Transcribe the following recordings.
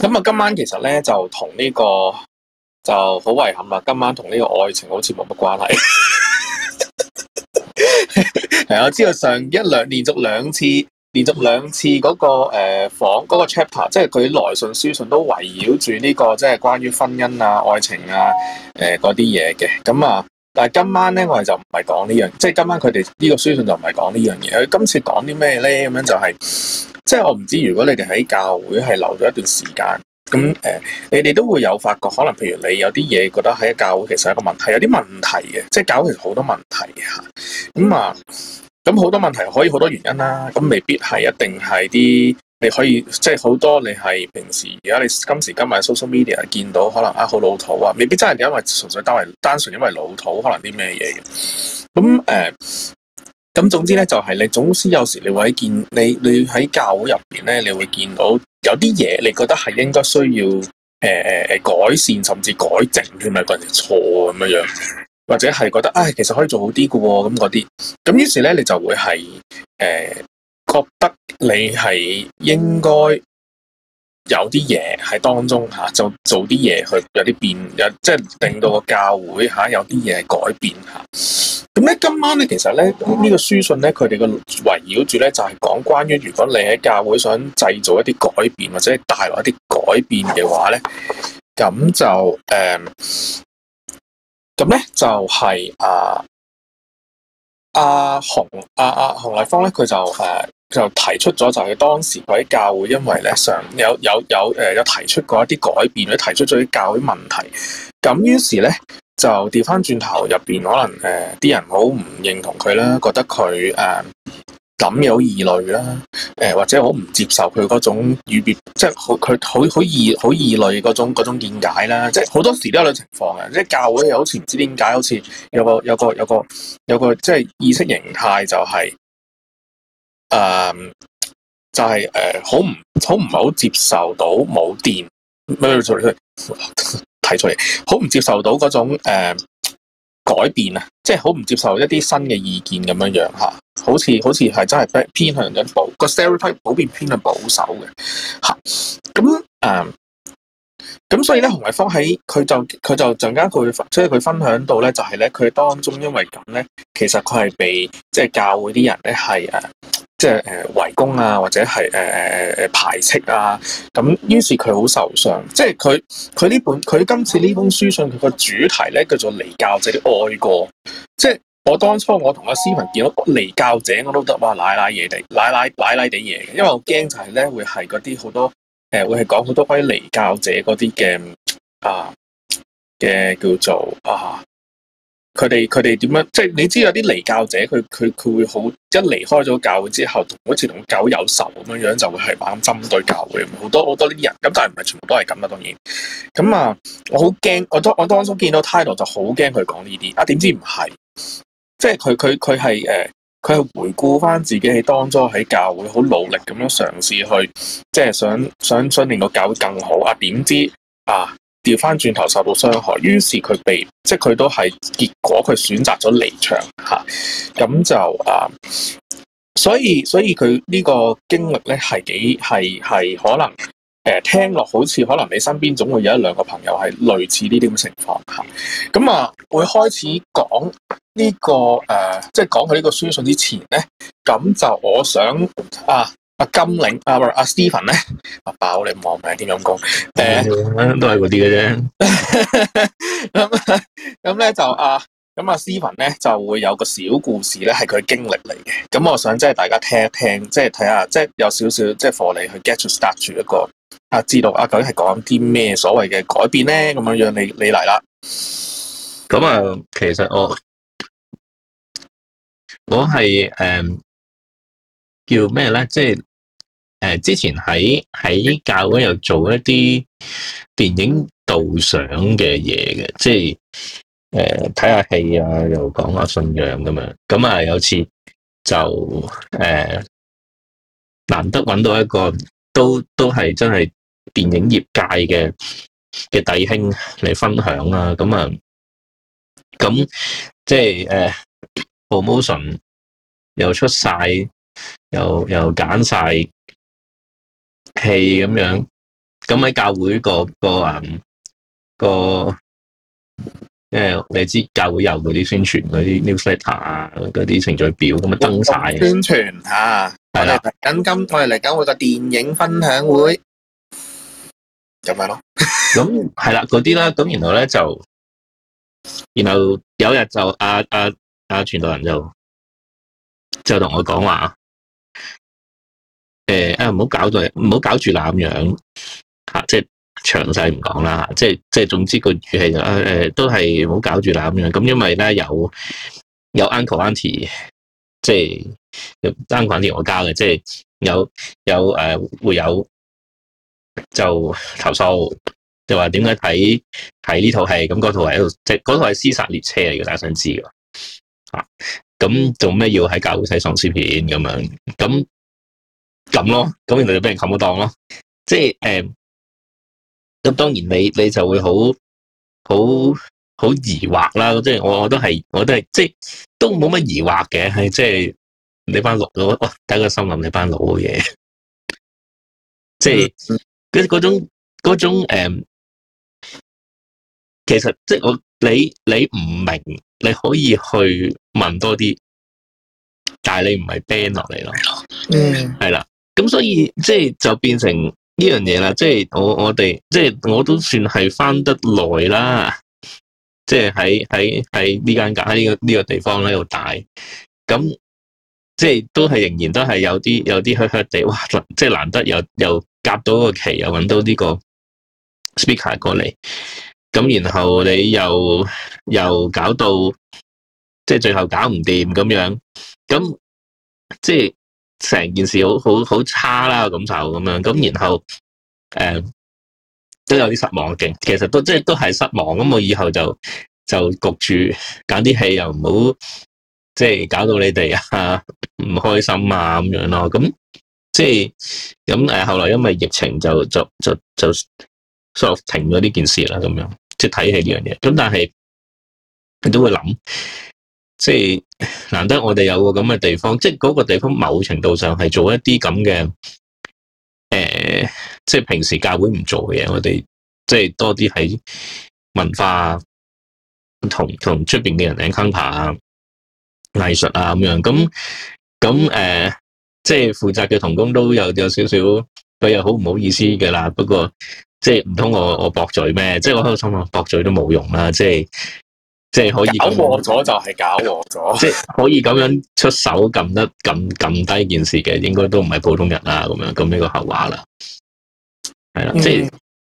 咁、這個、啊，今晚其實咧就同呢個就好遺憾啦。今晚同呢個愛情好似冇乜關係。係我知道上一兩連續兩次、連續兩次嗰、那個誒、呃、房嗰、那個 chapter，即係佢來信書信都圍繞住呢個即係、就是、關於婚姻啊、愛情啊誒嗰啲嘢嘅。咁、呃、啊。但係今晚咧，我哋就唔係講呢樣，即係今晚佢哋呢個書信就唔係講呢樣嘢。佢今次講啲咩咧？咁樣就係、是，即係我唔知。如果你哋喺教會係留咗一段時間，咁誒、呃，你哋都會有發覺，可能譬如你有啲嘢覺得喺教會其實係一個問題，有啲問題嘅，即係教會其實好多問題吓。咁啊，咁好多問題可以好多原因啦，咁未必係一定係啲。你可以即係好多，你係平時而家你今時今日 social media 見到可能啊好老土啊，未必真係因為純粹單為單純因為老土，可能啲咩嘢嘅咁誒。咁、呃、總之咧，就係、是、你總之有時你會喺見你你喺教會入邊咧，你會見到有啲嘢，你覺得係應該需要誒誒、呃、改善，甚至改正佢咪個人錯咁樣樣，或者係覺得啊、哎，其實可以做好啲嘅咁嗰啲。咁於是咧，你就會係誒。呃覺得你係應該有啲嘢，喺當中吓，就做啲嘢去有啲變，即係、就是，令到個教會吓有啲嘢改變吓。咁咧今晚咧，其實咧呢、這個書信咧，佢哋個圍繞住咧就係、是，講關於如果你喺教會想製造一啲改變或者係帶來一啲改變嘅話咧，咁就誒、咁、嗯、咧就係阿阿洪阿阿洪麗芳咧，佢就誒。啊就提出咗，就佢當時佢喺教會，因為咧上有有有誒，有提出過一啲改變，或提出咗啲教會問題。咁於是咧就掉翻轉頭入邊，可能誒啲、呃、人好唔認同佢啦，覺得佢誒咁有異類啦，誒、呃、或者好唔接受佢嗰種語別，即係好佢好好異好異類嗰種嗰種見解啦。即係好多時都有種情況嘅，即係教會有時唔知點解，好似有個有個有個有個即係、就是、意識形態就係、是。誒、um, 就是，就係誒，好唔好唔係好接受到冇電，睇出嚟，好唔接受到嗰種誒、uh, 改變啊，即係好唔接受一啲新嘅意見咁樣樣吓，好似好似係真係偏偏向一部個 stereotype 普遍偏向保守嘅吓，咁、啊、誒，咁、um, 所以咧，洪麗芳喺佢就佢就陣間佢所以佢分享到咧就係咧佢當中因為咁咧，其實佢係被即係、就是、教會啲人咧係誒。即係誒圍攻啊，或者係誒誒排斥啊，咁於是佢好受傷。即係佢佢呢本佢今次呢封書信佢個主題咧，叫做離教者哀歌。即係、就是、我當初我同阿詩文見到離教者我都得哇奶奶嘢地奶奶奶奶地嘢，因為我驚就係咧，會係嗰啲好多誒、呃、會係講好多關於離教者嗰啲嘅啊嘅叫做啊。佢哋佢哋點樣？即係你知道有啲離教者，佢佢佢會好一離開咗教會之後，好似同狗有仇咁樣樣，就會係猛針對教會。好多好多呢啲人咁，但係唔係全部都係咁啊。當然咁啊，我好驚。我當我當初見到 title 就好驚佢講呢啲啊，點知唔係？即係佢佢佢係誒，佢係、呃、回顧翻自己喺當初喺教會好努力咁樣嘗試去，即係想想想令個教會更好啊？點知啊？調翻轉頭受到傷害，於是佢被，即係佢都係結果他擇，佢選擇咗離場吓，咁就啊，所以所以佢呢個經歷咧係幾係係可能誒、啊，聽落好似可能你身邊總會有一兩個朋友係類似呢啲咁嘅情況吓，咁啊，啊會開始講呢、這個誒，即係講佢呢個書信之前咧，咁就我想啊。阿金領，阿阿 Steven 咧，阿爆你望係點樣講？誒，都係嗰啲嘅啫。咁啊，咁、啊、咧、嗯 uh, 就阿，咁、啊、阿 Steven 咧就會有個小故事咧，係佢經歷嚟嘅。咁我想即係大家聽一聽，即係睇下，即、就、係、是、有少少即係火你去 get to start 住一個，啊，知道啊究竟係講啲咩所謂嘅改變咧？咁樣樣，你你嚟啦。咁啊，其實我我係誒、嗯、叫咩咧？即係。誒，之前喺喺教會又做一啲電影導賞嘅嘢嘅，即係誒睇下戲啊，又講下信仰咁樣。咁啊，有次就誒、呃、難得揾到一個都都係真係電影業界嘅嘅弟兄嚟分享啦。咁啊，咁即係誒 promotion 又出晒，又又揀晒。戲咁樣咁喺教會，那個、那個嗯、那個誒，你知教會有嗰啲宣傳嗰啲 newsletter 啊，嗰啲程序表咁咪登晒宣傳吓係啦，今、啊、我哋嚟緊我個電影分享會咁咪咯咁係啦嗰啲啦，咁然後咧就，然後有日就阿阿阿傳道人就就同我講話。誒誒，唔好搞住，唔好搞住咁樣吓，即係詳細唔講啦吓，即係即係總之個語氣就誒誒，都係唔好搞住嗱咁樣。咁因為咧有有 uncle auntie，即係 uncle auntie 我交嘅，即係有有誒會有就投訴，就話點解睇睇呢套戲？咁嗰套係一套，即係嗰套係《廝殺列車》嚟嘅，大家想知㗎？吓，咁做咩要喺教會睇喪屍片咁樣？咁咁咯，咁然後就俾人冚咗檔咯。即係誒，咁、嗯、當然你你就會好好好疑惑啦。即係我我都係我都係即係都冇乜疑惑嘅。係即係你班老，哇睇個心諗：「你班老嘢。即係嗰嗰種嗰種、嗯、其實即係我你你唔明，你可以去問多啲，但係你唔係 ban 落嚟咯。嗯，係啦。咁所以即係就變成呢樣嘢啦，即係我我哋即係我都算係翻得耐啦，即係喺喺喺呢間隔喺呢個呢個地方喺度大，咁即係都係仍然都係有啲有啲靴靴地，哇！即係難得又又夾到個期，又搵到呢個 speaker 過嚟，咁然後你又又搞到即係最後搞唔掂咁樣，咁即係。成件事好好好差啦，咁就咁樣咁，然後誒、嗯、都有啲失望勁，其實都即係都係失望咁。我以後就就焗住搞啲戲又唔好，即係搞到你哋啊唔開心啊咁樣咯。咁即係咁誒，後來因為疫情就就就就所以停咗呢件事啦，咁樣即係睇戲呢樣嘢。咁但係你都會諗，即係。難得我哋有個咁嘅地方，即係嗰個地方，某程度上係做一啲咁嘅，誒、呃，即係平時教會唔做嘅嘢，我哋即係多啲喺文化同同出邊嘅人 encounter 啊，藝術啊咁樣，咁咁誒，即係負責嘅童工都有有少少，佢又好唔好意思嘅啦，不過即係唔通我我駁嘴咩？即係我喺度心諗駁嘴都冇用啦，即係。即係可以咁樣搞和咗就係搞和咗，即係可以咁樣出手撳得撳撳低件事嘅，應該都唔係普通人啦，咁樣，咁呢個後話啦，係啦、嗯，即係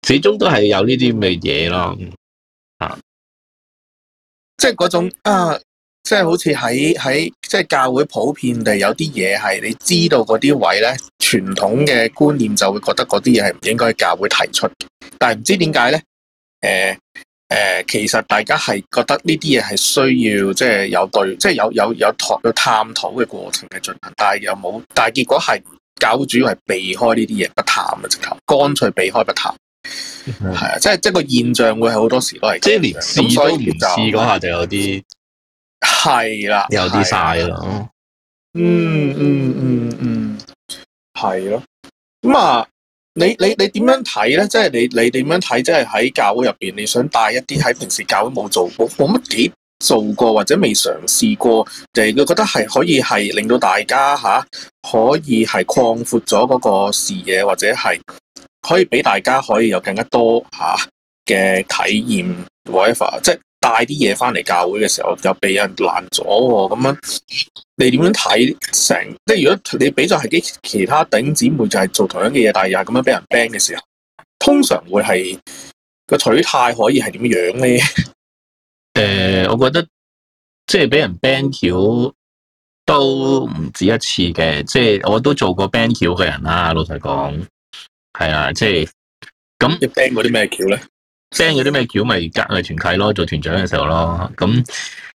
始終都係有呢啲咁嘅嘢咯，啊，即係嗰種啊，即係好似喺喺即係教會普遍地有啲嘢係你知道嗰啲位咧，傳統嘅觀念就會覺得嗰啲嘢係唔應該教會提出，但係唔知點解咧，誒、呃。誒、呃，其實大家係覺得呢啲嘢係需要即係有對，即係有有有有探討嘅過程嘅進行，但係又冇，但係結果係搞主要係避開呢啲嘢，不談啊。直頭，乾脆避開不談，係、嗯、啊，即係即係個現象會係好多時都係，即係連試都唔試嗰下就有啲係啦，有啲晒啦，嗯嗯嗯嗯，係、嗯、咯，嗯咁啊你你你點樣睇咧？即係你你點樣睇？即係喺教會入邊，你想帶一啲喺平時教會冇做過冇乜幾做過或者未嘗試過，誒，你覺得係可以係令到大家吓可以係擴闊咗嗰個視野，或者係可以俾大家可以有更加多吓嘅體驗，whatever，即係。帶啲嘢翻嚟教會嘅時候，就俾人爛咗，咁樣你點樣睇成？即係如果你比較係啲其他頂姊妹，就係做同樣嘅嘢，第二日係咁樣俾人 ban 嘅時候，通常會係個取態可以係點樣咧？誒、呃，我覺得即係俾人 ban 橋都唔止一次嘅，即係我都做過 ban 橋嘅人啦。老實講，係啊，即係咁。你 ban 嗰啲咩橋咧？聲嗰啲咩橋咪隔咪團契咯，做團長嘅時候咯。咁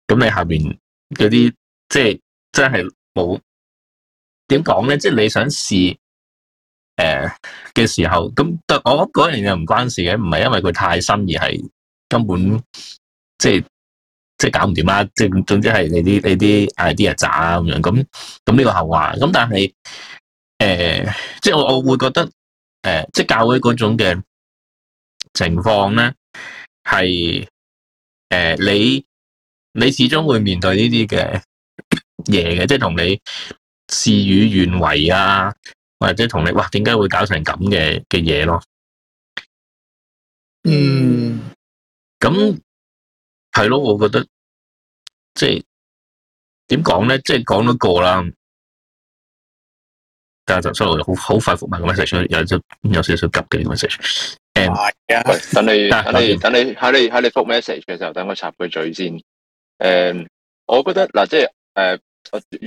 咁你下邊嗰啲即係真係冇點講咧，即係你想試誒嘅時候，咁我覺得嗰樣又唔關事嘅，唔係因為佢太深，而係根本即係即係搞唔掂啦，即係總之係你啲你啲 idea 渣咁樣。咁咁呢個後話咁，但係誒、呃、即係我我會覺得誒、呃、即係教會嗰種嘅。情況咧係誒，你你始終會面對呢啲嘅嘢嘅，即係同你事與願違啊，或者同你哇，點解會搞成咁嘅嘅嘢咯？嗯，咁係咯，我覺得即係點講咧，即係講得過啦，但係就所以我就好好快覆埋個 message 有少少急嘅 message 係啊，等你等你 等你喺你喺你覆 message 嘅時候，等我插個嘴先。誒、uh，我覺得嗱、啊，即係誒，uh,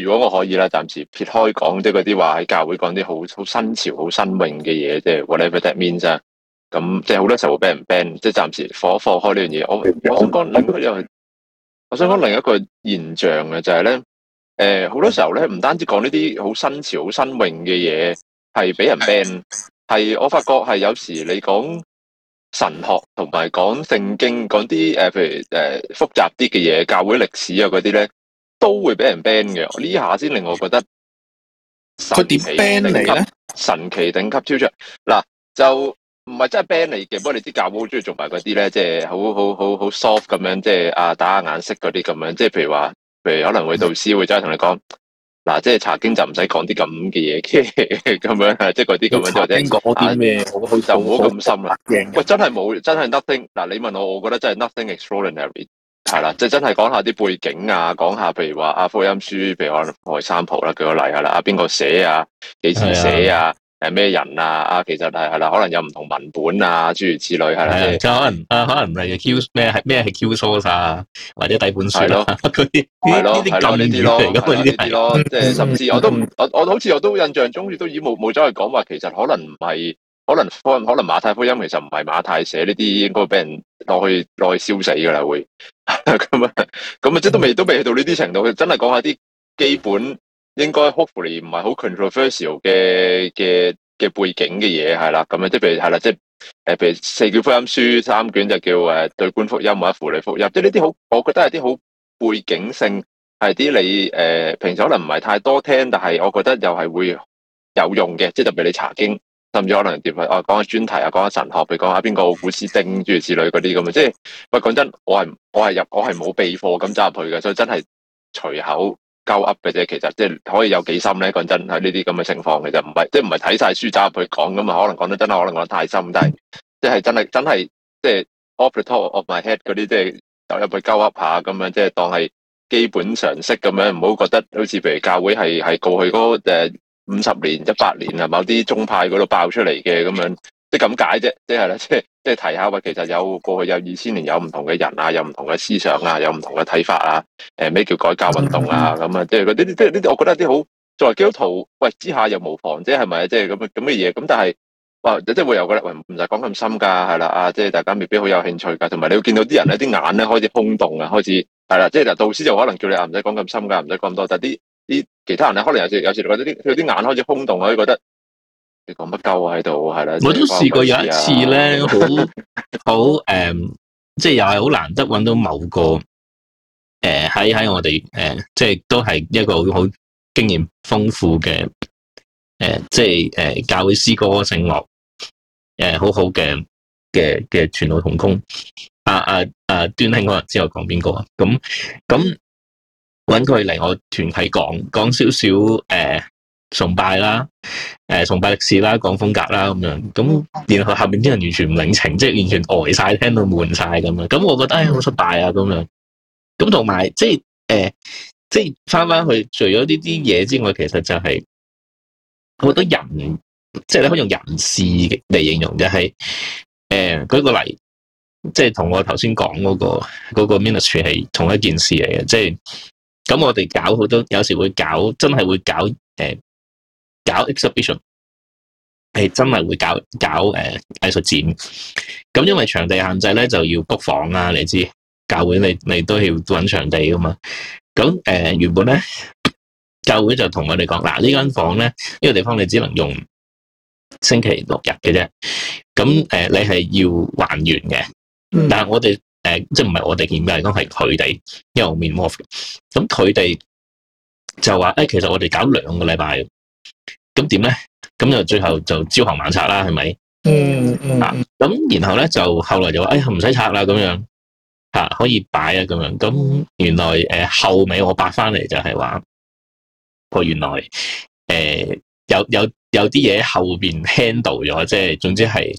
如果我可以咧，暫時撇開講，即係嗰啲話喺教會講啲好好新潮、好新穎嘅嘢，即係 whatever that means 啊。咁即係好多時候會俾人 ban，即係暫時放一放開呢樣嘢。我我想講另外又，我想講另，另一個現象嘅就係、是、咧，誒，好多時候咧唔單止講呢啲好新潮、好新穎嘅嘢係俾人 ban。 係，我發覺係有時你講神學同埋講聖經，講啲誒，譬如誒、呃、複雜啲嘅嘢，教會歷史啊嗰啲咧，都會俾人 ban 嘅。呢下先令我覺得佢點 ban 你咧？神奇頂級超出嗱，就唔係真係 ban 嚟嘅。不過你啲教會好中意做埋嗰啲咧，即係好好好好 soft 咁樣，即係啊打下眼色嗰啲咁樣。即係譬如話，譬如可能會導師會真係同你講。嗱、啊，即、係查經就唔使講啲咁嘅嘢嘅，咁樣即係嗰啲咁樣或者啊，就唔好咁深啦。喂，真係冇，真係 nothing、啊。嗱，你問我，我覺得真係 nothing extraordinary。係啦，即係真係講下啲背景啊，講下譬如話啊，福音書，譬如話外三浦啦，舉個例下啦，啊，邊個寫啊，幾時寫啊。係咩人啊？啊，其實係係啦，可能有唔同文本啊，諸如此類係啦。就可能啊，可能唔係咩係咩係 Q source 啊，或者底本書咯、啊。佢啲係咯，係咯，呢啲咯，咁呢啲咯，即係、嗯、甚至我都唔，我，我好似我都印象中，都已經冇冇再講話。其實可能唔係，可能可能，可能馬太福音其實唔係馬太寫呢啲，呢啲應該俾人攞去攞去燒死㗎啦。會咁啊咁啊，即 都未都未到呢啲程度。佢真係講下啲基本。應該 hopefully 唔係好 controversial 嘅嘅嘅背景嘅嘢係啦，咁樣即係譬如係啦，即係誒，譬如四卷福音書三卷就叫誒對觀福音或者符類福音，即係呢啲好，我覺得係啲好背景性，係啲你誒、呃、平時可能唔係太多聽，但係我覺得又係會有用嘅，即係就譬如你查經，甚至可能點啊講下專題啊，講下，下神學，譬如講下邊個古斯丁諸如此類嗰啲，咁即係喂講真，我係我係入我係冇備課咁走入去嘅，所以真係隨口。鳩噏嘅啫，其實即係可以有幾深咧？講真，係呢啲咁嘅情況，其實唔係即係唔係睇晒書走入去講咁啊？可能講得真係，可能講得太深，但係即係真係真係即係 off the top of my head 嗰啲，即係走入去鳩噏下咁樣，即係當係基本常識咁樣，唔好覺得好似譬如教會係係過去嗰誒五十年、一百年啊，某啲宗派嗰度爆出嚟嘅咁樣。即、就、咁、是、解啫，即係咧，即係即係提下喂，其實有過去有二千年有唔同嘅人啊，有唔同嘅思想啊，有唔同嘅睇法啊，誒咩叫改革運動啊，咁啊，即係嗰啲即係呢啲，我覺得啲好作為基督徒喂、哎、之下又無妨、啊，啫，係咪即係咁嘅咁嘅嘢，咁但係哇，即係會有覺得，喂唔使講咁深噶，係啦啊，即係大家未必好有興趣噶，同埋你會見到啲人咧，啲眼咧開始空洞啊，開始係啦，即係嗱，導師就可能叫你啊，唔使講咁深噶，唔使講咁多，但係啲啲其他人咧，可能有時有時覺得啲佢啲眼開始空洞，我都覺得。你講乜鳩喺度，係啦、啊。我都試過有一次咧、 嗯呃呃呃呃呃，好好誒，即係又係好難得揾到某個誒，喺喺我哋誒，即係都係一個好好經驗豐富嘅誒，即係誒教會詩歌聖樂誒，好好嘅嘅嘅傳道同工。啊啊啊，端聽我之後講邊個啊？咁咁揾佢嚟我團體講講少少誒。崇拜啦、呃，崇拜歷史啦，講風格啦咁樣，咁然後後面啲人完全唔領情，即係完全呆晒，聽到悶晒。咁啊！咁我覺得係好失敗啊咁樣。咁同埋即係、呃、即係翻翻去除咗呢啲嘢之外，其實就係好多人，即係你可以用人事嚟形容，就係誒舉個例，即係同我頭先講嗰個嗰、嗰個 ministry 係同一件事嚟嘅，即係咁我哋搞好多有時會搞真係會搞誒。呃搞 exhibition 係真係會搞搞誒藝術展，咁因為場地限制咧，就要 book 房啊。你知教會你你都要搵場地噶嘛。咁誒、呃、原本咧教會就同我哋講，嗱、啊、呢間房咧呢個地方你只能用星期六日嘅啫。咁誒、呃、你係要還原嘅、嗯，但係我哋誒、呃、即係唔係我哋建議咯，係佢哋，因為我 m e a 咁佢哋就話誒、哎、其實我哋搞兩個禮拜。咁點咧？咁就最後就朝行晚拆啦，係咪？嗯。嗯。咁然後咧就後來就話，哎呀，唔使拆啦，咁樣吓可以擺啊，咁樣。咁原來誒、呃、後尾我擺翻嚟就係話，哦原來誒、呃、有有有啲嘢後邊 handle 咗，即係總之係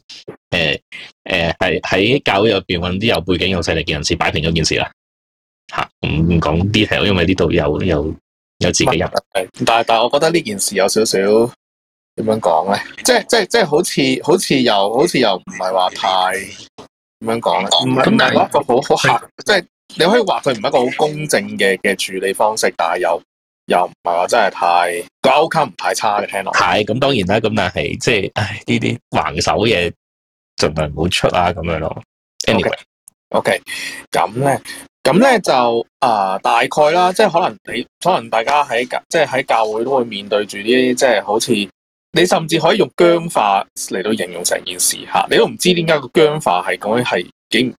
誒誒係喺教會入邊搵啲有背景有勢力嘅人士擺平咗件事啦。吓唔講 detail，因為呢度有有。有有自己入，但係但係，我覺得呢件事有少少點樣講咧？即係即係即係，好似好似又好似又唔係話太點樣講咧？唔係唔係一個好好客，即係、就是、你可以話佢唔係一個好公正嘅嘅處理方式，但係又又唔係話真係太溝通唔太差嘅聽落。係咁，當然啦，咁但係即係唉呢啲橫手嘢，盡量唔好出啊咁樣咯。Anyway，O K，咁咧。咁咧就啊、呃，大概啦，即係可能你，可能大家喺教，即係喺教會都會面對住啲，即、就、係、是、好似你甚至可以用僵化嚟到形容成件事吓，你都唔知點解個僵化係咁係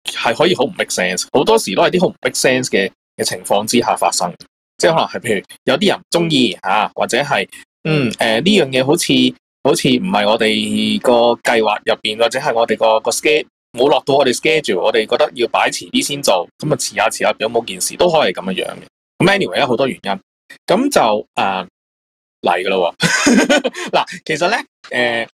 係可以好唔 make sense，好多時都係啲好唔 make sense 嘅嘅情況之下發生，即係可能係譬如有啲人唔中意吓，或者係嗯誒呢、呃、樣嘢好似好似唔係我哋個計劃入邊，或者係我哋、這個個 script 冇落到我哋 schedule，我哋覺得要擺遲啲先做，咁啊遲下遲下有冇件事都可以係咁樣樣嘅。Anyway，有好多原因，咁就誒嚟㗎咯喎！嗱、呃，了 其實咧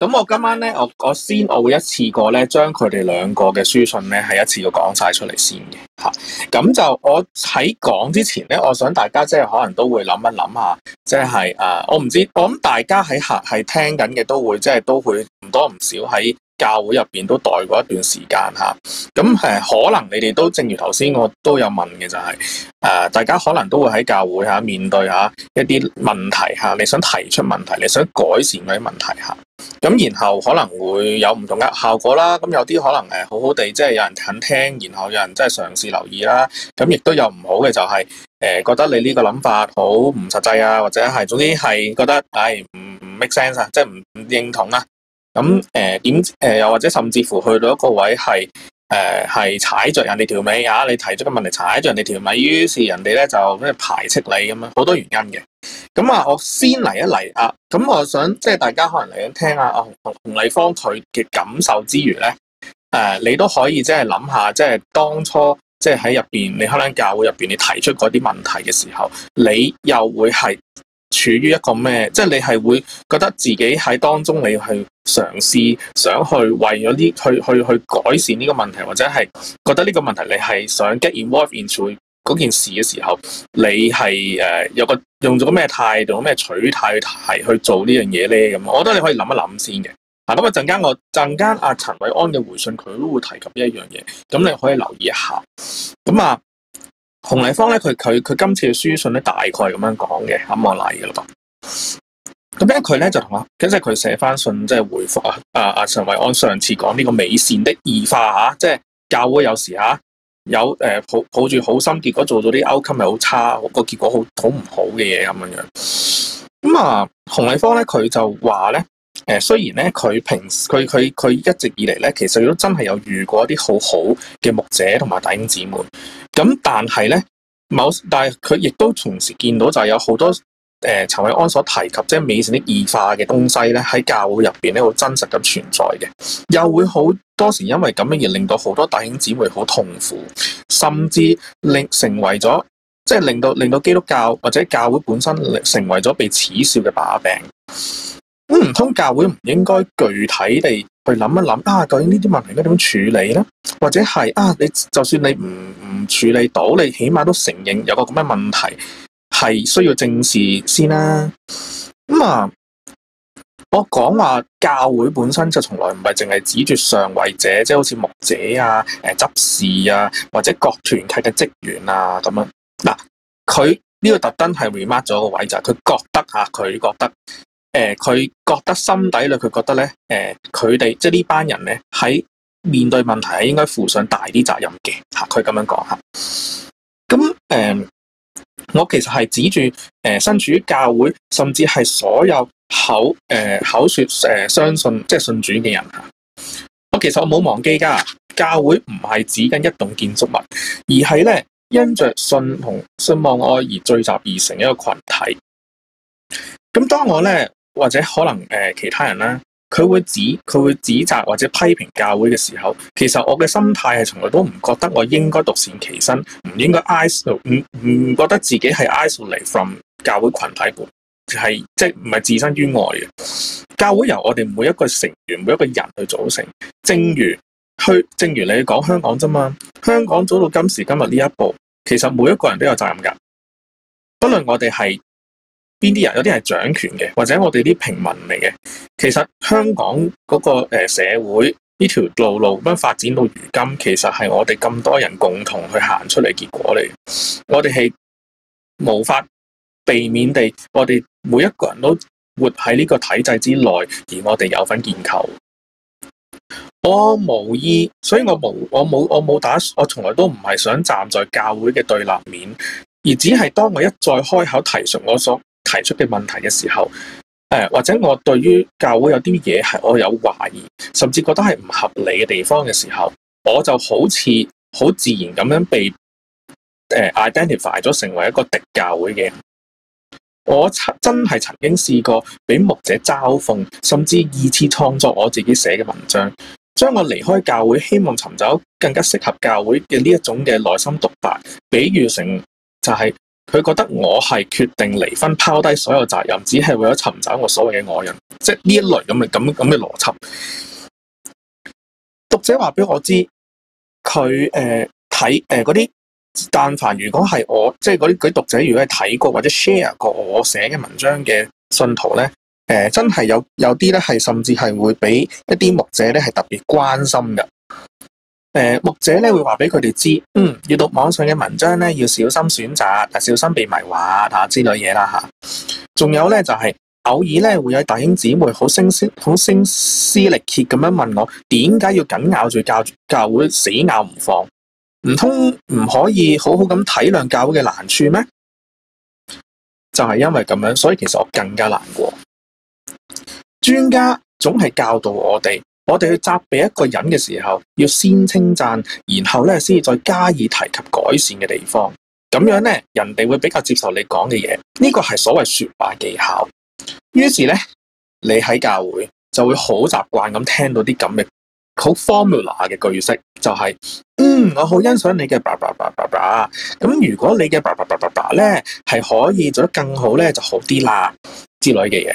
誒，咁、呃、我今晚咧，我我先我會一次過咧，將佢哋兩個嘅書信咧，係一次過講晒出嚟先嘅嚇。咁就我喺講之前咧，我想大家即係可能都會諗一諗下，即係啊，我唔知，我諗大家喺客係聽緊嘅都會，即係都會唔多唔少喺。教會入邊都待過一段時間嚇，咁誒可能你哋都正如頭先我都有問嘅就係、是、誒、呃，大家可能都會喺教會下、啊、面對一下一啲問題嚇、啊，你想提出問題，你想改善嗰啲問題嚇、啊，咁然後可能會有唔同嘅效果啦。咁有啲可能係好好地，即、就、係、是、有人肯聽，然後有人即係嘗試留意啦。咁亦都有唔好嘅、就是，就係誒覺得你呢個諗法好唔實際啊，或者係總之係覺得誒唔、哎、make sense，即係唔唔認同啦、啊。咁誒，點、呃、誒？又或者甚至乎去到一個位係誒，係、呃、踩着人哋條尾啊！你提出個問題踩着人哋條尾，於是人哋咧就咩排斥你咁樣，好多原因嘅。咁啊，我先嚟一嚟啊！咁我想即係大家可能嚟緊聽下啊，啊洪麗芳佢嘅感受之餘咧，誒、啊，你都可以即係諗下，即、就、係、是、當初即係喺入邊你可能教會入邊你提出嗰啲問題嘅時候，你又會係。處於一個咩？即係你係會覺得自己喺當中，你去嘗試想去為咗呢，去去去改善呢個問題，或者係覺得呢個問題你係想 get involved into 嗰件事嘅時候，你係誒、呃、有個用咗個咩態度、咩取態去去做這件事呢樣嘢咧？咁，我覺得你可以諗一諗先嘅。啊，咁一陣間我一陣間阿陳韋安嘅回信，佢都會提及呢一樣嘢，咁你可以留意一下。咁啊。洪麗芳咧，佢佢佢今次嘅書信咧，大概係咁樣講嘅，冚我嚟嘅啦。咁咧，佢咧就同我，即佢寫翻信，即、就、係、是、回覆啊啊啊，陳韋安、啊、上次講呢個美善的異化吓、啊，即係教會有時吓、啊、有誒、啊、抱抱住好心，結果做咗啲 outcome 係好差，個結果好好唔好嘅嘢咁樣樣。咁啊，洪麗芳咧，佢就話咧，誒，雖然咧，佢平佢佢佢一直以嚟咧，其實都真係有遇過一啲好好嘅牧者同埋弟兄姊妹。咁但係咧，某，但係佢亦都同時見到就係有好多誒陳，呃、韋安所提及即係，就是，美善的異化嘅東西咧，喺教會入邊咧好真實咁存在嘅，又會好多時因為咁樣而令到好多弟兄姊妹好痛苦，甚至令成為咗即係令到令到基督教或者教會本身成為咗被恥笑嘅把柄。咁唔通教會唔應該具體地，去諗一諗啊，究竟呢啲問題應該點樣處理咧？或者係啊，你就算你唔唔處理到，你起碼都承認有個咁嘅問題係需要正視先啦、啊。咁、嗯、啊，我講話教會本身就從來唔係淨係指住上位者，即係好似牧者啊、誒執事啊，或者各團契嘅職員啊咁樣。嗱、啊，佢呢、這個特登係 remark 咗個位就係佢覺得吓，佢覺得。誒、呃，佢覺得心底裏佢覺得咧，誒、呃，佢哋即係呢班人咧，喺面對問題係應該負上大啲責任嘅吓，佢咁樣講吓。咁誒、呃，我其實係指住誒、呃、身處於教會，甚至係所有口誒、呃、口說誒、呃、相信即係信主嘅人吓。我其實我冇忘記噶，教會唔係指緊一棟建築物，而係咧因着信同信望愛而聚集而成一個群體。咁當我咧。或者可能誒、呃，其他人啦，佢會指佢會指責或者批評教會嘅時候，其實我嘅心態係從來都唔覺得我應該獨善其身，唔應該 isolate 唔唔覺得自己係 isolate from 教會群體部，係即係唔係置身於外嘅。教會由我哋每一個成員每一個人去組成，正如去正如你講香港啫嘛，香港走到今時今日呢一步，其實每一個人都有責任噶，不論我哋係。邊啲人？有啲係掌權嘅，或者我哋啲平民嚟嘅。其實香港嗰個誒社會呢條路路咁樣發展到如今，其實係我哋咁多人共同去行出嚟結果嚟。我哋係無法避免地，我哋每一個人都活喺呢個體制之內，而我哋有份建構。我無意，所以我無我冇我冇打，我從來都唔係想站在教會嘅對立面，而只係當我一再開口提述我所提出嘅問題嘅時候，誒或者我對於教會有啲嘢係我有懷疑，甚至覺得係唔合理嘅地方嘅時候，我就好似好自然咁樣被誒 identify 咗成為一個敵教會嘅人。我真係曾經試過俾牧者嘲諷，甚至二次創作我自己寫嘅文章，將我離開教會，希望尋找更加適合教會嘅呢一種嘅內心獨白，比喻成就係、是。佢覺得我係決定離婚，拋低所有責任，只係為咗尋找我所謂嘅愛人，即係呢一類咁嘅咁咁嘅邏輯。讀者話俾我知，佢誒睇誒嗰啲，但凡如果係我，即係嗰啲佢讀者如果係睇過或者 share 過我寫嘅文章嘅信徒咧，誒、呃、真係有有啲咧係甚至係會俾一啲牧者咧係特別關心嘅。誒，牧者咧會話俾佢哋知，嗯，閱讀網上嘅文章咧要小心選擇，但小心被迷惑吓之類嘢啦吓。仲有咧就係偶爾咧會有弟兄姊妹好聲嘶好聲嘶力竭咁樣問我，點解要緊咬住教教會死咬唔放？唔通唔可以好好咁體諒教會嘅難處咩？就係因為咁樣，所以其實我更加難過。專家總係教導我哋。我哋去責備一個人嘅時候，要先稱讚，然後咧先至再加以提及改善嘅地方，咁樣咧人哋會比較接受你講嘅嘢。呢個係所謂說話技巧。於是咧，你喺教會就會好習慣咁聽到啲咁嘅好 formula 嘅句式，就係「嗯，我好欣賞你嘅爸爸爸爸爸」。咁如果你嘅爸爸爸爸爸咧係可以做得更好咧就好啲啦之類嘅嘢。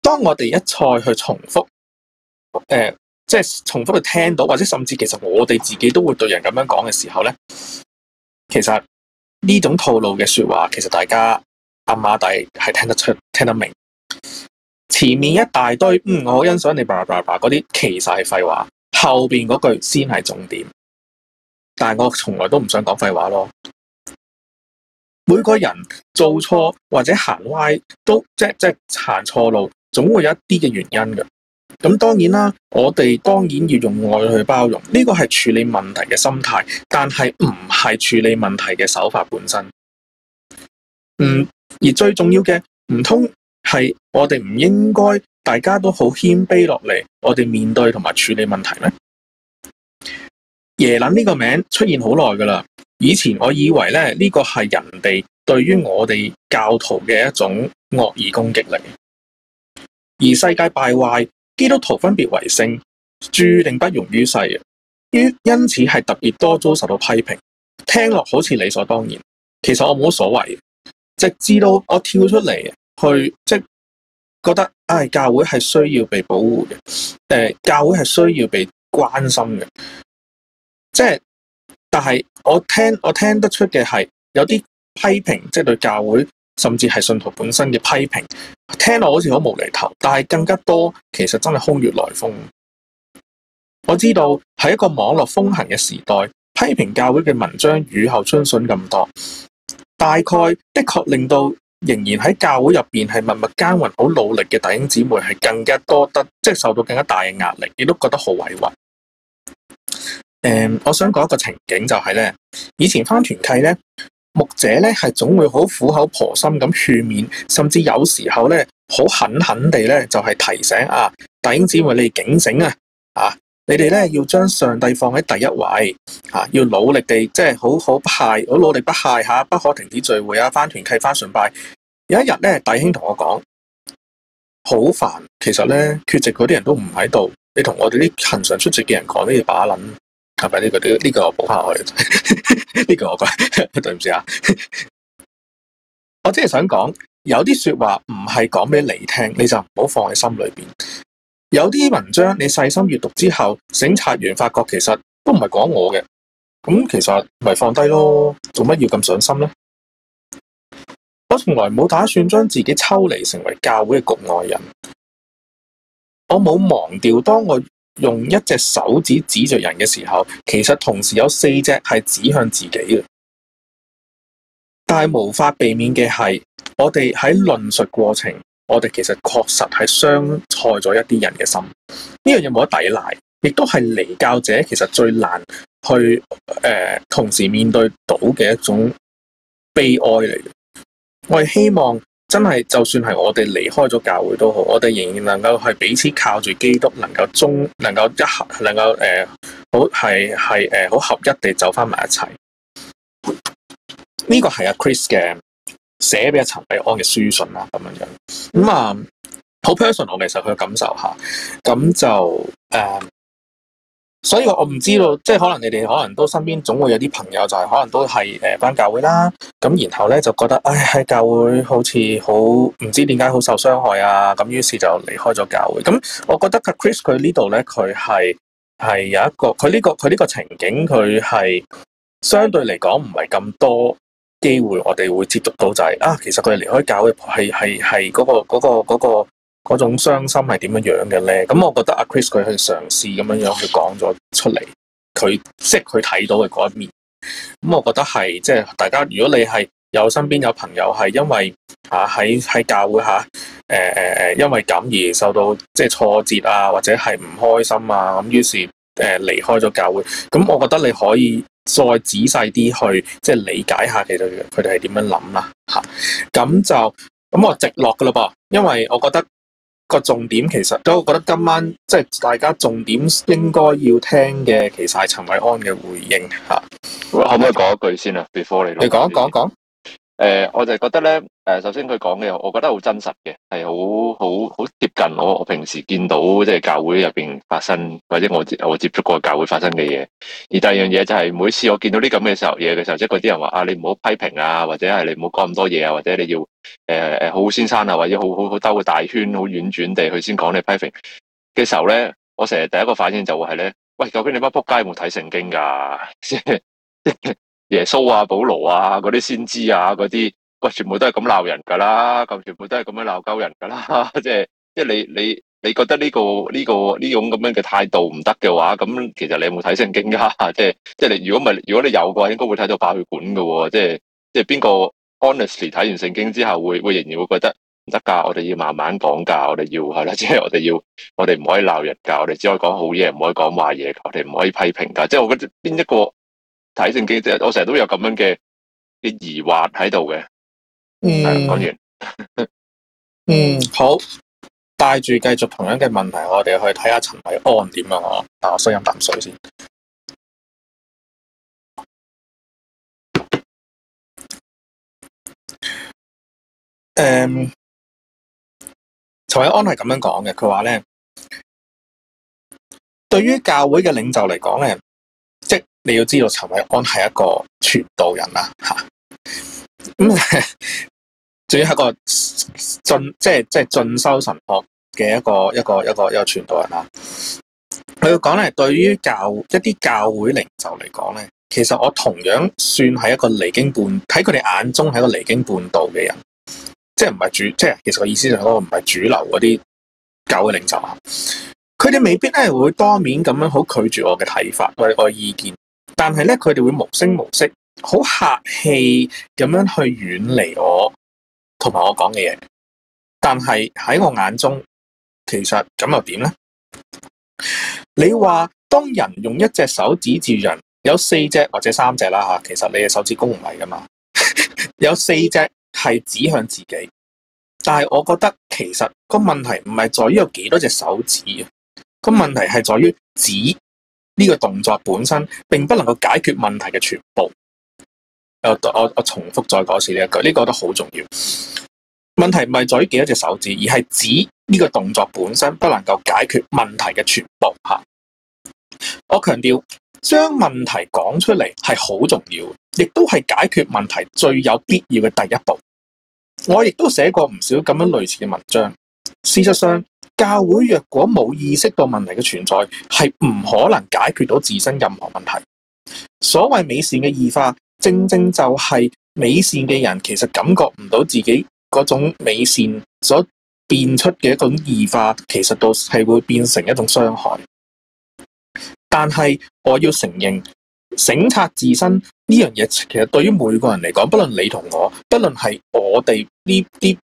當我哋一再去重複。誒、呃，即係重複度聽到，或者甚至其實我哋自己都會對人咁樣講嘅時候咧，其實呢種套路嘅說話，其實大家阿媽弟係聽得出、聽得明。前面一大堆，嗯，我好欣賞你，爸爸爸爸」嗰啲其實係廢話，後邊嗰句先係重點。但係我從來都唔想講廢話咯。每個人做錯或者行歪，都即係即係行錯路，總會有一啲嘅原因嘅。咁當然啦，我哋當然要用愛去包容，呢個係處理問題嘅心態，但係唔係處理問題嘅手法本身。嗯，而最重要嘅唔通係我哋唔應該大家都好謙卑落嚟，我哋面對同埋處理問題咩？耶捻呢個名出現好耐噶啦，以前我以為咧，呢個係人哋對於我哋教徒嘅一種惡意攻擊力，而世界敗壞。基督徒分別為聖，注定不容於世啊！於因此係特別多遭受到批評，聽落好似理所當然。其實我冇所謂，直至到我跳出嚟去，即係覺得唉，教會係需要被保護嘅，誒，教會係需要被關心嘅。即係，但係我聽我聽得出嘅係有啲批評，即係對教會。甚至係信徒本身嘅批評，聽落好似好無厘頭，但係更加多其實真係空穴來風。我知道喺一個網絡風行嘅時代，批評教會嘅文章雨後春筍咁多，大概的確令到仍然喺教會入邊係默默耕耘、好努力嘅弟兄姊妹係更加多得，即係受到更加大嘅壓力，亦都覺得好委屈、嗯。我想講一個情景就係呢：以前翻團契呢。牧者咧係總會好苦口婆心咁勸勉，甚至有時候咧好狠狠地咧就係、是、提醒啊，弟兄姊妹你哋警醒啊，啊，你哋咧要將上帝放喺第一位，啊，要努力地即係好好不懈，好努力不懈下、啊、不可停止聚會啊，返團契返崇拜。有一日咧，弟兄同我講，好煩，其實咧缺席嗰啲人都唔喺度，你同我哋啲恆常出席嘅人講都要把撚。係咪呢個？呢個我補下去。呢個我講 我 對唔不住起啊！ 我只係想講，有啲說話唔係講俾你聽，你就唔好放喺心裏邊。有啲文章你細心閱讀之後，省察完發覺其實都唔係講我嘅，咁其實咪放低咯。做乜要咁上心咧？我從來冇打算將自己抽離成為教會嘅局外人。我冇忘掉當我。用一隻手指指着人嘅時候，其實同時有四隻係指向自己嘅。但係無法避免嘅係，我哋喺論述過程，我哋其實確實係傷害咗一啲人嘅心。呢樣嘢有冇得抵賴？亦都係離教者其實最難去誒、呃，同時面對到嘅一種悲哀嚟嘅。我哋希望。真係，就算係我哋離開咗教會都好，我哋仍然能夠係彼此靠住基督，能夠忠，能夠一，能夠誒、呃，好係係誒，好合一地走翻埋一齊。呢、這個係阿 Chris 嘅寫俾阿陳韋安嘅書信啊。咁樣樣咁啊，好 personal 其實佢嘅感受下咁就誒。呃所以我我唔知道，即係可能你哋、就是、可能都身邊總會有啲朋友就係可能都係誒返教會啦，咁然後咧就覺得，唉、哎、喺教會好似好唔知點解好受傷害啊，咁於是就離開咗教會。咁我覺得 Chris 佢呢度咧佢係係有一個佢呢、這個佢呢個情景佢係相對嚟講唔係咁多機會我哋會接觸到就係、是、啊其實佢哋離開教會係係係嗰個嗰個嗰個。那個那個嗰種傷心係點樣樣嘅咧？咁我覺得阿 Chris 佢去嘗試咁樣樣去講咗出嚟，佢即係佢睇到嘅嗰一面。咁我覺得係即係大家，如果你係有身邊有朋友係因為吓喺喺教會吓，誒誒誒，因為咁而受到即係挫折啊，或者係唔開心啊，咁於是誒離開咗教會。咁我覺得你可以再仔細啲去即係理解下佢哋，佢哋係點樣諗啦吓。咁就咁我就直落噶啦噃，因為我覺得。個重點其實，都我覺得今晚即係大家重點應該要聽嘅，其實係陳韋安嘅回應吓。可唔可以講一句先啊？before 你你講講講。誒、呃，我就係覺得咧，誒、呃，首先佢講嘅，我覺得好真實嘅，係好好好接近我，我平時見到即係、就是、教會入邊發生，或者我我接觸過教會發生嘅嘢。而第二樣嘢就係每次我見到呢咁嘅時候嘢嘅時候，即係嗰啲人話啊，你唔好批評啊，或者係你唔好講咁多嘢啊，或者你要誒誒、呃、好好先生啊，或者好好好兜個大圈，好婉轉地去先講你批評嘅時候咧，我成日第一個反應就會係咧，喂，究竟你班仆街冇睇聖經噶？ 耶穌啊、保羅啊、嗰啲先知啊、嗰啲，喂，全部都係咁鬧人㗎啦，咁全部都係咁樣鬧鳩人㗎啦，即係即係你你你覺得呢個呢個呢種咁樣嘅態度唔得嘅話，咁其實你有冇睇聖經㗎？即係即係你如果唔係如果你有嘅話，應該會睇到爆血管嘅喎。即係即係邊個 honestly 睇完聖經之後會會仍然會覺得唔得㗎？我哋要慢慢講㗎，我哋要係啦，即 係我哋要我哋唔可以鬧人㗎，我哋只可以講好嘢，唔可以講壞嘢，我哋唔可以批評㗎。即 係我覺得邊一個？睇正機制，我成日都有咁樣嘅疑惑喺度嘅。嗯，講完， 嗯，好，帶住繼續同樣嘅問題，我哋去睇下陳韋安點啊。我，但我先飲啖水先。誒、um,，陳韋安係咁樣講嘅，佢話咧，對於教會嘅領袖嚟講咧。你要知道，陳韋安係一個傳道人啦、啊，吓、嗯、咁，仲要係一個進，即係即係進修神學嘅一個一個一個一個傳道人啦、啊。佢要講咧，對於教一啲教會領袖嚟講咧，其實我同樣算係一個離經半喺佢哋眼中係一個離經叛道嘅人，即係唔係主，即係其實個意思就係嗰個唔係主流嗰啲教嘅領袖啊。佢哋未必咧會當面咁樣好拒絕我嘅睇法，我我意見。但係咧，佢哋會無聲無息、好客氣咁樣去遠離我同埋我講嘅嘢。但係喺我眼中，其實咁又點呢？你話當人用一隻手指指住人，有四隻或者三隻啦吓，其實你嘅手指公唔係噶嘛，有四隻係指向自己。但係我覺得其實個問題唔係在於有幾多隻手指啊，個問題係在於指。呢個動作本身並不能夠解決問題嘅全部。我我重複再講一次呢一句，呢個都好重要。問題唔係在於幾多隻手指，而係指呢個動作本身不能夠解決問題嘅全部。吓，我強調將問題講出嚟係好重要，亦都係解決問題最有必要嘅第一步。我亦都寫過唔少咁樣類似嘅文章。事實上。教會若果冇意識到問題嘅存在，係唔可能解決到自身任何問題。所謂美善嘅異化，正正就係美善嘅人其實感覺唔到自己嗰種美善所變出嘅一種異化，其實都係會變成一種傷害。但係我要承認，省察自身呢樣嘢，其實對於每個人嚟講，不論你同我，不論係我哋呢啲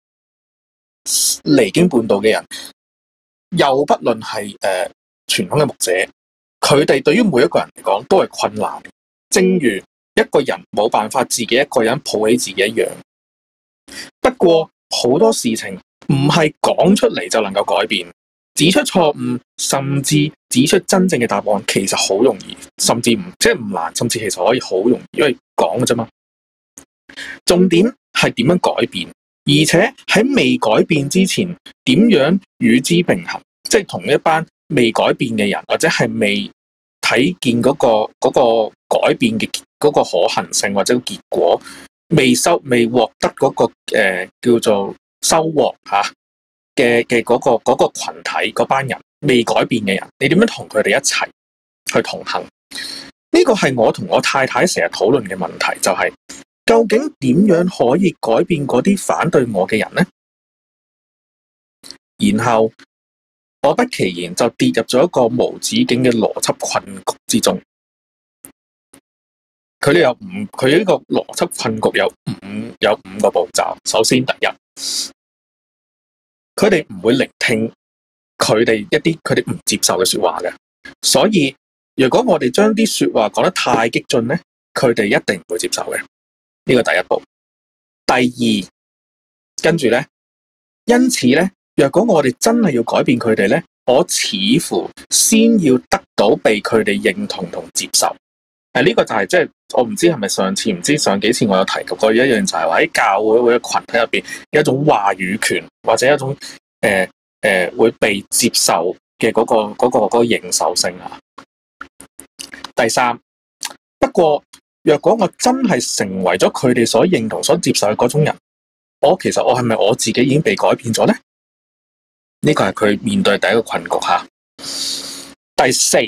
離經叛道嘅人，又不論係誒、傳統嘅牧者，佢哋對於每一個人嚟講都係困難的。正如一個人冇辦法自己一個人抱起自己一樣。不過好多事情唔係講出嚟就能夠改變，指出錯誤，甚至指出真正嘅答案，其實好容易，甚至唔即係唔難，甚至其實可以好容易。因為講嘅啫嘛。重點係點樣改變？而且喺未改變之前，點樣與之並行？即係同一班未改變嘅人，或者係未睇見嗰個嗰個改變嘅嗰個可行性，或者個結果未收、未獲得嗰個、呃、叫做收穫嚇嘅嘅嗰個群體嗰班人未改變嘅人，你點樣同佢哋一齊去同行？呢個係我同我太太成日討論嘅問題，就係。究竟點樣可以改變嗰啲反對我嘅人呢？然後我不其然就跌入咗一個無止境嘅邏輯困局之中。佢哋又唔，佢呢個邏輯困局有五有五個步驟。首先，第一，佢哋唔會聆聽佢哋一啲佢哋唔接受嘅說話嘅。所以，如果我哋將啲說話講得太激進呢，佢哋一定唔會接受嘅。呢個第一步，第二，跟住呢。因此呢，若果我哋真係要改變佢哋呢，我似乎先要得到被佢哋認同同接受。呢個就係即係我唔知係咪上次唔知上幾次我有提及過一樣，就係話喺教會或者群體入邊有一種話語權，或者一種誒誒會被接受嘅嗰個嗰個嗰個認受性啊。第三，不過。若果我真係成為咗佢哋所認同、所接受嘅嗰種人，我其實我係咪我自己已經被改變咗呢？呢、呢個係佢面對第一個困局吓。第四，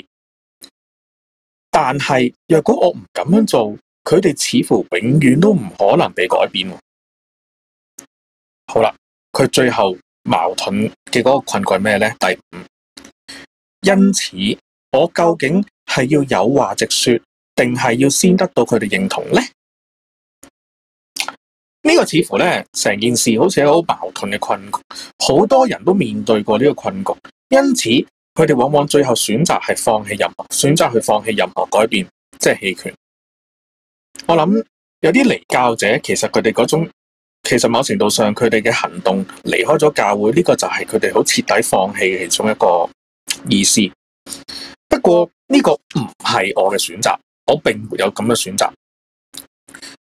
但係若果我唔咁樣做，佢哋似乎永遠都唔可能被改變。好啦，佢最後矛盾嘅嗰個困局係咩呢？第五，因此我究竟係要有話直說？定係要先得到佢哋認同呢？呢個似乎呢，成件事好似一個好矛盾嘅困局，好多人都面對過呢個困局，因此佢哋往往最後選擇係放棄任何選擇去放棄任何改變，即係棄權。我諗有啲離教者，其實佢哋嗰種，其實某程度上佢哋嘅行動離開咗教會，呢個就係佢哋好徹底放棄嘅其中一個意思。不過呢個唔係我嘅選擇。我並沒有咁嘅選擇。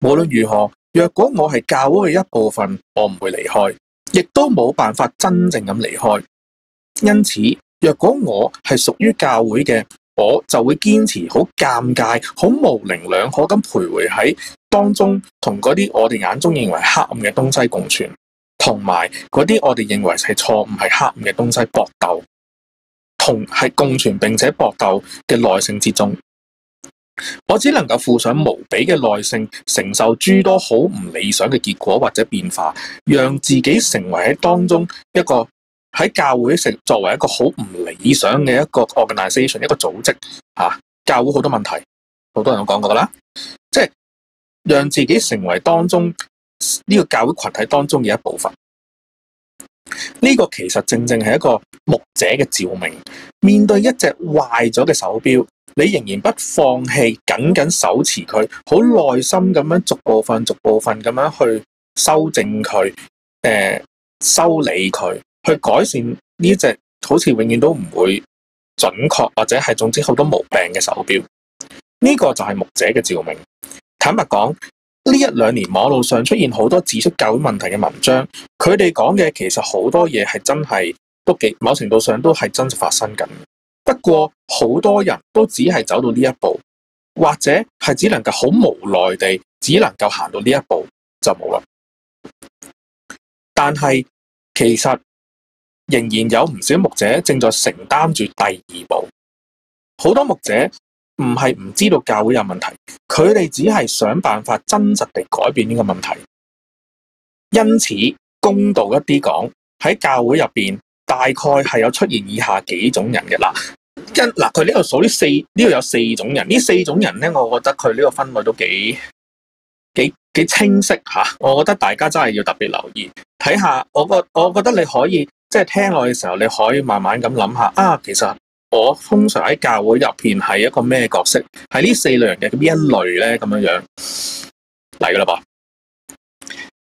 無論如何，若果我係教會嘅一部分，我唔會離開，亦都冇辦法真正咁離開。因此，若果我係屬於教會嘅，我就會堅持好尷尬、好模棱兩可咁徘徊喺當中，同嗰啲我哋眼中認為黑暗嘅東西共存，同埋嗰啲我哋認為係錯誤、係黑暗嘅東西搏鬥，同係共存并且搏鬥嘅耐性之中。我只能夠付上無比嘅耐性，承受諸多好唔理想嘅結果或者變化，讓自己成為喺當中一個喺教會成作為一個好唔理想嘅一個 organisation 一個組織吓、啊，教會好多問題，好多人都講過啦，即係讓自己成為當中呢、這個教會群體當中嘅一部分。呢、這個其實正正係一個牧者嘅照明。面對一隻壞咗嘅手錶，你仍然不放棄，緊緊手持佢，好耐心咁樣，逐部分、逐部分咁樣去修正佢，誒、呃，修理佢，去改善呢一隻好似永遠都唔會準確或者係總之好多毛病嘅手錶。呢、這個就係牧者嘅照明。坦白講，呢一兩年網路上出現好多指出教會問題嘅文章。佢哋講嘅其實好多嘢，係真係都幾，某程度上都係真實發生緊。不過好多人都只係走到呢一步，或者係只能夠好無奈地只能夠行到呢一步就冇啦。但係其實仍然有唔少牧者正在承擔住第二步。好多牧者唔係唔知道教會有問題，佢哋只係想辦法真實地改變呢個問題。因此。公道一啲講，喺教會入邊，大概係有出現以下幾種人嘅啦。跟嗱，佢呢度數呢四呢度有四種人，呢四種人咧，我覺得佢呢個分類都幾幾幾清晰吓。我覺得大家真係要特別留意，睇下我我我覺得你可以即係、就是、聽落嘅時候，你可以慢慢咁諗下啊。其實我通常喺教會入邊係一個咩角色？係呢四類人嘅邊一類咧？咁樣樣嚟噶啦噃。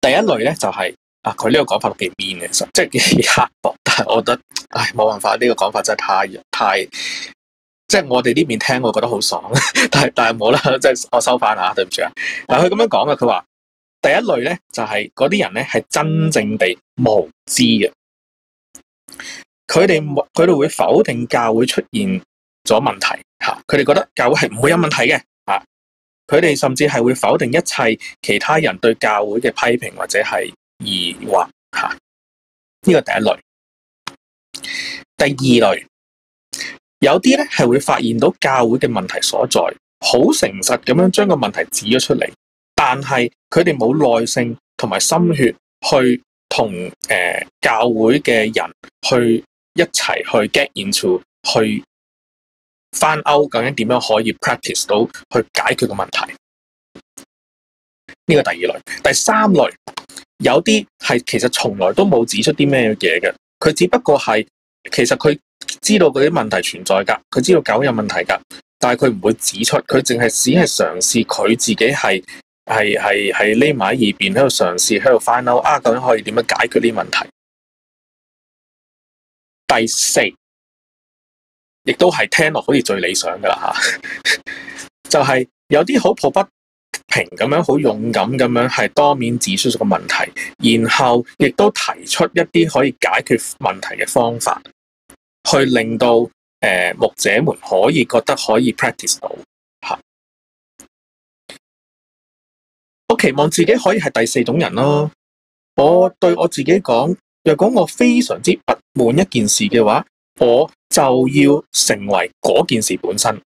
第一類咧就係、是。啊！佢、這、呢個講法都幾 mean 嘅，實即係幾刻薄，但係我覺得，唉、哎，冇辦法，呢、這個講法真係太、太，即、就、係、是、我哋呢邊聽，我覺得好爽，但係但係冇啦，即係我收翻啦，對唔住啊！嗱，佢咁樣講嘅，佢話第一類咧就係嗰啲人咧係真正地無知嘅，佢哋佢哋會否定教會出現咗問題吓，佢哋覺得教會係唔會有問題嘅吓，佢哋甚至係會否定一切其他人對教會嘅批評或者係。而話嚇，呢、這個第一類，第二類有啲咧係會發現到教會嘅問題所在，好誠實咁樣將個問題指咗出嚟，但係佢哋冇耐性同埋心血去同誒、呃、教會嘅人去一齊去 get into 去 find out，究竟點樣可以 practice 到去解決個問題？呢、個第二類，第三類有啲係其實從來都冇指出啲咩嘢嘅，佢只不過係其實佢知道嗰啲問題存在噶，佢知道狗有問題噶，但係佢唔會指出，佢淨係只係嘗試佢自己係係係係匿埋喺耳邊喺度嘗試喺度翻嬲啊，究竟可以點樣解決呢啲問題？第四亦都係聽落好似最理想噶啦吓， 就係有啲好普通。平咁樣好勇敢咁樣，係當面指出咗個問題，然後亦都提出一啲可以解決問題嘅方法，去令到誒、呃、牧者們可以覺得可以 practice 到吓。我期望自己可以係第四種人咯。我對我自己講，若果我非常之不滿一件事嘅話，我就要成為嗰件事本身。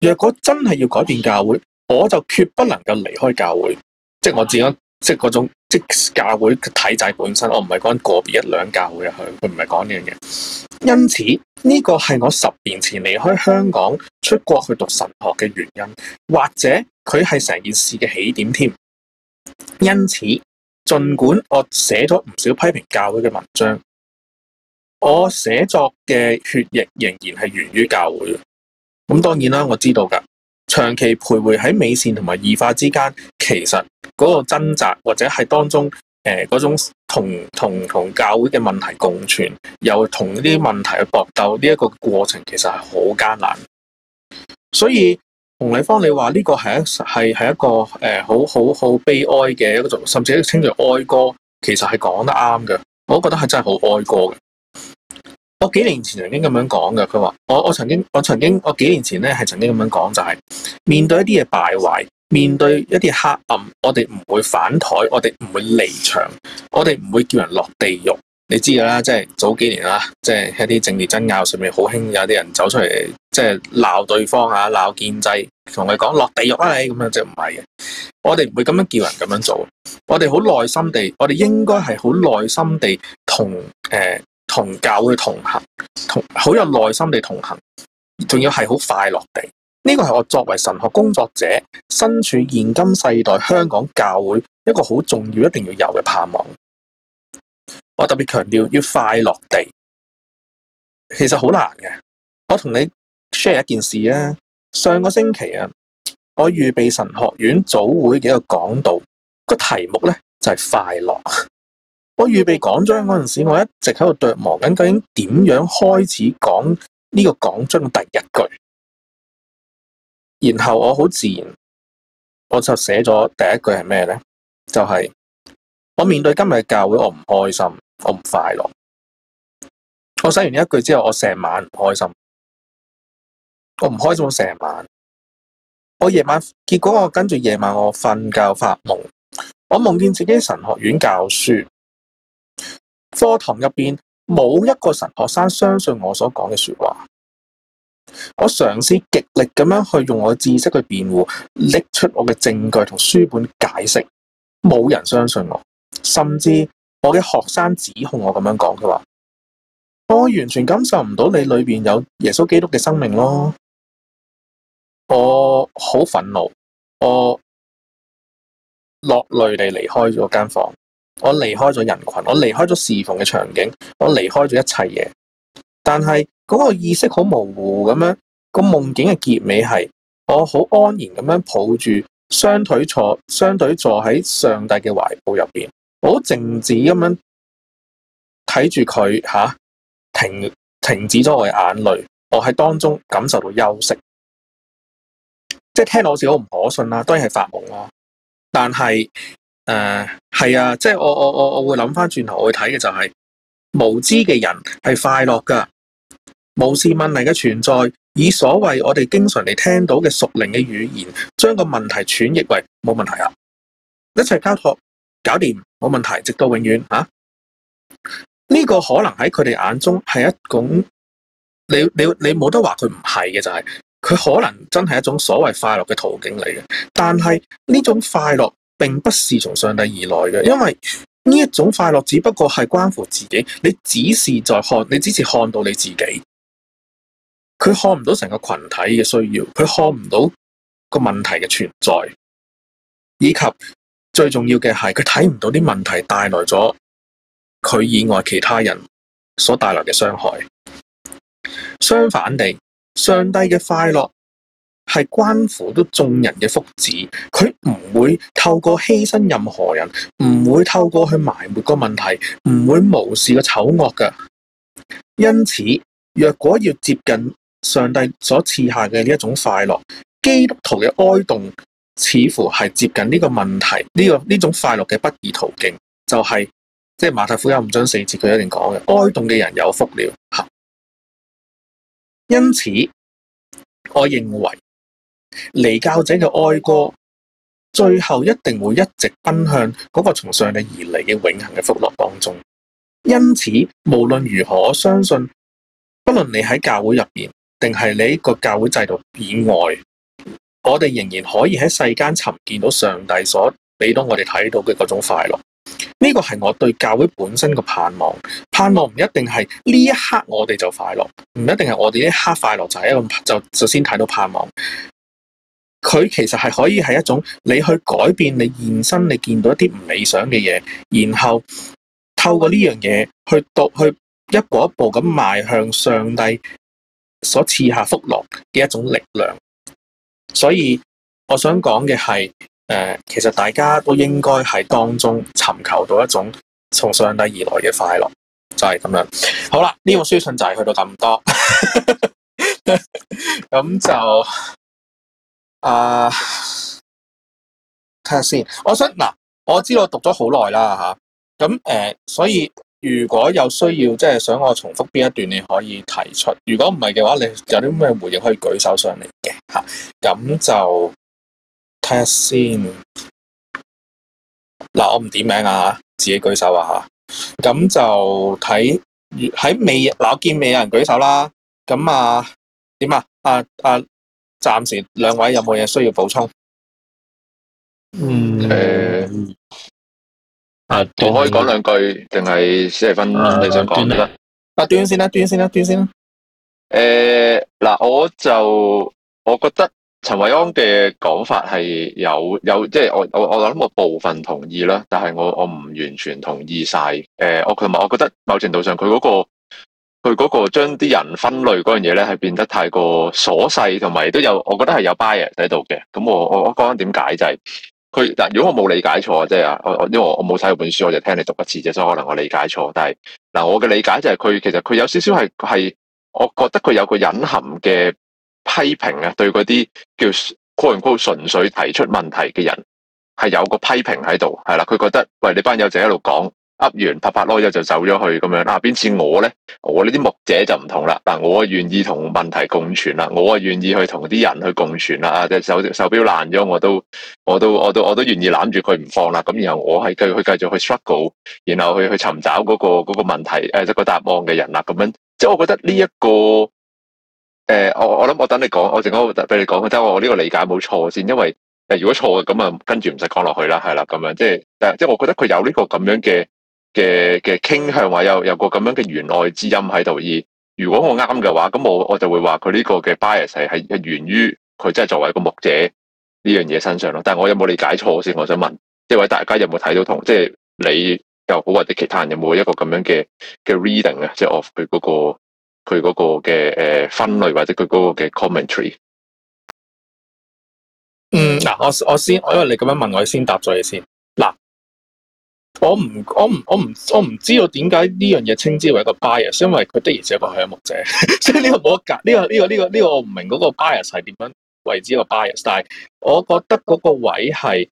若果真係要改變教會。我就決不能夠離開教會，即係我講即係嗰種即教會體制本身，我唔係講個別一兩教會去，佢唔係講呢樣嘢。因此呢個係我十年前離開香港出國去讀神學嘅原因，或者佢係成件事嘅起點添。因此，儘管我寫咗唔少批評教會嘅文章，我寫作嘅血液仍然係源於教會。咁當然啦，我知道㗎。長期徘徊喺美善同埋異化之間，其實嗰個掙扎或者係當中誒嗰、呃、種同同同教會嘅問題共存，又同呢啲問題去搏鬥呢一個過程，其實係好艱難。所以洪麗芳，你話呢個係係係一個誒好好好悲哀嘅一種，甚至係稱作哀歌，其實係講得啱嘅。我覺得係真係好哀歌嘅。幾年前曾經咁樣講嘅，佢話：我我曾經，我曾經，我幾年前咧係曾經咁樣講，就係、是、面對一啲嘢敗壞，面對一啲黑暗，我哋唔會反台，我哋唔會離場，我哋唔會叫人落地獄。你知㗎啦，即、就、係、是、早幾年啦，即係喺啲政治爭拗上，上面好興，有啲人走出嚟即係鬧對方啊，鬧建制，同佢講落地獄啦、啊、你咁樣，即係唔係嘅。我哋唔會咁樣叫人咁樣做，我哋好耐心地，我哋應該係好耐心地同誒。欸同教會同行，同好有耐心地同行，仲要係好快樂地。呢、這個係我作為神學工作者身處現今世代香港教會一個好重要、一定要有嘅盼望。我特別強調要快樂地，其實好難嘅。我同你 share 一件事啊，上個星期啊，我預備神學院早會嘅一個講道，個題目呢，就係、是、快樂。我預備講章嗰陣時候，我一直喺度琢磨緊，究竟點樣開始講呢個講章嘅第一句？然後我好自然，我就寫咗第一句係咩呢？就係、是、我面對今日嘅教會，我唔開心，我唔快樂。我寫完呢一句之後，我成晚唔開心，我唔開心我成晚。我夜晚結果我跟住夜晚我瞓覺發夢，我夢見自己神學院教書。課堂入邊冇一個神學生相信我所講嘅說話，我嘗試極力咁樣去用我嘅知識去辯護，拎出我嘅證據同書本解釋，冇人相信我，甚至我嘅學生指控我咁樣講嘅話，我完全感受唔到你裏邊有耶穌基督嘅生命咯，我好憤怒，我落淚地離開咗間房。我離開咗人群，我離開咗侍奉嘅場景，我離開咗一切嘢。但係嗰個意識好模糊咁樣，個夢境嘅結尾係我好安然咁樣抱住雙腿坐，雙腿坐喺上帝嘅懷抱入邊，好靜止咁樣睇住佢吓，停停止咗我嘅眼淚。我喺當中感受到休息，即係聽到好似好唔可信啦，當然係發夢咯。但係，誒，係啊，即、就、係、是、我我我我會諗翻轉頭去睇嘅就係、是、無知嘅人係快樂噶，無視問題嘅存在，以所謂我哋經常嚟聽到嘅屬靈嘅語言，將個問題轉譯為冇問題啊，一齊交託搞掂，冇問題，直到永遠啊！呢、這個可能喺佢哋眼中係一種，你你你冇得話佢唔係嘅就係、是，佢可能真係一種所謂快樂嘅途徑嚟嘅，但係呢種快樂。並不是從上帝而來嘅，因為呢一種快樂只不過係關乎自己，你只是在看，你只是看到你自己，佢看不到成個群體嘅需要，佢看不到個問題嘅存在，以及最重要嘅係佢睇唔到啲問題帶來咗佢以外其他人所帶來嘅傷害。相反地，上帝嘅快樂。係關乎到眾人嘅福祉，佢唔會透過犧牲任何人，唔會透過去埋沒個問題，唔會無視個醜惡嘅。因此，若果要接近上帝所賜下嘅呢一種快樂，基督徒嘅哀慟似乎係接近呢個問題呢個呢種快樂嘅不二途徑，就係即係馬太福音五章四節佢一定講嘅，哀慟嘅人有福了。因此，我認為。離教者嘅哀歌，最後一定會一直奔向嗰個從上帝而嚟嘅永恒嘅福樂當中。因此，無論如何，我相信不論你喺教會入邊，定係你喺個教會制度以外，我哋仍然可以喺世間尋見到上帝所俾到我哋睇到嘅嗰種快樂。呢、這個係我對教會本身嘅盼望。盼望唔一定係呢一刻我哋就快樂，唔一定係我哋呢一刻快樂就係一個就首先睇到盼望，佢其實係可以係一種你去改變你現身你見到一啲唔理想嘅嘢，然後透過呢樣嘢去讀去一步一步咁邁向上帝所賜下福樂嘅一種力量。所以我想講嘅係誒，其實大家都應該喺當中尋求到一種從上帝而來嘅快樂，就係、是、咁樣。好啦，呢、這個書信就係去到咁多，咁 就。啊，睇下先。我想嗱，我知道我讀咗好耐啦吓，咁誒，uh, 所以如果有需要，即係想我重複邊一段，你可以提出。如果唔係嘅話，你有啲咩回應可以舉手上嚟嘅吓，咁就睇下先。嗱，我唔點名啊吓，自己舉手啊吓，咁就睇喺未？嗱，我見未有人舉手啦。咁啊，點啊？啊啊！暫時兩位有冇嘢需要補充？嗯，誒、呃、啊，我可以講兩句，定係洪麗芳你想講啲啦。嗱、啊，短先啦，短先啦，短先啦。誒、呃、嗱，我就我覺得陳韋安嘅講法係有有，即係、就是、我我我諗我部分同意啦，但係我我唔完全同意晒。誒、呃，我同埋我覺得某程度上佢嗰、那個。佢嗰個將啲人分類嗰樣嘢咧，係變得太過瑣細，同埋都有，我覺得係有 bias 喺度嘅。咁我我我講點解就係，佢嗱，如果我冇理解錯即係我因為我冇睇嗰本書，我就聽你讀一次啫，所以我可能我理解錯。但係嗱，我嘅理解就係，佢其實佢有少少係係，我覺得佢有個隱含嘅批評啊，對嗰啲叫過唔過純粹提出問題嘅人，係有個批評喺度，係啦，佢覺得喂，你班友仔就喺度講。噏完拍拍籮柚就走咗去咁樣，啊，邊似我咧？我呢啲牧者就唔同啦。嗱，我願意同問題共存啦，我啊，願意去同啲人去共存啦。啊，隻手手錶爛咗，我都我都我都我都願意攬住佢唔放啦。咁然後我係佢佢繼續去 struggle，然後去去尋找嗰個嗰個問題誒即係個答案嘅人啦。咁樣即係我覺得呢一個誒，我我諗我等你講，我陣間俾你講，睇下我呢個理解冇錯先。因為如果錯嘅咁啊，跟住唔使講落去啦，係啦咁樣即係，即係我覺得佢有呢個咁樣嘅。嘅嘅傾向，話有有個咁樣嘅弦外之音喺度，而如果我啱嘅話，咁我我就會話佢呢個嘅 bias 係係源於佢真係作為一個牧者呢樣嘢身上咯。但係我有冇理解錯先？我想問，即係大家有冇睇到，同即係你又好，或者其他人有冇一個咁樣嘅嘅 reading 啊、那個？即係我佢嗰個佢嗰個嘅誒分類，或者佢嗰個嘅 commentary。嗯，嗱，我我先，因為你咁樣問我，先答咗你先。我唔，我唔，我唔，我唔知道點解呢樣嘢稱之為一個 bias，因為佢的而且確係一目者呵呵，所以呢個冇得揀，呢個呢個呢個呢個我唔明嗰個 bias 係點樣為之一個 bias，但係我覺得嗰個位係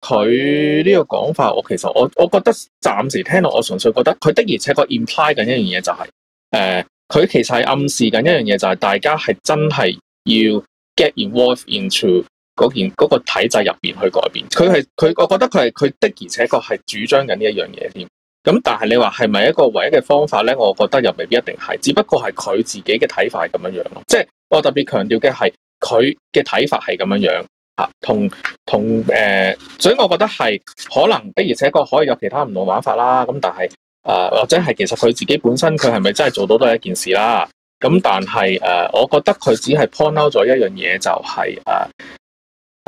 佢呢個講法，我其實我我覺得暫時聽到我純粹覺得佢的而且確 imply 緊一樣嘢就係、是，誒、呃，佢其實係暗示緊一樣嘢就係大家係真係要 get involved into。嗰件、嗰個體制入邊去改變，佢係佢，我覺得佢係佢的，而且確係主張緊呢一樣嘢添。咁但係你話係咪一個唯一嘅方法呢？我覺得又未必一定係，只不過係佢自己嘅睇法係咁樣樣咯。即係我特別強調嘅係佢嘅睇法係咁樣樣、啊、同同誒、呃，所以我覺得係可能的，而且確可以有其他唔同玩法啦。咁但係誒、呃、或者係其實佢自己本身佢係咪真係做到都係一件事啦？咁但係誒、呃，我覺得佢只係 point out 咗一樣嘢就係、是、誒。呃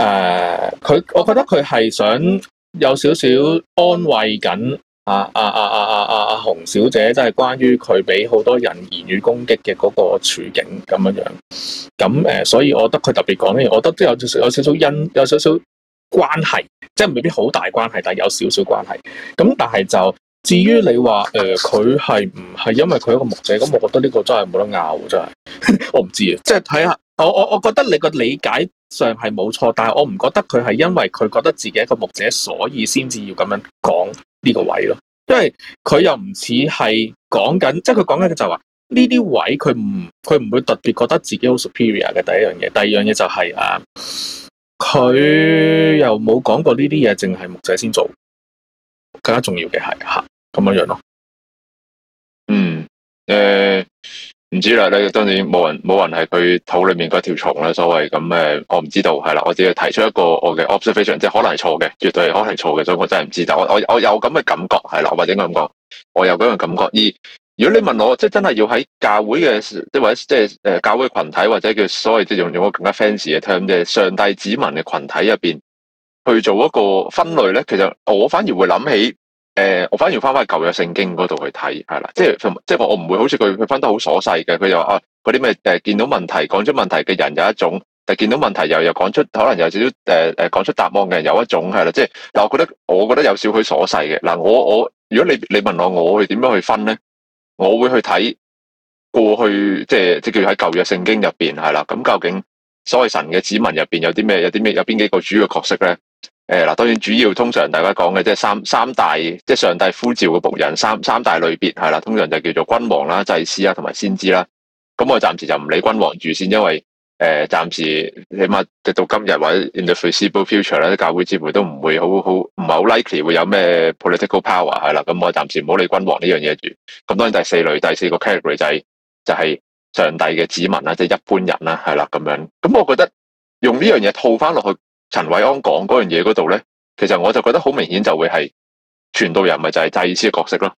誒、呃，佢，我覺得佢係想有少少安慰緊阿阿洪小姐，即係關於佢俾好多人言語攻擊嘅嗰個處境咁樣樣。咁誒、呃，所以我覺得佢特別講呢我覺得都有少有少少因有少少關係，即係未必好大關係，但係有少少關係。咁但係就至於你話誒，佢係唔係因為佢一個牧者咁？我覺得呢個真係冇得拗，真係我唔知啊，即係睇下我我我覺得你個理解。上係冇錯，但係我唔覺得佢係因為佢覺得自己一個牧者，所以先至要咁樣講呢個位咯。因為佢又唔似係講緊，即係佢講緊嘅就係話呢啲位佢唔佢唔會特別覺得自己好 superior 嘅第一樣嘢。第二樣嘢就係、是、啊，佢又冇講過呢啲嘢，淨係牧者先做。更加重要嘅係吓咁樣樣咯。嗯誒。呃唔知啦，你當然冇人冇人係佢肚裏面嗰條蟲啦，所謂咁誒，我唔知道係啦，我只係提出一個我嘅 observation，即係可能係錯嘅，絕對係可能係錯嘅，所以我真係唔知。但我我我有咁嘅感覺係啦，或者應該咁講，我有咁嘅感覺。而如果你問我，即係真係要喺教會嘅，即係或者即係教會群體或者叫所謂即係用用更加 fancy 嘅 term 即係上帝子民嘅群體入面去做一個分類咧，其實我反而會諗起。誒、呃，我反而翻翻去舊約聖經嗰度去睇，係啦、嗯，即係即係我唔會好似佢佢分得好瑣細嘅，佢就話啊，嗰啲咩誒見到問題，講出問題嘅人有一種，誒見到問題又又講出可能有少少誒誒講出答案嘅人有一種，係啦，即係，但，我覺得我覺得有少許瑣細嘅，嗱、啊，我我如果你你問我我會點樣去分咧，我會去睇過去即係即係叫喺舊約聖經入邊，係啦，咁究竟所謂神嘅指紋入邊有啲咩有啲咩有邊幾個主要嘅角色咧？誒，嗱，當然主要通常大家講嘅即係三三大，即係上帝呼召嘅僕人，三三大類別係啦，通常就叫做君王啦、祭司啊、同埋先知啦。咁我暫時就唔理君王住先，因為誒、呃，暫時起碼直到今日或者 in the foreseeable future 啲教會似乎都唔會好好唔係好 likely 會有咩 political power 係啦。咁我暫時唔好理君王呢樣嘢住。咁當然第四類第四個 category 就係就係上帝嘅子民啦，即係一般人啦，係啦咁樣。咁我覺得用呢樣嘢套翻落去。陳偉安講嗰樣嘢嗰度咧，其實我就覺得好明顯就會係傳道人，咪就係祭司嘅角色咯，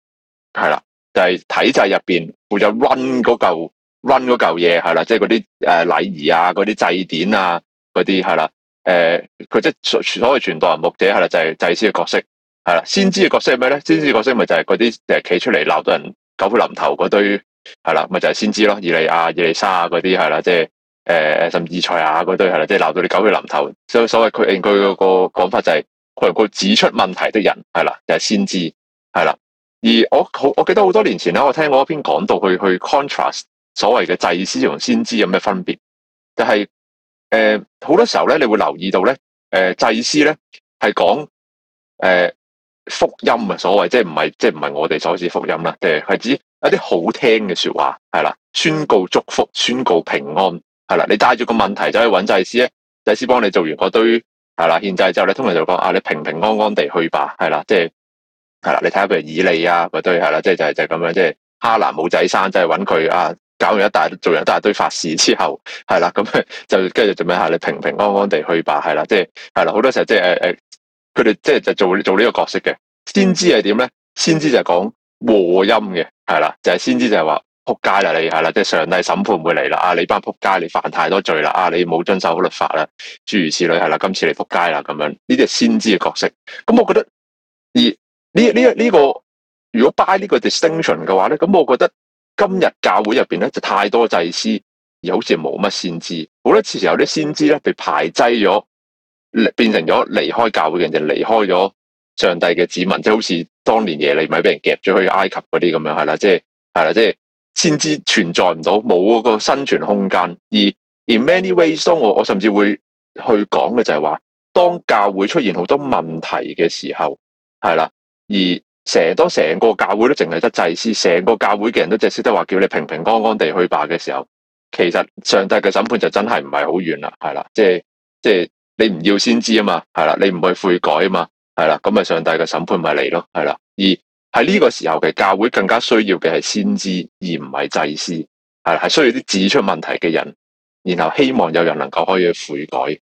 係啦，就係、是、體制入邊會有 run 嗰嚿 run 嗰嚿嘢係啦，即係嗰啲誒禮儀啊、嗰啲祭典啊、嗰啲係啦，誒佢即係所所謂傳道人牧者係啦，就係、是、祭司嘅角色，係啦，先知嘅角色係咩咧？先知角色咪就係嗰啲誒企出嚟鬧到人狗血淋頭嗰堆係啦，咪就係、是、先知咯，以利亞以利沙嗰啲係啦，即係。誒、呃、誒，甚至賽亞嗰堆係啦，即係鬧到你狗血淋頭。所所謂佢佢個講法就係、是，佢能個指出問題的人係啦，就係、是、先知係啦。而我好，我記得好多年前咧，我聽過一篇講到去去 contrast 所謂嘅祭司同先知有咩分別。就係誒，好、呃、多時候咧，你會留意到咧，誒、呃、祭司咧係講誒福音啊，所謂即係唔係即係唔係我哋所指福音啦，誒係指一啲好聽嘅說話係啦，宣告祝福，宣告平安。係啦，你帶住個問題走去揾祭司，祭司幫你做完嗰堆係啦獻祭之後咧，通常就講啊，你平平安安地去吧，係啦，即係係啦，你睇下譬如以利啊，嗰堆係啦，即係就係就係咁樣，即係哈蘭冇仔生，即係揾佢啊，搞完一大做完一大堆法事之後，係啦，咁，嗯嗯，就跟住做咩啊？你平平安安地去吧，係啦，即係係啦，好多時候即係誒誒，佢哋即係就做做呢個角色嘅，先知係點咧？先知就係講和音嘅，係啦，就係先知就係話。扑街啦，你係啦，即係上帝審判會嚟啦。啊，你班扑街，你犯太多罪啦。啊，你冇遵守好律法啦。諸如此類係啦，今次你扑街啦，咁樣呢啲係先知嘅角色。咁我覺得而呢呢呢個如果 by 呢個 distinction 嘅話咧，咁我覺得今日教會入邊咧就太多祭司，又好似冇乜先知。好多次有啲先知咧被排擠咗，變成咗離開教會嘅人就離開咗上帝嘅子民，即係好似當年耶利米俾人夾咗去埃及嗰啲咁樣係啦，即係係啦，即係。先知存在唔到，冇嗰個生存空間。而 in many ways，我我甚至會去講嘅就係話，當教會出現好多問題嘅時候，係啦，而成咗成個教會都淨係得祭司，成個教會嘅人都淨係識得話叫你平平安安地去吧嘅時候，其實上帝嘅審判就真係唔係好遠啦，係啦，即係即係你唔要先知啊嘛，係啦，你唔去悔改啊嘛，係啦，咁咪上帝嘅審判咪嚟咯，係啦，而。喺呢個時候嘅教會更加需要嘅係先知，而唔係祭司。係，係需要啲指出問題嘅人，然後希望有人能夠可以去悔改。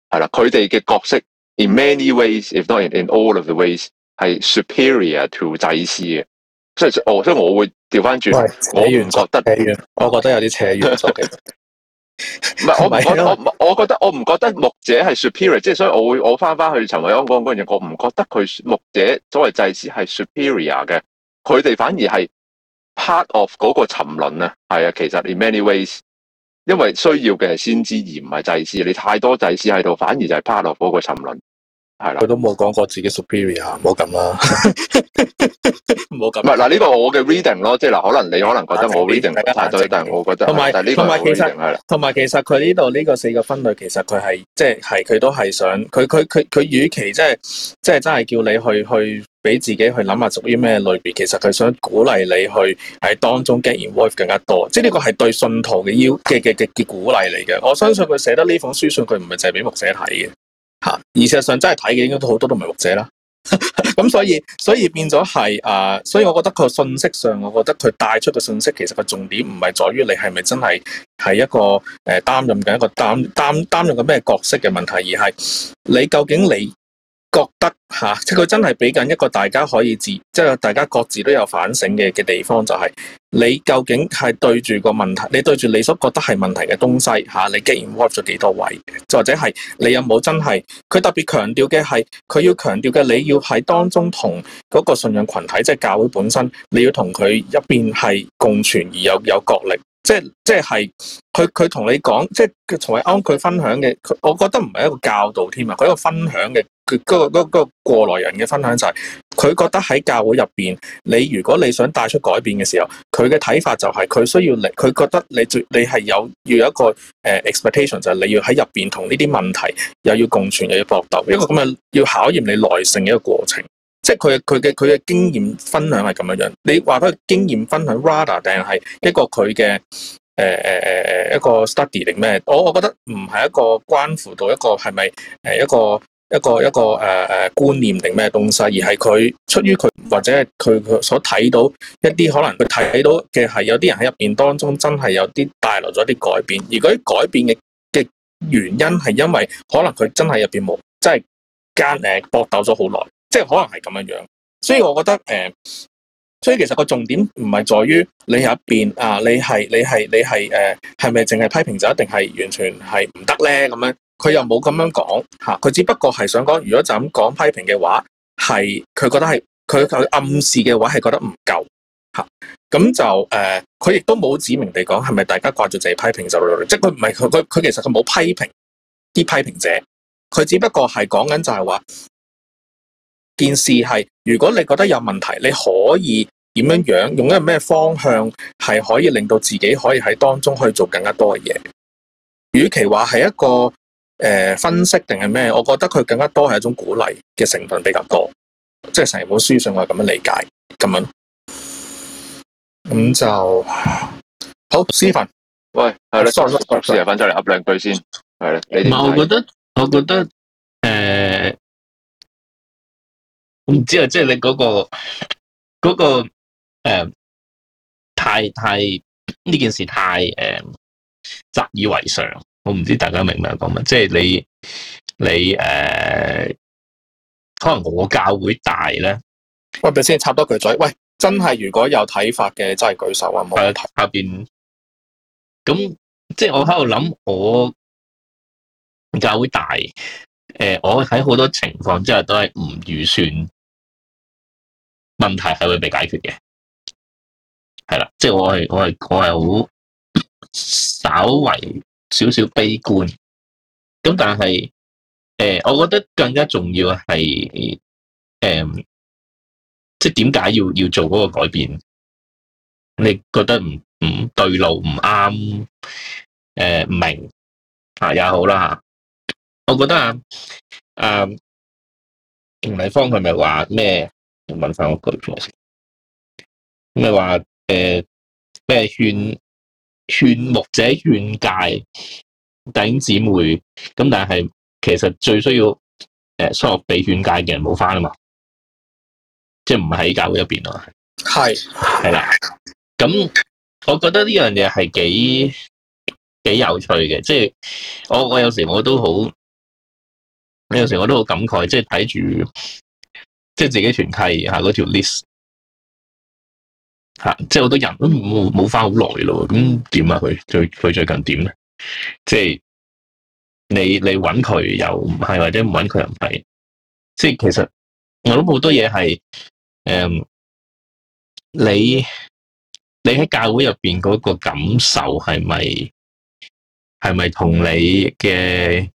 係啦，佢哋嘅角色，in many ways，if not in all of the ways，係 superior to 祭司嘅。即係我，即係我會調翻轉。我覺得，我覺得有啲扯遠嘅。 唔 係我我我我覺得 我唔覺得牧 者係 superior，即係所以我會我翻翻去陳韋安講嗰樣嘢，我唔覺得佢牧者所謂祭司係 superior 嘅，佢哋反而係 part of 嗰個沉淪啊，係啊，其實 in many ways，因為需要嘅係先知而唔係祭司，你太多祭司喺度，反而就係 part of 嗰個沉淪。係，佢都冇講過自己 superior，唔好咁啦，唔好咁。唔 嗱，呢、這個是我嘅 reading 咯， 即係嗱，可能你可能覺得我 reading 太多，但係我覺得同埋同埋其實同埋其實佢呢度呢個四個分類，其實佢係即係，係佢都係想佢佢佢佢，與其即係即係真係叫你去去俾自己去諗下屬於咩類別，其實佢想鼓勵你去喺當中 get involved 更加多，即係呢個係對信徒嘅要嘅嘅嘅鼓勵嚟嘅。我相信佢寫得呢封書信，佢唔係淨係俾牧者睇嘅。吓，而事實上真係睇嘅，應該都好多都唔係讀者啦。咁 所以，所以變咗係誒，所以我覺得佢信息上，我覺得佢帶出嘅信息，其實個重點唔係在於你係咪真係係一個誒擔任緊一個擔擔擔任緊咩角色嘅問題，而係你究竟你。覺得嚇、啊，即係佢真係俾緊一個大家可以自，即係大家各自都有反省嘅嘅地方，就係，就係你究竟係對住個問題，你對住你所覺得係問題嘅東西嚇、啊，你竟然挖咗幾多位，或者係你有冇真係。佢特別強調嘅係，佢要強調嘅你要喺當中同嗰個信仰群體，即、就、係、是、教會本身，你要同佢一邊係共存而有有角力，即係即係佢佢同你講，即係同埋啱佢分享嘅，我覺得唔係一個教導添啊，佢一個分享嘅。個個個過來人嘅分享就係，佢覺得喺教會入邊，你如果你想帶出改變嘅時候，佢嘅睇法就係，佢需要你，佢覺得你最，你係有要有一個誒 expectation，就係你要喺入邊同呢啲問題又要共存，又要搏鬥，一個咁嘅要考驗你耐性嘅一個過程。即係佢佢嘅佢嘅經驗分享係咁樣樣。你話佢經驗分享 rather 定係一個佢嘅誒誒誒一個 study 定咩？我我覺得唔係一個關乎到一個係咪誒一個。呃一個一個誒誒、呃、觀念定咩東西，而係佢出於佢或者佢佢所睇到一啲，可能佢睇到嘅係有啲人喺入邊當中真係有啲帶來咗啲改變，而嗰啲改變嘅嘅原因係因為可能佢真係入邊冇真係間誒搏鬥咗好耐，即係可能係咁樣樣。所以我覺得誒、呃，所以其實個重點唔係在於你入邊啊，你係你係你係誒，係咪淨係批評就一定係完全係唔得咧咁樣。佢又冇咁樣講吓，佢只不過係想講，如果就咁講批評嘅話，係佢覺得係佢佢暗示嘅話係覺得唔夠吓，咁就誒，佢亦都冇指名地講係咪大家掛住自己批評就，即係佢唔係佢佢佢其實佢冇批評啲批評者，佢只不過係講緊就係、是、話件事係，如果你覺得有問題，你可以點樣樣用一個咩方向係可以令到自己可以喺當中可以做更加多嘅嘢，與其話係一個。誒、呃，分析定係咩？我覺得佢更加多係一種鼓勵嘅成分比較多，即係成本書上我咁樣理解咁樣。咁就好，Stephen，喂，係啦，Stephen 翻出嚟噏兩句先，係啦，你。唔係我覺得，我覺得，誒、呃，我唔知啊，即係你嗰個嗰個誒、呃，太太呢件事太誒，習以為常。我唔知大家明唔明我講乜，即係你你誒、呃，可能我教會大咧。喂，咪先插多句嘴。喂，真係如果有睇法嘅，真係舉手啊！冇下邊。咁即係我喺度諗，我教會大誒、呃，我喺好多情況之下都係唔預算，問題係會被解決嘅。係啦，即係我係我係我係好稍為。少少悲觀，咁但係誒、呃，我覺得更加重要係誒、呃，即係點解要要做嗰個改變？你覺得唔唔對路唔啱誒，呃、唔明、啊、也好啦吓。我覺得啊，啊洪麗芳佢咪話咩？我問翻我句先，咩話誒咩勸？勸牧者，勸誡弟兄姊妹，咁但係其實最需要誒、呃，所謂俾勸誡嘅人冇返啊嘛，即係唔喺教會入邊咯，係係啦。咁我覺得呢樣嘢係幾幾有趣嘅，即係我我有時我都好，有時我都好感慨，即係睇住即係自己團契，吓嗰條 list。吓，即係好多人都冇冇翻好耐咯咁點啊？佢最佢最近點咧？即係你你揾佢又唔係，或者唔揾佢又唔係。即係其實我諗好多嘢係，誒，你你喺教會入邊嗰個感受係咪係咪同你嘅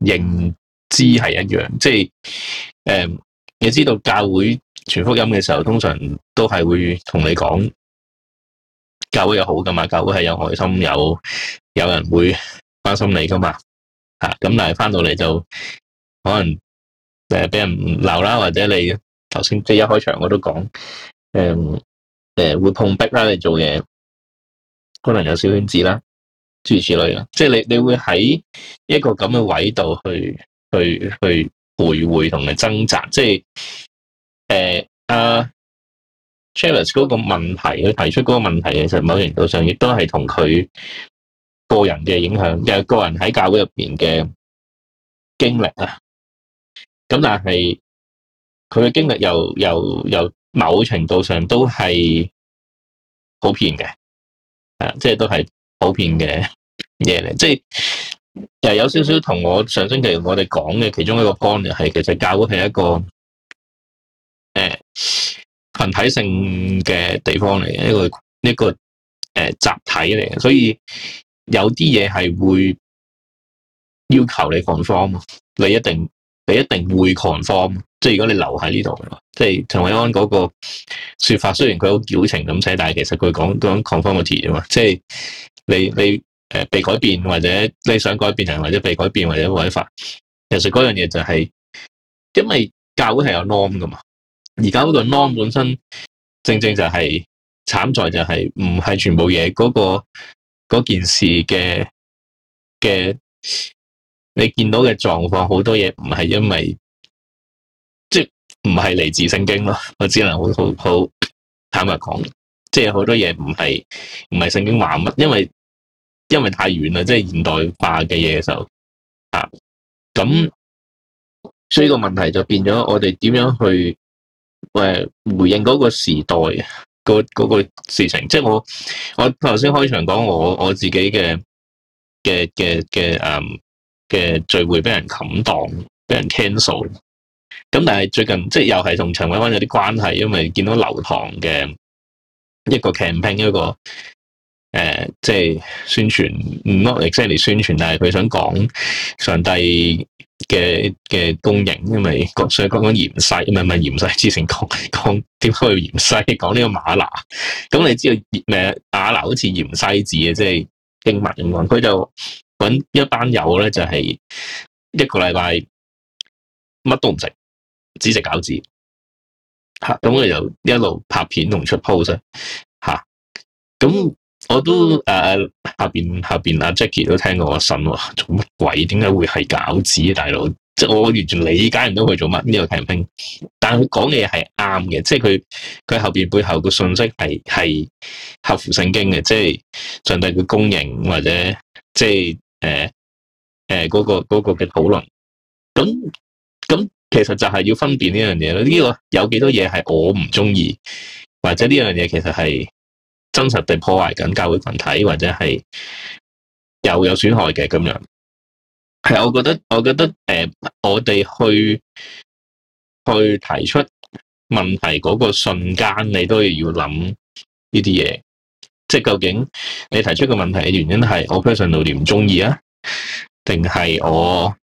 認知係一樣？即係誒，你知道教會。傳福音嘅時候，通常都係會同你講教會有好噶嘛，教會係有愛心，有有人會關心你噶嘛。吓、啊、咁，但係翻到嚟就可能誒俾、呃、人鬧啦，或者你頭先即係一開場我都講，誒、嗯、誒、呃、會碰壁啦，你做嘢可能有小圈子啦，諸如此類，即係你你會喺一個咁嘅位度去去去徘徊同你掙扎，即係。誒，uh, 阿 Charles 嗰個問題，佢提出嗰個問題，其實某程度上亦都係同佢個人嘅影響，又係個人喺教會入邊嘅經歷啊。咁但係佢嘅經歷又又又某程度上都係普遍嘅，即係都係普遍嘅嘢嚟。即係有少少同我上星期我哋講嘅其中一個 point 係，其實教會係一個。群體性嘅地方嚟，一個一個誒、呃、集體嚟嘅，所以有啲嘢係會要求你 conform，你一定你一定會 conform，即係如果你留喺呢度，即係陳韋安嗰個説法，雖然佢好矯情咁寫，但係其實佢講講 conformity 啊嘛，即係你你誒、呃、被改變或者你想改變人，或者被改變或者違法，其實那樣樣嘢就係、是、因為教會係有 norm 噶嘛。而家嗰個芒本身，正正就係慘在就係唔係全部嘢，嗰個嗰件事嘅嘅，你見到嘅狀況好多嘢唔係因為，即係唔係嚟自聖經咯。我只能好好坦白講，即係好多嘢唔係唔係聖經話乜，因為因為太遠啦，即係現代化嘅嘢就啊咁，所以呢個問題就變咗我哋點樣去。誒，回應嗰個時代、那個嗰、那個事情，即係我我頭先開場講我我自己嘅嘅嘅嘅誒嘅聚會俾人冚檔，俾人 cancel。咁但係最近即又係同陳韋安有啲關係，因為見到流堂嘅一個 campaign，一個誒、呃、即係宣傳，not exactly 宣傳，但係佢想講上帝。嘅嘅供應因為講所以講講芫荽，唔係唔係芫荽之前講講點解芫荽？講呢個馬拿，咁、嗯、你知道咩？馬拿好似芫荽子啊 ena, 子，即係經文咁樣。佢就揾一班友咧，就係、是、一個禮拜乜都唔食，只食餃子。吓、嗯，咁佢就一路拍片同出 post，吓、嗯，咁。我都誒，下邊下邊阿 Jackie 都聽過我信做乜鬼？點解會係餃子，大佬？即係我完全理解唔到佢做乜呢、這個聽唔聽。但係佢講嘅嘢係啱嘅，即係佢佢後邊背後嘅信息係係合乎聖經嘅，即係上帝嘅公認或者即係誒誒嗰個嗰、那個嘅討論。咁咁其實就係要分辨呢樣嘢咯。呢、這個有幾多嘢係我唔中意，或者呢樣嘢其實係。真實地破壞緊教會群體，或者係又有損害嘅咁樣。係，我覺得我覺得、呃、我哋去去提出問題嗰個瞬間，你都要諗呢啲嘢，即係究竟你提出個問題嘅原因係我 personally 唔中意啊，定係我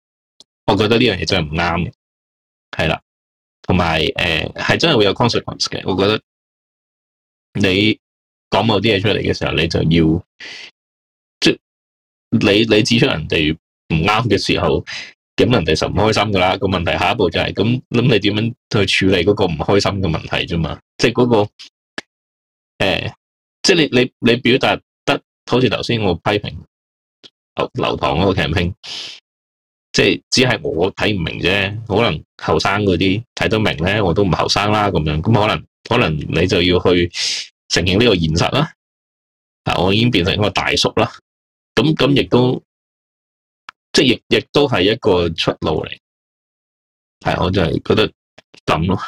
我覺得呢樣嘢真係唔啱。係啦，同埋呃、係真係會有 consequence 嘅。我覺得你。講某啲嘢出嚟嘅時候，你就要即你你指出人哋唔啱嘅時候，咁人哋就唔開心噶啦。個問題下一步就係咁，咁，你點樣去處理嗰個唔開心嘅問題啫嘛？即係嗰個誒，即係你你你表達得好似頭先我批評劉劉唐嗰個 campaign，即係只係我睇唔明啫，可能後生嗰啲睇得明咧，我都唔後生啦，咁樣咁可能可能你就要去。承認呢個現實啦，啊，我已經變成一個大叔啦，咁咁亦都，即係亦亦都係一個出路嚟，係，我就係覺得咁咯。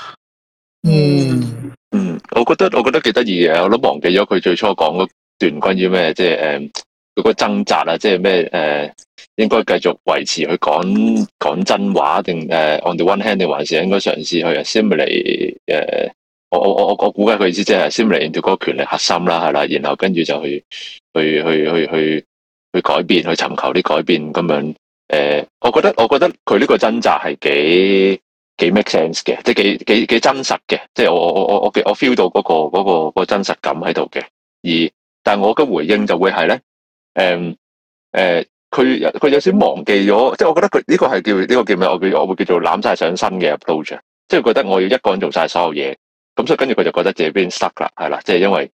嗯嗯，我覺得我覺得幾得意嘅，我都忘記咗佢最初講嗰段關於咩，即係誒嗰個掙扎啊，即係咩誒應該繼續維持去講講真話定誒、呃、on the one hand 定還是應該嘗試去 assimilate 誒、呃。我我我我我估計佢意思即係 similar 住嗰個權力核心啦，係啦，然後跟住就去去去去去去改變，去尋求啲改變咁樣。誒、呃，我覺得我覺得佢呢個掙扎係幾幾 make sense 嘅，即係幾幾幾真實嘅，即係我我我我我 feel 到嗰、那個嗰、那個嗰、那個真實感喺度嘅。而但係我嘅回應就會係咧，誒、呃、誒，佢、呃、佢有少少忘記咗，即係我覺得佢呢、這個係叫呢、這個叫咩？我叫我會叫做攬晒上身嘅 approach，即係覺得我要一個人做晒所有嘢。咁所以跟住佢就覺得自己邊塞啦，係啦，即係因為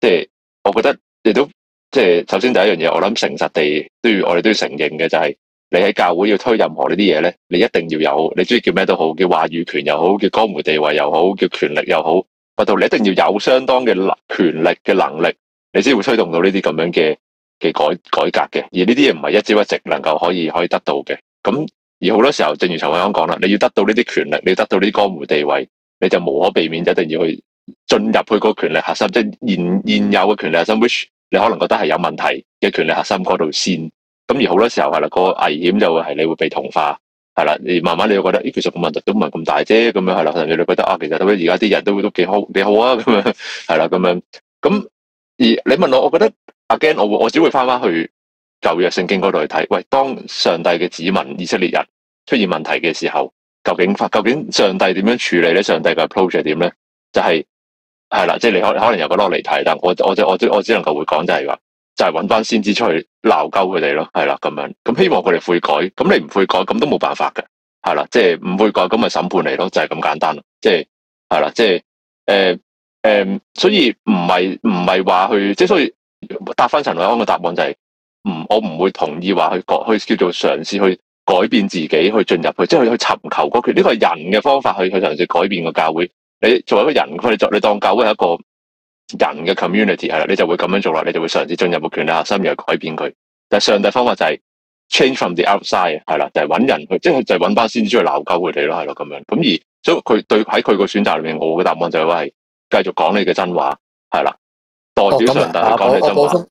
即係我覺得亦都即係首先第一樣嘢，我諗誠實地都要我哋都要承認嘅，就係你喺教會要推任何呢啲嘢咧，你一定要有，你中意叫咩都好，叫話語權又好，叫江湖地位又好，叫權力又好，嗱，到你一定要有相當嘅權權力嘅能力，你先會推動到呢啲咁樣嘅嘅改改革嘅。而呢啲嘢唔係一朝一夕能夠可以可以得到嘅。咁而好多時候，正如陳韋安講講啦，你要得到呢啲權力，你要得到呢啲江湖地位。你就無可避免，一定要去進入去個權力核心，即係現現有嘅權力核心 which 你可能覺得係有問題嘅權力核心嗰度先。咁而好多時候係啦，個危險就係你會被同化，係啦，而慢慢你就覺得，咦，其實個問題都唔係咁大啫，咁樣係啦，可能你覺得啊，其實點解而家啲人都都幾好幾好啊，咁樣係啦，咁樣。咁而你問我，我覺得 again 我會我只會翻翻去舊約聖經嗰度去睇。喂，當上帝嘅子民以色列人出現問題嘅時候。究竟法究竟上帝點樣處理咧上帝嘅 approach 係點咧就係，係啦，即係你可可能有個落嚟,睇，但係我我我我只能夠會講就係話，就係揾翻先知出去鬧鳩佢哋咯，係啦咁樣。咁希望佢哋悔改。咁你唔悔改，咁都冇辦法嘅，係啦。即係唔悔改，咁咪審判你咯，就係咁簡單，即係係啦，即係誒誒，所以唔係唔係話去，即係所以答翻陳韋安嘅答案就係，唔我唔會同意話去去叫做嘗試去。改變自己去進入去，即係去尋求嗰個權，呢個係人嘅方法去去嘗試改變個教會。你作為一個人，佢就你當教會係一個人嘅 community 係啦，你就會咁樣做啦，你就會嘗試進入個權力核心入去改變佢。但係上帝方法就係 change from the outside 係啦，就係、是、搵人去，即係就係搵翻先知去鬧救佢哋咯，係咯咁樣。咁而所以佢對喺佢個選擇裏面，我嘅答案就係話係繼續講你嘅真話，係啦，代表上帝去講你嘅真話。哦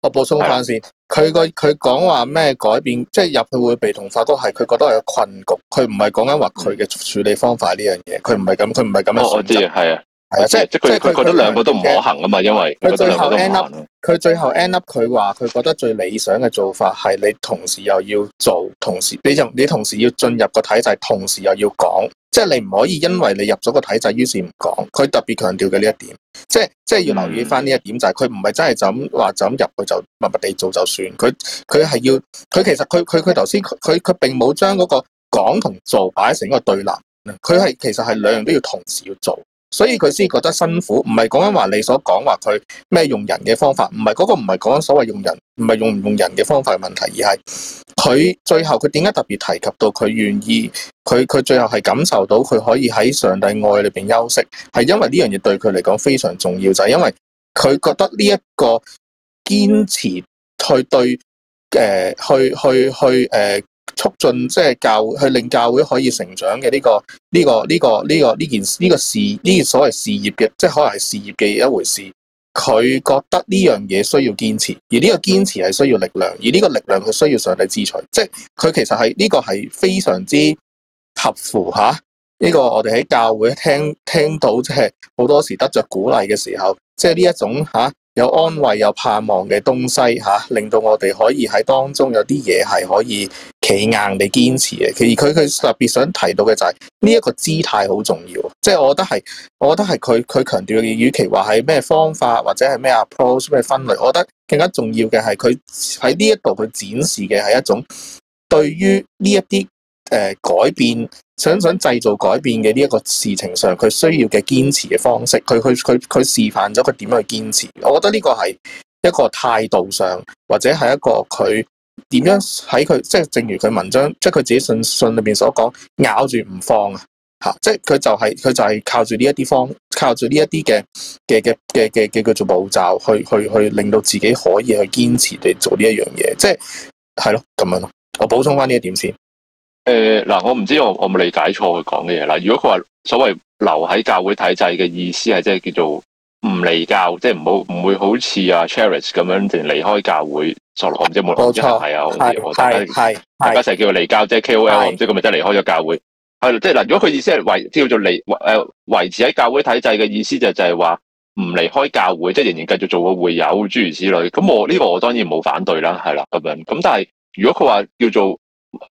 我補充返先，佢個佢講話咩改變，即入去會被同化，都係佢覺得係個困局。佢唔係講緊話佢嘅處理方法呢樣嘢，佢唔係咁，佢唔係咁樣想。我知，係啊。係啊，即係即係，佢覺得兩個都唔可行啊嘛，因為佢最後 end up，佢最後 end up，佢話佢覺得最理想嘅做法係你同時又要做，同時你就你同時要進入個體制，同時又要講，即係你唔可以因為你入咗個體制，於是唔講。佢特別強調嘅呢一點，即係即係要留意翻呢一點、嗯、就係，佢唔係真係就咁話就咁入去就默默地做就算，佢佢係要，佢其實佢佢佢頭先佢佢並冇將嗰個講同做擺成一個對立，佢係其實係兩樣都要同時要做。所以佢先覺得辛苦，唔係講緊話你所講話佢咩用人嘅方法，唔係嗰個，唔係講所謂用人，唔係用唔用人嘅方法問題，而係佢最後佢點解特別提及到佢願意，佢佢最後係感受到佢可以喺上帝愛裏邊休息，係因為呢樣嘢對佢嚟講非常重要，就係、是、因為佢覺得呢一個堅持去對誒、呃、去去去誒。呃促進，即係教會去令教會可以成長嘅呢、呢個呢、呢個呢、呢個呢、呢個呢件呢個事呢個所謂事業嘅，即係可能係事業嘅一回事。佢覺得呢樣嘢需要堅持，而呢個堅持係需要力量，而呢個力量佢需要上帝支取。即係佢其實係呢、呢個係非常之合乎吓呢、啊呢個我哋喺教會聽聽到即係好多時得着鼓勵嘅時候，即係呢一種吓。啊有安慰又盼望嘅東西嚇、啊，令到我哋可以喺當中有啲嘢係可以企硬地堅持嘅。其實佢佢特別想提到嘅就係呢一個姿態好重要。即係我覺得係，我覺得係佢佢強調嘅。與其話係咩方法或者係咩 approach 咩分類，我覺得更加重要嘅係佢喺呢一度去展示嘅係一種對於呢一啲。誒、呃、改變，想想製造改變嘅呢一個事情上，佢需要嘅堅持嘅方式，佢佢佢佢示範咗佢點樣去堅持。我覺得呢個係一個態度上，或者係一個佢點樣喺佢，即係正如佢文章，即係佢自己信信裏面所講，咬住唔放啊！嚇、就係，即係佢就係佢就係靠住呢一啲方，靠住呢一啲嘅嘅嘅嘅嘅嘅叫做步驟，去去去令到自己可以去堅持地做呢一樣嘢。即係係咯，咁樣咯。我補充翻呢一點先。誒，嗱，我唔知我我冇理解錯佢講嘅嘢啦。如果佢話所謂留喺教會體制嘅意思係即係叫做唔離教，即係唔好唔會好似阿 Charis 咁樣淨離開教會，錯唔錯？唔知冇錯係啊。係係係，大家成日叫佢離教，即係、就是、KOL，唔知佢咪真係離開咗教會？係即係嗱，如果佢意思係維叫做離誒維持喺教會體制嘅意思就是就係話唔離開教會，即、就、係、是、仍然繼續做個會友諸如此類。咁我呢、這個我當然冇反對啦，係啦咁樣。咁但係如果佢話叫做。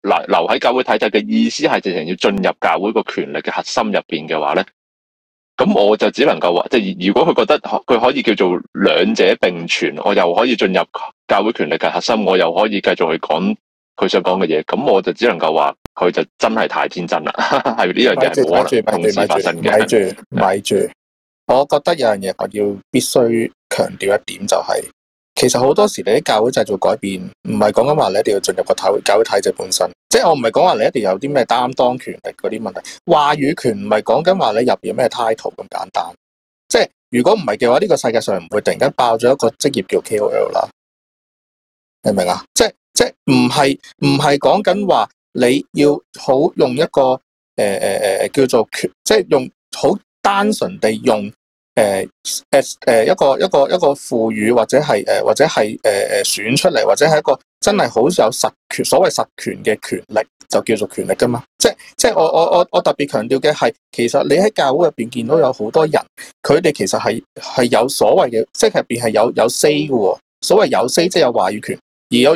嗱，留喺教會體制嘅意思係，直情要進入教會個權力嘅核心入邊嘅話咧，咁我就只能夠話，即係如果佢覺得佢可以叫做兩者並存，我又可以進入教會權力嘅核心，我又可以繼續去講佢想講嘅嘢，咁我就只能夠話，佢就真係太天真啦，係呢樣嘢係冇可能同時發生嘅。睇住，睇住，我覺得有樣嘢我要必須強調一點，就係、是。其實好多時你啲教會製造改變，唔係講緊話你一定要進入個體教會體制本身，即係我唔係講話你一定要有啲咩擔當權力嗰啲問題，話語權唔係講緊話你入邊咩 title 咁簡單，即係如果唔係嘅話，呢個世界上唔會突然間爆咗一個職業叫 KOL 啦，明唔明啊？即係即係唔係唔係講緊話你要好用一個誒誒誒叫做權，即係用好單純地用。誒、呃、誒、呃呃、一個一個一個賦予或者係誒或者係誒誒選出嚟，或者係、呃呃、一個真係好有實權，所謂實權嘅權力就叫做權力噶嘛。即即我我我我特別強調嘅係，其實你喺教會入邊見到有好多人，佢哋其實係係有所謂嘅，即係入邊係有有 C 噶。所謂有 C 即有話語權，而有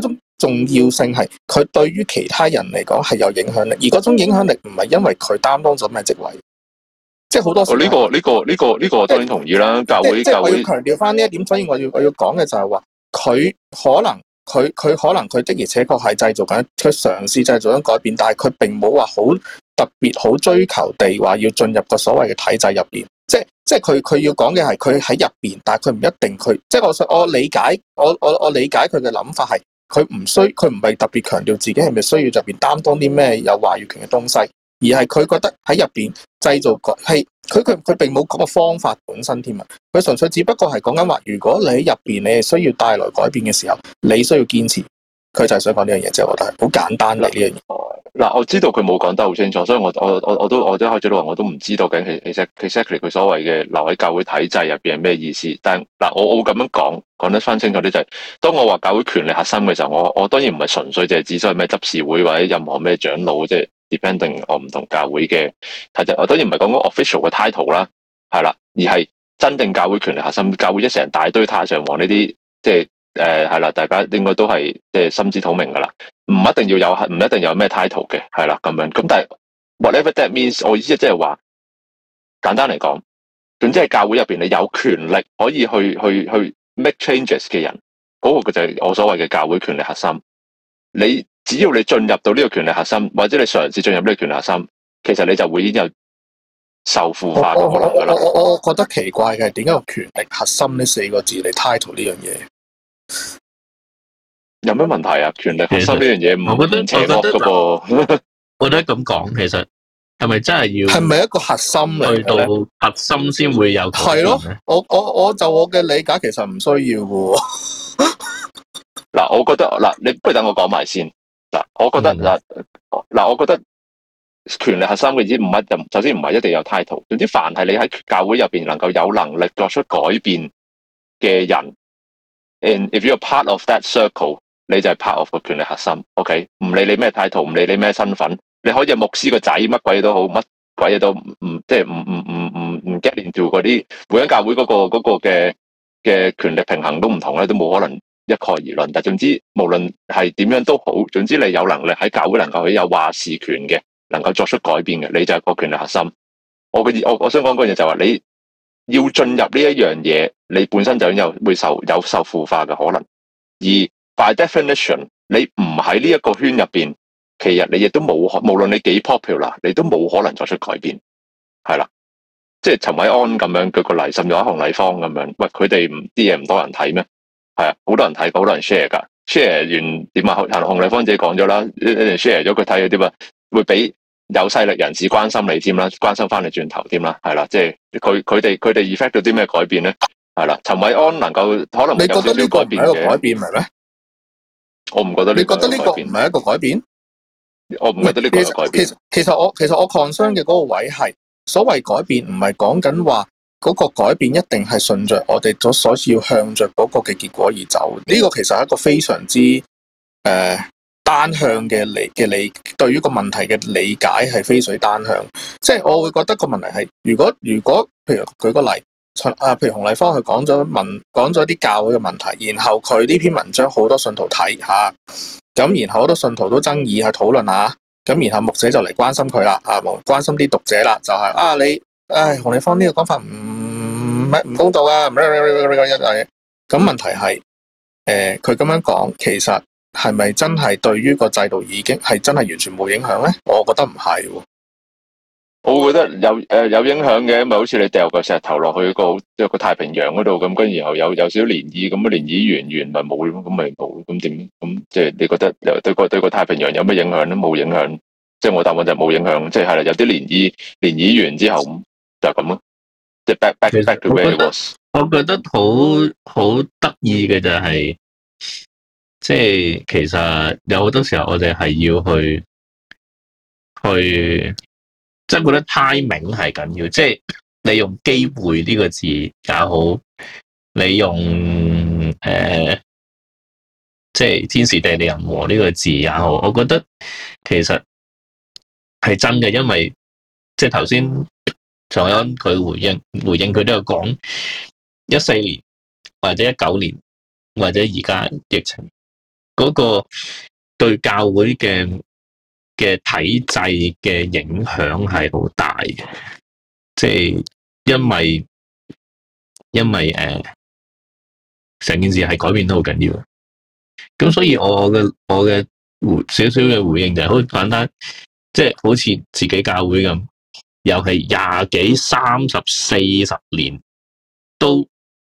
種重要性係佢對於其他人嚟講係有影響力，而嗰種影響力唔係因為佢擔當咗咩職位。即係好多時候、這個。呢、這個呢、這個呢、這個呢個當然同意啦、就是。教會、就是、教會。即係我要強調翻呢一點，所以我要我要講嘅就係話，佢可能佢佢可能佢的而且確係製造緊，佢嘗試製造緊改變，但係佢並冇話好特別好追求地話要進入個所謂嘅體制入邊。即係即係佢佢要講嘅係佢喺入邊，但係佢唔一定佢。即係我我理解我我我理解佢嘅諗法係，佢唔需佢唔係特別強調自己係咪需要入邊擔當啲咩有話語權嘅東西。而係佢覺得喺入邊製造個係佢佢佢並冇嗰個方法本身添啊，佢純粹只不過係講緊話，如果你喺入邊你係需要帶來改變嘅時候，你需要堅持，佢就係想講呢樣嘢。即係我覺得好簡單嚟呢樣嘢。嗱、啊啊，我知道佢冇講得好清楚，所以我我我我都我都開始都話，我都唔知道究其實其實佢所謂嘅留喺教會體制入邊係咩意思。但嗱、啊，我我咁樣講講得翻清楚啲就係、是，當我話教會權力核心嘅時候，我我當然唔係純粹就係指所謂咩執事會或者任何咩長老即係。定我唔同教會嘅 title 我當然唔係講嗰 official 嘅 title 啦，係啦，而係真正教會權力核心，教會一成大堆太上皇呢啲，即係誒係啦，大家應該都係即係心知肚明噶啦，唔一定要有，唔一定有咩 title 嘅，係啦咁樣，咁但係 whatever that means，我意思即係話簡單嚟講，總之係教會入邊你有權力可以去去去 make changes 嘅人，嗰個就係我所謂嘅教會權力核心，你。只要你進入到呢個權力核心，或者你嘗試進入呢個權力核心，其實你就會已經有受腐化嘅可能性我我,我,我,我覺得奇怪嘅係，點解個權力核心呢四個字嚟 title 呢樣嘢？有咩問題啊？權力核心呢樣嘢唔唔切合噶噃。我覺得咁講、啊，其實係咪真係要？係咪一個核心去到核心先會有？係咯。我我我就我嘅理解，其實唔需要噶。嗱， 我覺得嗱，你不如等我講埋先。嗱， 我覺得嗱，嗱，我覺得權力核心嘅意思唔乜就首先唔係一定要有 title，總之凡係你喺教會入邊能夠有能力作出改變嘅人，and if you're part of that circle，你就係 part of 個權力核心。OK，唔理你咩 title，唔理你咩身份，你可以係牧師個仔，乜鬼都好，乜鬼嘢都唔即係唔唔唔唔唔 get into 嗰啲，每一個教會嗰、那個嗰、那個嘅嘅、那個、權力平衡都唔同咧，都冇可能。一概而論，但總之，無論係點樣都好，總之你有能力喺教會能夠有話事權嘅，能夠作出改變嘅，你就係個權力核心。我我我想講嗰樣嘢就話、是，你要進入呢一樣嘢，你本身就有會受有受腐化嘅可能。而 by definition，你唔喺呢一個圈入邊，其實你亦都冇無論你幾 popular，你都冇可能作出改變。係啦，即係陳韋安咁樣舉個例，甚至有阿洪麗芳咁樣，喂佢哋啲嘢唔多人睇咩？係啊，好多人睇過，好多人 share 噶。share 完點啊？洪麗芳姐講咗啦，share 咗，佢睇嗰啲嘛，會俾有勢力人士關心你添啦，關心翻你轉頭添啦。係啦、啊，即係佢佢哋佢哋 effect 到啲咩改變咧？係啦、啊，陳韋安能夠可能你覺得呢個係一個改變係咩？我唔覺得個你覺得呢個唔係一,一個改變。我唔覺得呢個，個改變。其實，其實，其實我其實我 concern 嘅嗰個位係所謂改變唔係講緊話。嗰、那個改變一定係順着我哋所所要向著嗰個嘅結果而走。呢個其實係一個非常之誒、呃、單向嘅理嘅理，對於個問題嘅理解係非水單向。即、就、係、是、我會覺得個問題係，如果如果譬如舉個例，啊，譬如洪麗芳佢講咗文講咗啲教會嘅問題，然後佢呢篇文章好多信徒睇吓，咁、啊、然後好多信徒都爭議去討論下、啊、咁然後牧者就嚟關心佢啦，啊，關心啲讀者啦，就係、是、啊你。唉，洪麗芳呢個講法唔係唔公道啊！咁問題係，誒、呃，佢咁樣講，其實係咪真係對於個制度已經係真係完全冇影響咧？我覺得唔係、啊，我覺得有誒有影響嘅，咪好似你掉個石頭落去、那個、一個即個太平洋嗰度咁，跟住然後有有少少漣漪，咁啊漣漪完完咪冇咯，咁咪冇，咁點？咁即係你覺得有對個對個太平洋有咩影響都冇影響，即、就、係、是、我答案就冇影響，即係係啦，有啲漣漪，漣漪完之後就咁咯。即係 back back to where it was。我覺得好好得意嘅就係，即係其實有好多時候我哋係要去去，即係覺得 timing 係緊要。即係你用機會呢個字也好，你用誒，即係天時地利人和呢個字也好。我覺得其實係真嘅，因為即係頭先，就是仲有佢回應，回應佢都有講一四年或者一九年或者而家疫情嗰個，對教會嘅嘅體制嘅影響係好大嘅，即係因為因為誒，成件事係改變得好緊要的，咁所以我嘅我嘅少少嘅回應就係好簡單，即係好似自己教會咁。又係廿幾、三十四十年都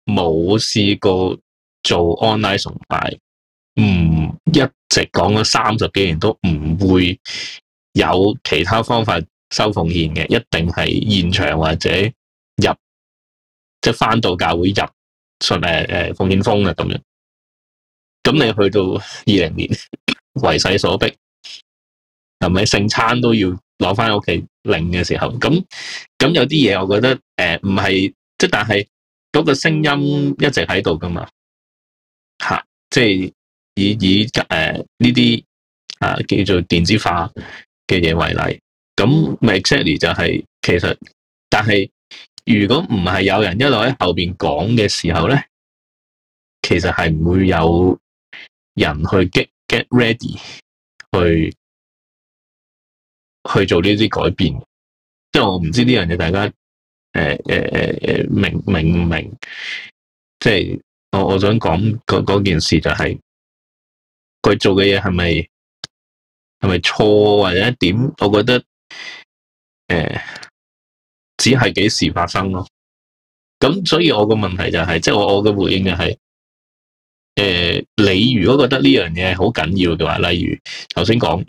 冇試過做 online 崇拜。唔一直講咗三十幾年都唔會有其他方法收奉獻嘅，一定係現場或者入即係返到教會入信、呃、奉獻風啊咁樣，咁你去到二零年， 為勢所逼，係咪聖餐都要？攞返屋企拎嘅時候，咁咁有啲嘢，我覺得誒唔係，即、呃、係，但係嗰個聲音一直喺度㗎嘛，即、啊、係、就是、以以誒呢啲啊叫做電子化嘅嘢為例，咁 maximally 就係、exactly、其實，但係如果唔係有人一路喺後面講嘅時候呢，其實係唔會有人去 get get ready 去。去做呢啲改變，即係我唔知呢樣嘢大家誒誒誒誒明明唔明？即係我我想講嗰嗰件事就係、是、佢做嘅嘢係咪係咪錯或者點？我覺得誒、呃、只係幾時發生咯。咁所以我個問題就係、是，即係我我嘅回應就係、是、誒、呃，你如果覺得呢樣嘢好緊要嘅話，例如頭先講。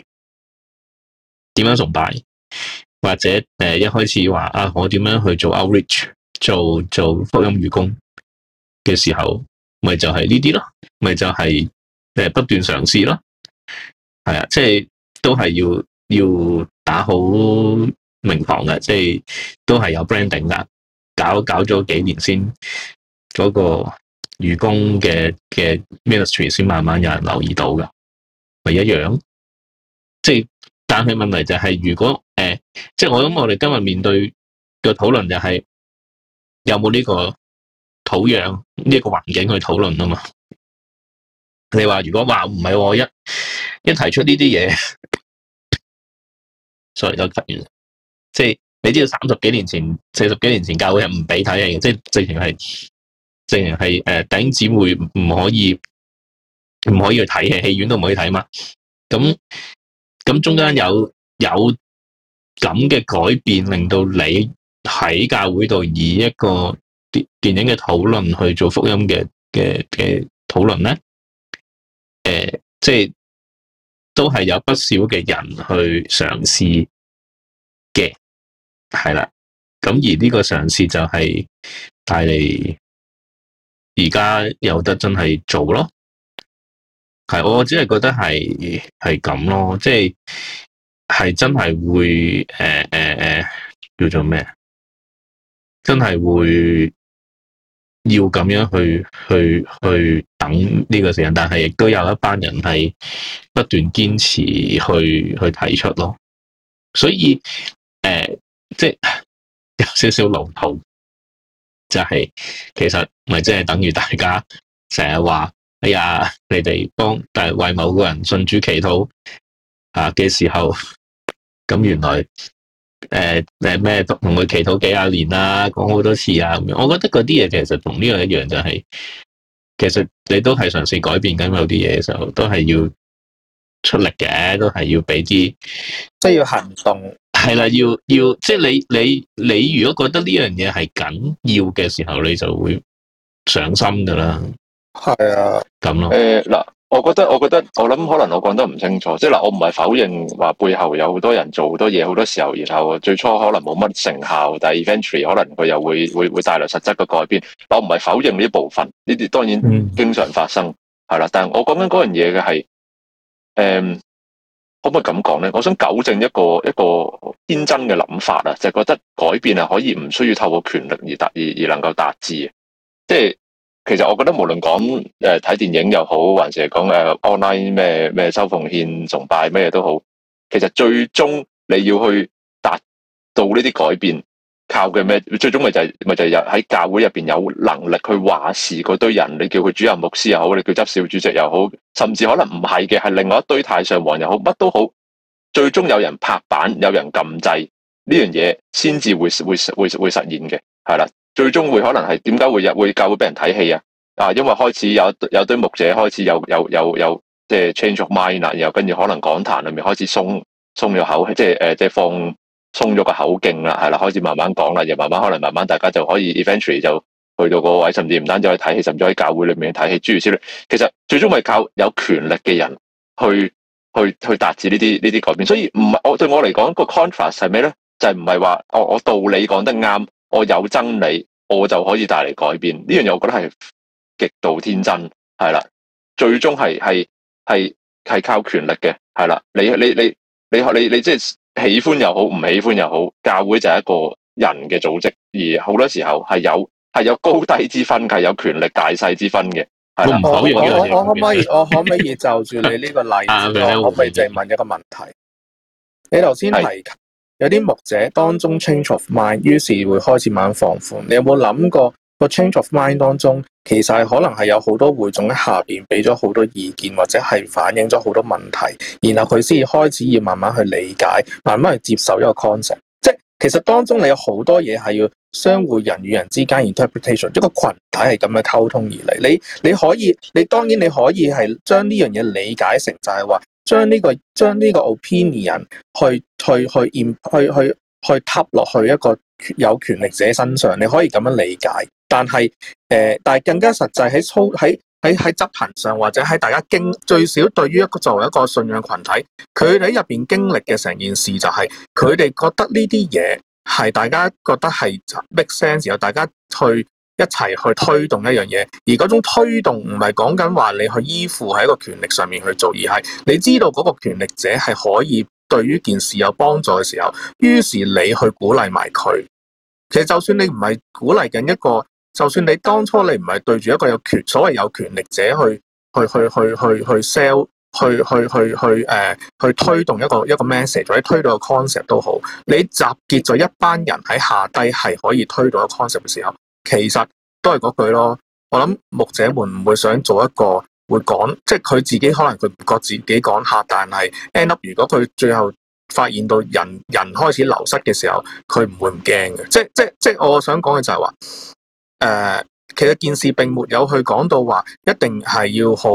點樣崇拜，或者誒一開始話啊，我點樣去做 outreach，做做福音漁工嘅時候，咪就係呢啲咯，咪就係、是、誒不斷嘗試咯，係啊，即係都係要要打好名堂嘅，即係都係有 branding 噶，搞搞咗幾年先嗰、那個漁工嘅嘅 ministry 先慢慢有人留意到㗎。咪、就是、一樣，即係。但係問題就係，如果誒、呃，即係我諗，我哋今日面對嘅討論就係、是、有冇呢個土壤呢、呢個環境去討論啊嘛？你話如果話唔係我一一提出呢啲嘢 sorry，我 cut 完，即 係、就是、你知道三十幾年前、四十幾年前，教會係唔俾睇嘅，即係直情係直情係誒，頂子會唔可以唔可以去睇戲、戲院都唔可以睇嘛？咁咁中間有有咁嘅改變，令到你喺教會度以一個電影嘅討論去做福音嘅嘅嘅討論咧，誒、呃，即係都係有不少嘅人去嘗試嘅，係啦。咁而呢個嘗試就係帶嚟而家有得真係做咯。係，我只係覺得係係咁咯，即係係真係會誒誒誒，叫做咩？真係會要咁樣去去去等呢個時間，但係亦都有一班人係不斷堅持去去提出咯。所以誒、呃，即係有少少老土，就係、是、其實咪即係等於大家成日話。哎呀！你哋幫但係為某個人信主祈禱嘅、啊、時候，咁、啊、原來誒誒咩同佢祈禱幾廿年啦、啊，講好多次啊，咁樣。我覺得嗰啲嘢其實同呢個一樣、就是，就係其實你都係嘗試改變緊某啲嘢，嘅時候，都係要出力嘅，都係要俾啲即係要行動。係啦，要要即係你你你如果覺得呢樣嘢係緊要嘅時候，你就會上心噶啦。係啊，咁咯。誒、呃、嗱，我覺得，我覺得，我諗可能我講得唔清楚，即係嗱，我唔係否認話背後有好多人做好多嘢，好多時候，然後最初可能冇乜成效，但係 eventually 可能佢又會會會帶來實質嘅改變。我唔係否認呢部分，呢啲當然經常發生，係、嗯、啦。但係我講緊嗰樣嘢嘅係，誒、嗯，可唔可以咁講咧？我想糾正一個一個天真嘅諗法啊，就係、係、覺得改變係可以唔需要透過權力而達而而能夠達至即係。即係其實我覺得無論講誒睇電影又好，還是講誒 online 咩咩收奉獻崇拜咩都好，其實最終你要去達到呢啲改變，靠嘅咩？最終咪就係、是、咪就係有喺教會入邊有能力去話事嗰堆人，你叫佢主任牧師又好，你叫執事主席又好，甚至可能唔係嘅，係另外一堆太上皇又好，乜都好，最終有人拍板，有人撳掣，呢樣嘢先至會會會會實現嘅，係啦。最終會可能係點解會入會教會俾人睇戲啊？啊，因為開始有有堆牧者開始有有有有即係 change of mind 啦，然後跟住可能講壇裏面開始鬆鬆咗口，即係誒、呃、即係放鬆咗個口徑啦，係啦，開始慢慢講啦，又慢慢可能慢慢大家就可以 eventually 就去到嗰位，甚至唔單止可以睇戲，甚至喺教會裏面睇戲。諸如此類，其實最終咪靠有權力嘅人去去去，去達至呢啲呢啲改變。所以唔係我對我嚟講，個 contrast 係咩咧？就係唔係話我我道理講得啱。我有真理，我就可以帶嚟改變。呢樣嘢我覺得係極度天真，係啦。最終係係係係靠權力嘅，係啦。你你你你你即係、就是、喜歡又好，唔喜歡又好，教會就係一個人嘅組織，而好多時候係有係有高低之分，係有權力大細之分嘅。我可，可 我可唔可以我可唔可以就住你呢個例子， okay, 我可唔可以淨係問一個問題？ 你頭先提及，有啲牧者當中 change of mind，於是會開始慢慢放款。你有冇諗過個 change of mind 當中，其實可能係有好多會眾喺下邊俾咗好多意見，或者係反映咗好多問題，然後佢先開始要慢慢去理解，慢慢去接受一個 concept。即其實當中你有好多嘢係要相互人與人之間 interpretation，一個群體係咁樣溝通而嚟。你你可以，你當然你可以係將呢樣嘢理解成就係話。將呢、這個將呢個 opinion 去去去驗去去去插落去，去一個有權力者身上，你可以咁樣理解。但係誒、呃，但係更加實際喺操喺喺喺執行上，或者喺大家經最少對於一個作為一個信仰群體，佢哋喺入邊經歷嘅成件事，就是，就係佢哋覺得呢啲嘢係大家覺得係 make sense，然後大家去。一齊去推動一樣嘢，而嗰種推動唔係講緊話你去依附喺一個權力上面去做，而係你知道嗰個權力者係可以對於件事有幫助嘅時候，於是你去鼓勵埋佢。其實就算你唔係鼓勵緊一個，就算你當初你唔係對住一個有權所謂有權力者去去去去去去 sell，去去去去誒、呃、去推動一個一個 message，或者推到個 concept 都好，你集結咗一班人喺下低係可以推到個 concept 嘅時候。其實都係嗰句咯，我諗牧者們唔會想做一個會講，即係佢自己可能佢唔覺自己講客，但係 end up 如果佢最後發現到人人開始流失嘅時候，佢唔會唔驚嘅。即即即我想講嘅就係話，誒、呃、其實件事並沒有去講到話一定係要好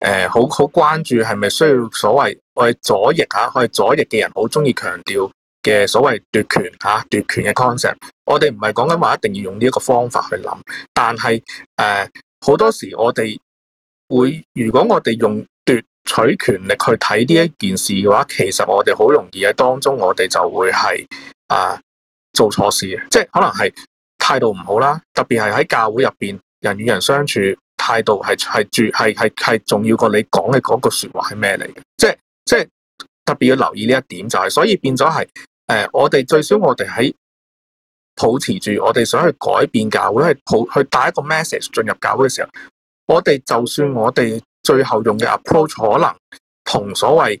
誒好好關注係咪需要所謂我哋左翼嚇，我哋左翼嘅人好中意強調。嘅所謂奪權吓奪、啊、權嘅 concept，我哋唔係講緊話一定要用呢一個方法去諗，但係誒好多時我哋會如果我哋用奪取權力去睇呢一件事嘅話，其實我哋好容易喺當中我哋就會係啊做錯事，即係可能係態度唔好啦，特別係喺教會入邊人與人相處態度係係係係係重要過你講嘅嗰個說話係咩嚟嘅，即係即係特別要留意呢一點就係，所以變咗係。誒，我哋最少我哋喺保持住，我哋想去改變教會，去抱去帶一個 message 進入教會嘅時候，我哋就算我哋最後用嘅 approach 可能同所謂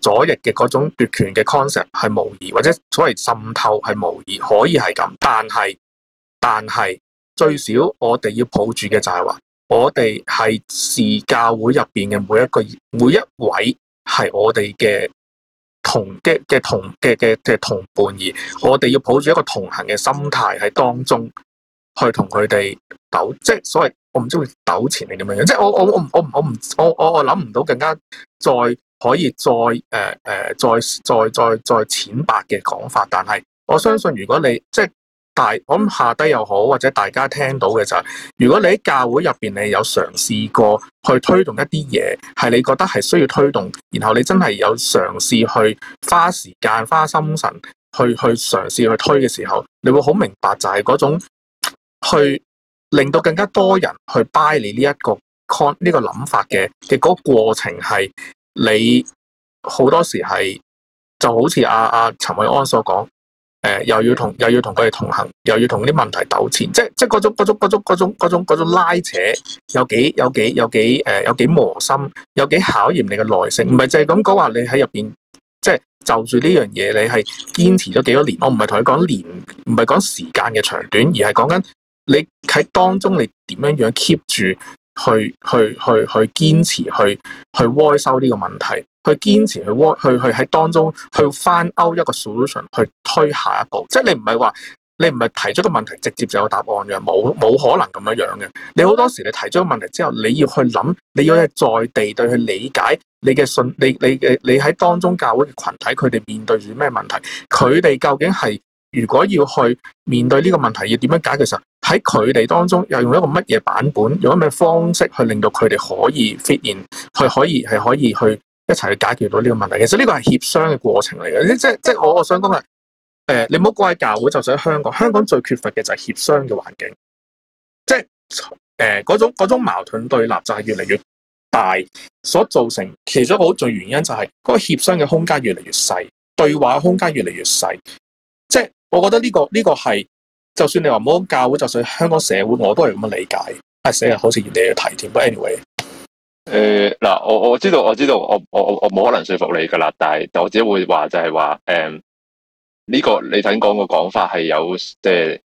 左翼嘅嗰種奪權嘅 concept 係無疑，或者所謂滲透係無疑，可以係咁。但係但係最少我哋要抱住嘅就係話，我哋係視教會入邊嘅每一個每一位係我哋嘅。同嘅同嘅嘅嘅同伴，而我哋要抱住一個同行嘅心態喺當中去同佢哋鬥，即係所謂我唔中意鬥錢你咁樣樣，即係我我我我我我我諗唔到更加再可以再誒誒、呃、再再再再淺白嘅講法，但係我相信如果你即係。但係，我諗下低又好，或者大家聽到嘅就係，如果你喺教會入邊你有嘗試過去推動一啲嘢，係你覺得係需要推動，然後你真係有嘗試去花時間、花心神去去嘗試去推嘅時候，你會好明白，就係嗰種去令到更加多人去 buy 你呢一個 con 呢個諗法嘅嘅嗰個過程係你好多時係就好似阿阿陳韋安所講。呃、又要同又要同佢哋同行，又要同啲問題糾纏，即即嗰種嗰種嗰種嗰種拉扯，有幾有幾有幾誒、呃、有幾磨心，有幾考驗你嘅耐性。唔係淨係咁講話，你喺入邊，即就住呢樣嘢，你係堅持咗幾多年？我唔係同你講年，唔係講時間嘅長短，而係講緊你喺當中你點樣樣 keep 住去去去去堅持去去 why 收呢個問題。去堅持去 work 去去喺當中去翻 out 一個 solution 去推下一步，即係你唔係話你唔係提出個問題直接就有答案嘅，冇冇可能咁樣樣嘅。你好多時你提出個問題之後，你要去諗，你要喺在地對佢理解你嘅信，你你嘅你喺當中教會嘅群體，佢哋面對住咩問題？佢哋究竟係如果要去面對呢個問題，要點樣解決？其實喺佢哋當中，又用一個乜嘢版本，用咩方式去令到佢哋可以 fit in，可以係可以去。一齊去解決到呢個問題，其實呢個係協商嘅過程嚟嘅，即即係我我想講係，誒、呃，你唔好怪教會，就算喺香港，香港最缺乏嘅就係協商嘅環境，即係誒嗰種種矛盾對立就係越嚟越大，所造成其中一個好重要原因就係、是、嗰、嗰個協商嘅空間越嚟越細，對話嘅空間越嚟越細，即係我覺得呢、呢個呢、呢個係，就算你話唔好教會，就算在香港社會，我都係咁樣理解，係、哎、死日好似越嚟越提添，anyway。誒，嗱，我我知道，我知道，我我我我冇可能說服你噶啦，但係，但係，我只會話就係話，誒、嗯，呢、這個你頭先講個講法係有，即係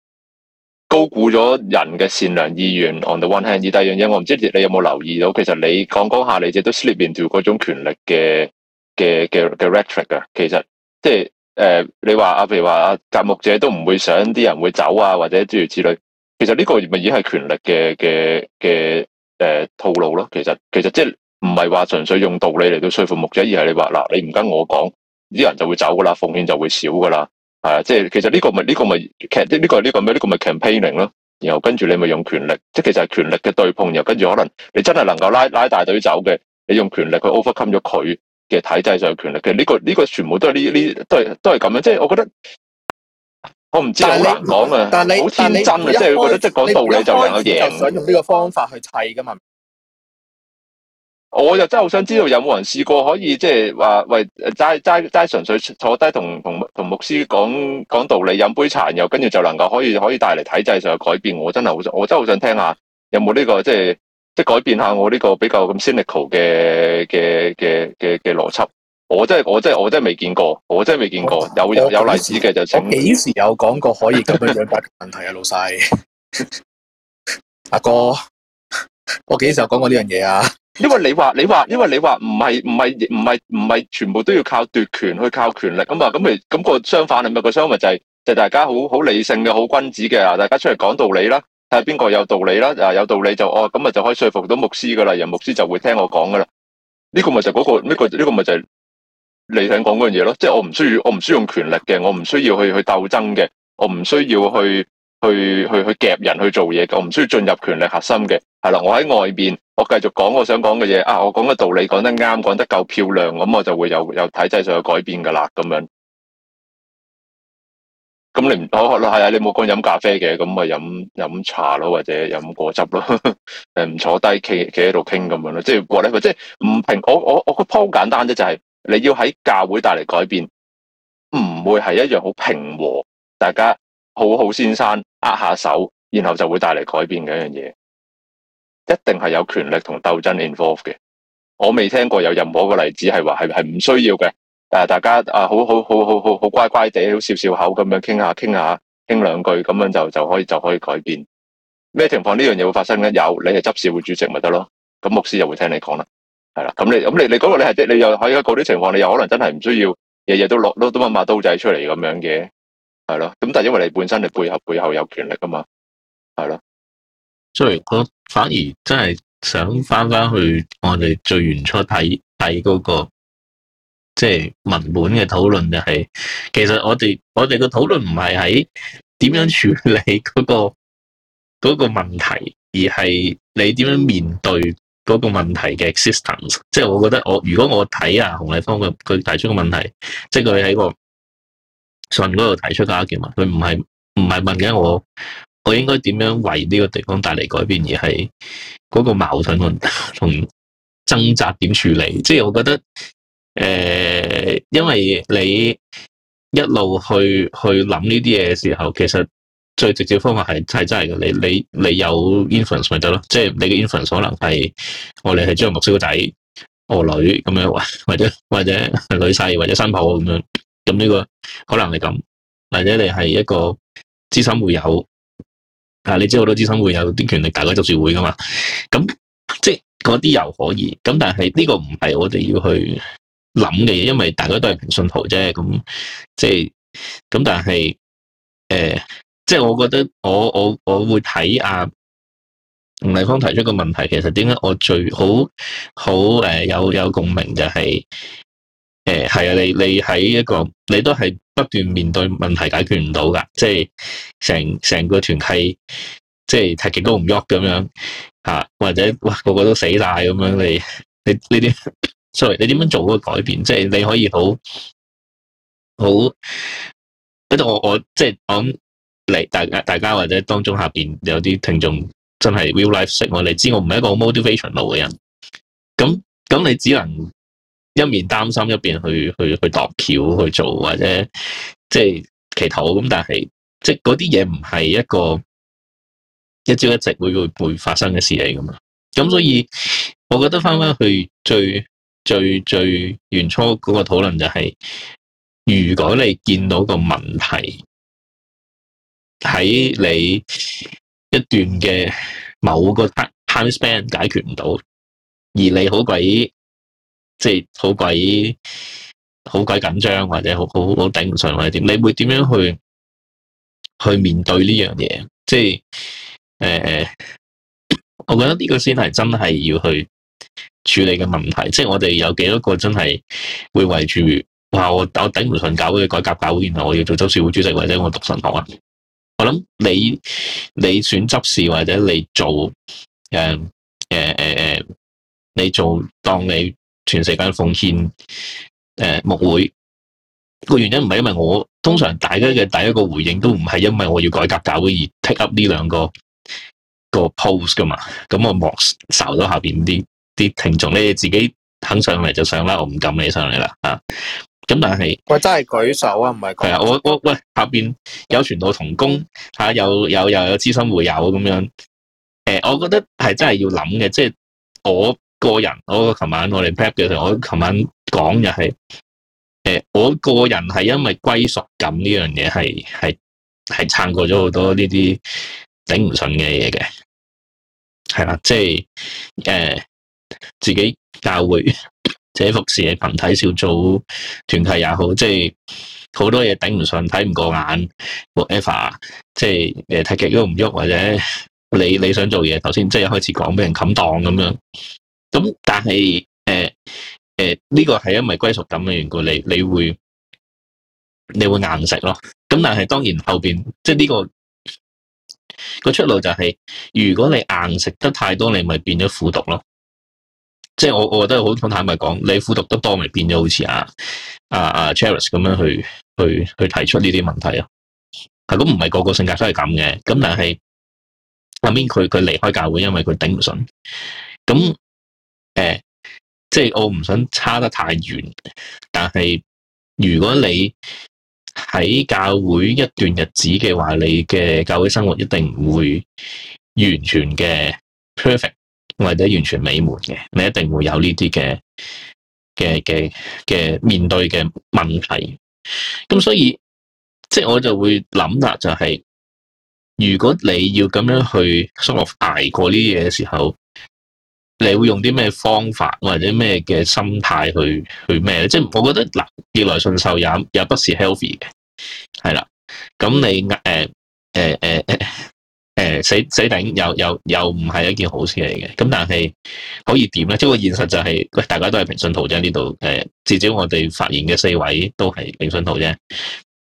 高估咗人嘅善良意願。On the one hand，二第二樣嘢，我唔知你有冇留意到，其實你講講下，你亦都 slip into 嗰種權力嘅嘅嘅嘅 rhetoric 噶。其實，即係誒、呃，你話啊，譬如話啊，伐木者都唔會想啲人會走啊，或者諸如此類。其實呢個咪已經係權力嘅嘅嘅。誒、呃，套路咯，其實其實即係唔係話純粹用道理嚟到說服牧者，而係你話嗱，你唔跟我講，啲人就會走噶啦，奉獻就會少噶啦，係即係其實呢個咪、就、呢、呢個咪、就是，呢、呢、呢個呢、就是呢個咩呢個咪 campaigning 咯，然後跟住你咪用權力，即係其實係權力嘅對碰，然後跟住可能你真係能夠拉拉大隊走嘅，你用權力去 overcome 咗佢嘅體制上嘅權力，其實呢、呢個呢、呢個全部都係呢呢都係都係咁樣，即係我覺得。我唔知好難講啊，但你好天真啊，即係覺得即係講道理就能夠贏。想用呢個方法去砌噶嘛？我又真係好想知道有冇人試過可以即係話喂，齋齋齋純粹坐低同同同牧師講講道理，飲杯茶又跟住就能夠可以可以帶嚟體制上嘅改變。我真係好想，我真係好想聽下有冇呢個即係即係改變下我呢個比較咁 cynical 嘅嘅嘅嘅嘅邏輯。的的的的我真係我真係我真係未見過，我真係未見過。有有有例子嘅就請你。我幾時有講過可以咁樣樣解決問題啊， 老細？阿哥，我幾時有講過呢樣嘢啊？因為你話你話，因為你話唔係唔係唔係唔係全部都要靠奪權去靠權力咁啊？咁咪咁個相反係咪？那個相反就係、是、就是、大家好好理性嘅好君子嘅啊！大家出嚟講道理啦，睇下邊個有道理啦啊！有道理就哦咁啊，就，就可以說服到牧師噶啦，然牧師就會聽我講噶啦。呢、這個咪就嗰、那個呢、這個呢個咪就係、是。 你想講嗰樣嘢咯，即係我唔需要，我唔需要用權力嘅，我唔需要去去鬥爭嘅，我唔需要去去去去夾人去做嘢，我唔需要進入權力核心嘅，係啦，我喺外邊，我繼續講我想講嘅嘢，啊，我講嘅道理講得啱，講得夠漂亮，咁我就會有有體制上有改變噶啦，咁樣。咁你唔好咯，係啊，你冇講飲咖啡嘅，咁咪飲飲茶咯，或者飲果汁咯，誒，唔坐低企企喺度傾咁樣咯，即係或者即係唔平，我我我個 point 簡單啫，就係。你要喺教會帶嚟改變，唔會係一樣好平和，大家好好先生握下手，然後就會帶嚟改變嘅一樣嘢。一定係有權力同鬥爭 involve 嘅。我未聽過有任何一個例子係話係係唔需要嘅。誒，大家啊，好好好好好好乖乖地，好笑笑口咁樣傾下傾下傾兩句，咁樣就就可以就可以改變咩情況？呢樣嘢會發生嘅有，你係執事會主席咪得咯？咁牧師就會聽你講啦。係啦，咁你咁你你嗰個你係即你又喺嗰啲情況，你又可能真係唔需要日日都落都都擘擘刀仔出嚟咁樣嘅，係咯。咁但係因為你本身你背後背後有權力噶嘛，係咯。所以我反而真係想翻翻去我哋最原初睇睇嗰個，即係文本嘅討論就係，其實我哋我哋嘅討論唔係喺點樣處理嗰個嗰個問題，而係你點樣面對。嗰、個問題嘅 existence，即係我覺得我如果我睇啊，洪麗芳佢佢提出嘅問題，即係佢喺個信嗰度提出嘅啊叫嘛，佢唔係唔係問緊我我應該點樣為呢個地方帶嚟改變，而係嗰個矛盾同掙扎點處理。即係我覺得誒、呃，因為你一路去去諗呢啲嘢嘅時候，其實～最直接方法係係真係噶，你你你有 influence 咪得咯，即係你嘅 influence 可能係我哋係將目孫個仔，我女咁樣啊，或者或者女婿或者新抱咁樣，咁呢個可能係咁，或者你係一個資深會友，啊你知好多資深會友啲權力，大家就住會噶嘛，咁即係嗰啲又可以，咁但係呢個唔係我哋要去諗嘅嘢，因為大家都係平信徒啫，咁即係咁，但係誒。呃即係我覺得我我我會睇啊洪麗芳提出個問題，其實點解我最好好誒、呃、有有共鳴就係誒係啊你你喺一個你都係不斷面對問題解決唔到噶，即係成成個團契即係踢極都唔喐咁樣啊，或者哇個個都死晒咁樣，你你呢啲 sorry 你點樣做個改變？即係你可以好好，不過我我即係講。你大大家或者當中下邊有啲聽眾真係 real life 識我，你知我唔係一個 motivational 嘅人。咁咁你只能一面擔心，一面去去去度橋去做，或者即係、就是、祈禱。咁但係即係嗰啲嘢唔係一個一朝一夕會會會發生嘅事嚟噶嘛？咁所以我覺得翻翻去最最最原初嗰個討論就係、是，如果你見到個問題，喺你一段嘅某個 time span 解決唔到，而你好鬼即係好鬼好鬼緊張，或者好好好頂唔順，或者點？你會點樣去去面對呢樣嘢？即係誒誒，我覺得呢個先係真係要去處理嘅問題。即係我哋有幾多個真係會圍住哇！我我頂唔順搞嘅改革搞呢件事，原來我要做周事會主席，或者我讀神學啊？我諗你你選執事，或者你做誒誒誒誒，你做當你全世界奉獻誒牧、啊、會、這個原因唔係因為我通常大家嘅第一個回應都唔係因為我要改革教會而 take up 呢兩個個 post 噶嘛，咁我莫受咗下邊啲啲聽眾咧自己肯上嚟就上啦，我唔敢你上嚟啦啊！咁但係，喂，真係舉手啊，唔係佢啊，我我喂下邊有傳道同工吓、啊，有有又有資深會友咁樣，誒、呃，我覺得係真係要諗嘅，即係我個人，我琴晚我哋 p a p 嘅時候，我琴晚講就係，誒、呃，我個人係因為歸屬感呢樣嘢係係係撐過咗好多呢啲頂唔順嘅嘢嘅，係啦、啊，即係誒自己教會。者服侍嘅羣體小組團契也好，即係好多嘢頂唔順、睇唔過眼，whatever，即係誒踢極都唔喐，或者你你想做嘢，頭先即係一開始講俾人冚檔咁樣。咁但係誒呢個係因為歸屬感嘅緣故，你你會你會硬食囉。咁但係當然後面，即係呢個個出路就係，如果你硬食得太多，你咪變咗苦毒囉。即係我，我覺得好坦白講，你苦讀得多，啊，咪變咗好似啊啊啊 Charles 咁樣去去去提出呢啲問題啊！咁唔係個個性格都係咁嘅，咁但係後面佢佢離開教會，因為佢頂唔順。咁誒、呃，即係我唔想差得太遠，但係如果你喺教會一段日子嘅話，你嘅教會生活一定唔會完全嘅 perfect。或者完全美滿嘅，你一定會有呢啲嘅嘅嘅嘅面對嘅問題。咁所以即係我就會諗啦，就係、是、如果你要咁樣去 sort of 挨過呢啲嘢嘅時候，你會用啲咩方法或者咩嘅心態去去咩咧？即係我覺得嗱，逆來順受也也不的是 healthy 嘅，係啦。咁你誒誒誒。呃呃呃誒、呃，死死頂又又又唔係一件好事嚟嘅，咁但係可以點咧？即係個現實就係、是，喂，大家都係平信徒啫，呢度誒，至少我哋發現嘅四位都係平信徒啫，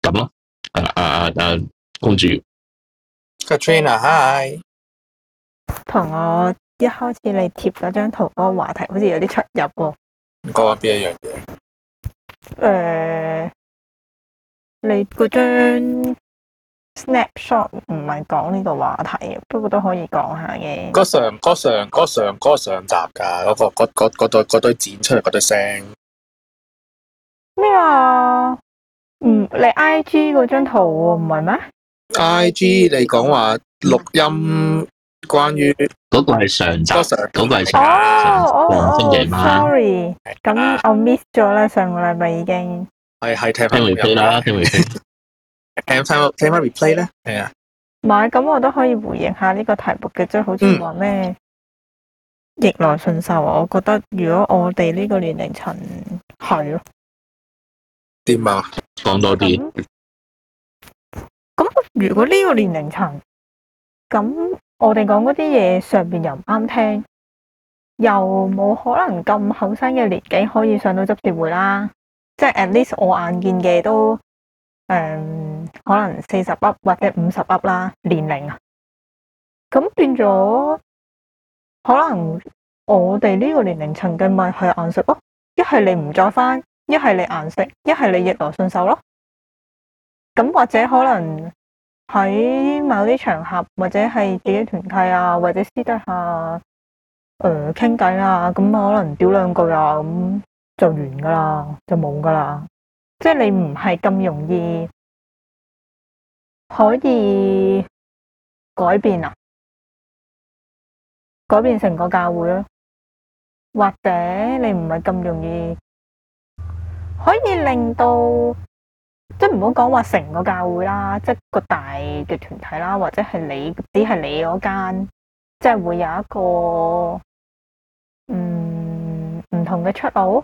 咁咯。啊啊啊，公主，Katrina，Hi，同我一開始你貼嗰張圖嗰、那個話題，好似有啲出入喎。講下邊一樣嘢。誒、uh，你嗰張。Snapshot 唔係講呢個話題，不過都可以講下嘅。嗰上嗰上嗰上嗰上集噶，嗰、嗰個嗰嗰嗰對剪出嚟嗰對聲咩啊？嗯，你 I G 嗰張圖唔係咩？I G 你講話錄音，關於嗰個係上集，嗰個係上集。哦哦，星期五。Sorry，咁我 miss 咗啦，上個禮拜已經係係聽翻回 P 啦，聽回 睇翻 replay 咧，係啊，咪咁我都可以回應下呢個題目嘅，即係好似話咩逆來順受。我覺得如果我哋呢個年齡層係咯，點啊講多啲？咁如果呢個年齡層咁，我哋講嗰啲嘢上邊又唔啱聽，又冇可能咁後生嘅年紀可以上到執事會啦。即係，at least 我眼見嘅都誒。Um, 可能四十粒或者五十粒啦，年齡啊，咁變咗，可能我哋呢個年齡層嘅咪係硬食咯，一係你唔再翻，一係你硬食，一係你逆來順受咯，咁或者可能喺某啲場合，或者係自己團契啊，或者私底下，誒傾偈啊，咁可能屌兩句啊，咁就完噶啦，就冇噶啦，即係、就是、你唔係咁容易。可以改變啊，改變成個教會咯，或者你唔係咁容易，可以令到即係唔好講話成個教會啦，即係個大嘅團體啦，或者係你只係你嗰間，即係會有一個嗯唔同嘅出路。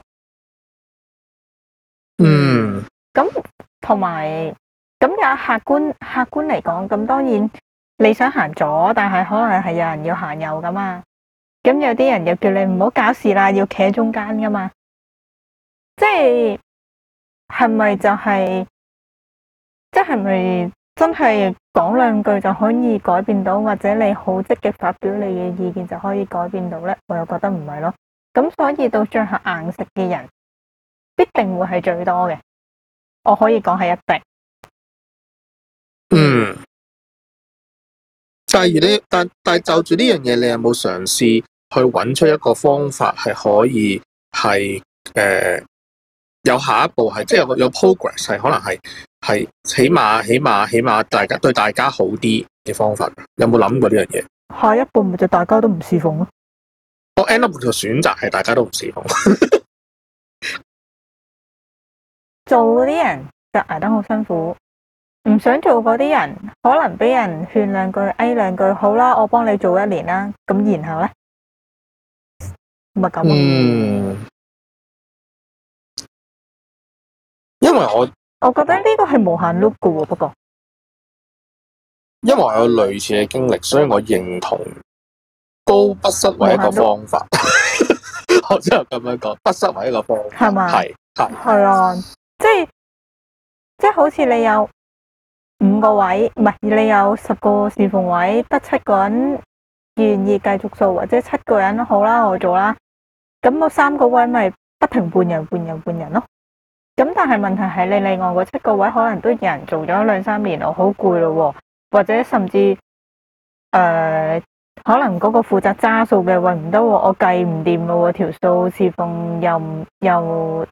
嗯、mm.，咁同埋。咁有客觀客觀嚟講，咁當然你想行左，但係可能係有人要行右㗎嘛。咁有啲人又叫你唔好搞事啦，要企喺中間㗎嘛。即係係咪就係即係咪真係講兩句就可以改變到，或者你好積極發表你嘅意見就可以改變到咧？我又覺得唔係咯。咁所以到最後硬食嘅人必定會係最多嘅，我可以講係一定。嗯，但係你但但就住呢樣嘢，你有冇嘗試去揾出一個方法係可以係誒、呃、有下一步係即係有有 progress 係可能係係起碼起碼起碼大家對大家好啲嘅方法，有冇諗過呢樣嘢？下一步咪就大家都唔侍奉咯。我 end up 嘅選擇係大家都唔侍奉 ，做嗰啲人就挨得好辛苦。唔想做嗰啲人，可能俾人勸兩句哎，兩句，好啦，我幫你做一年啦。咁然後咧，咪咁嗯，因為我，我覺得呢個係無限 loop 嘅喎。不過，因為我有類似嘅經歷，所以我認同都不失為一個方法。 我就咁樣講，不失為一個方法。係嘛？係。係啊，即係，即係好似你有。五個位唔係，你有十個侍奉位，得七個人願意繼續做，或者七個人好啦，我做啦。咁嗰三個位咪不停換人，換人，換人咯。咁但係問題係你另外嗰七個位，可能都有人做咗兩三年我好攰咯，或者甚至誒、呃，可能嗰個負責揸數嘅運唔得，我計唔掂咯，條數侍奉又又。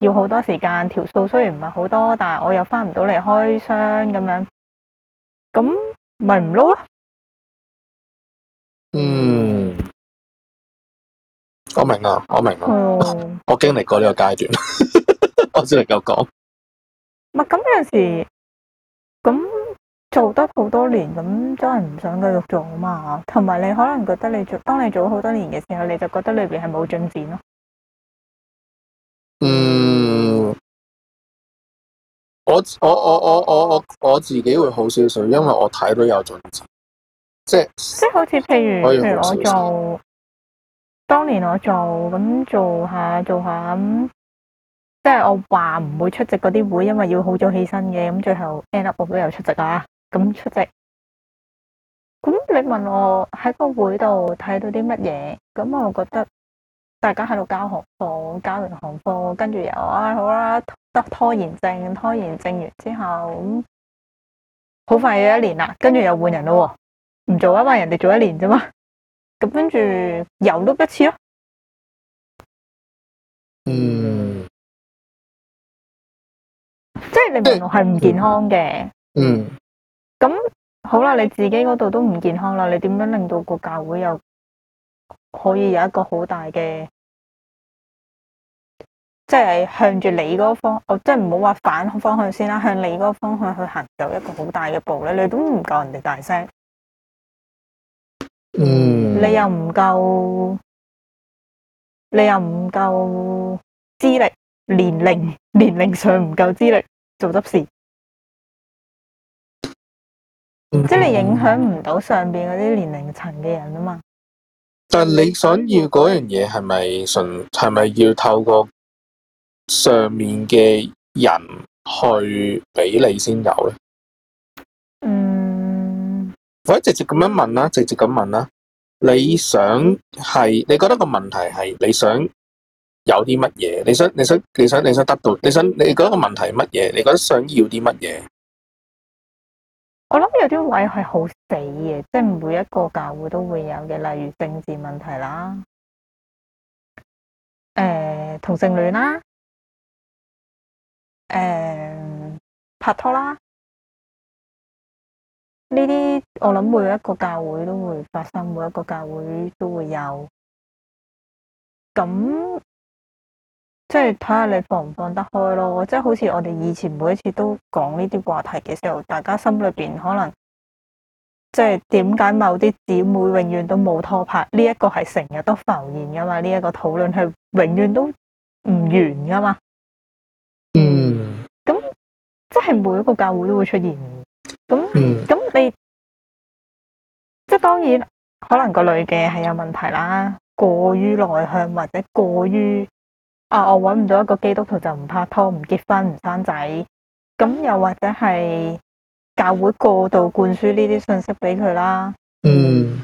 要好多時間，條數雖然唔係好多，但係我又翻唔到嚟開箱咁樣，咁咪唔撈咯。嗯，我明啊，我明啊、嗯，我經歷過呢個階段， 我先能夠講。唔咁有陣時候，咁做得好多年，咁真係唔想繼續做啊嘛。同埋你可能覺得你做，當你做好多年嘅時候，你就覺得裏邊係冇進展咯。嗯，我我我我我我我自己會好少少，因為我睇到有進即係即係好似譬如譬如我做當年我做咁做下做下咁，即係我話唔會出席嗰啲會，因為要好早起身嘅，咁最後 end up 我都有出席啊，咁出席。咁你問我喺個會度睇到啲乜嘢？咁我覺得。大家喺度交學課，交完學課，跟住又啊好啦，得拖延症，拖延症完之後咁，好快有一年啦，跟住又換人咯，唔做啊嘛，人哋做一年啫嘛，咁跟住又碌一次咯。嗯，即係你明係唔健康嘅。嗯。咁好啦，你自己嗰度都唔健康啦，你點樣令到個教會又？可以有一個好大嘅，即係向住你嗰方，我即係唔好話反方向先啦，向你嗰方向去行，到一個好大嘅步咧，你都唔夠人哋大聲，嗯，你又唔夠，你又唔夠資歷，年齡年齡上唔夠資歷做執事，嗯、即係你影響唔到上邊嗰啲年齡層嘅人啊嘛。但你想要嗰樣嘢係咪純係咪要透過上面嘅人去俾你先有咧？嗯，我直接咁樣問啦、啊，直接咁問啦、啊。你想係你覺得個問題係你想有啲乜嘢？你想你想你想你想得到？你想你覺得個問題係乜嘢？你覺得想要啲乜嘢？我諗有啲位係好死嘅，即係每一個教會都會有嘅，例如政治問題啦，誒、欸、同性戀啦，誒、欸、拍拖啦，呢啲我諗每一個教會都會發生，每一個教會都會有。咁即係睇下你放唔放得開咯，即係好似我哋以前每一次都講呢啲話題嘅時候，大家心裏邊可能即係點解某啲姊妹永遠都冇拖拍，呢一個係成日都浮現噶嘛？呢一個討論係永遠都唔完噶嘛？嗯，咁即係每一個教會都會出現咁咁、嗯、你即係當然可能個女嘅係有問題啦，過於內向或者過於。啊！我搵唔到一個基督徒就唔拍拖、唔結婚、唔生仔，咁又或者係教會過度灌輸呢啲信息俾佢啦。嗯。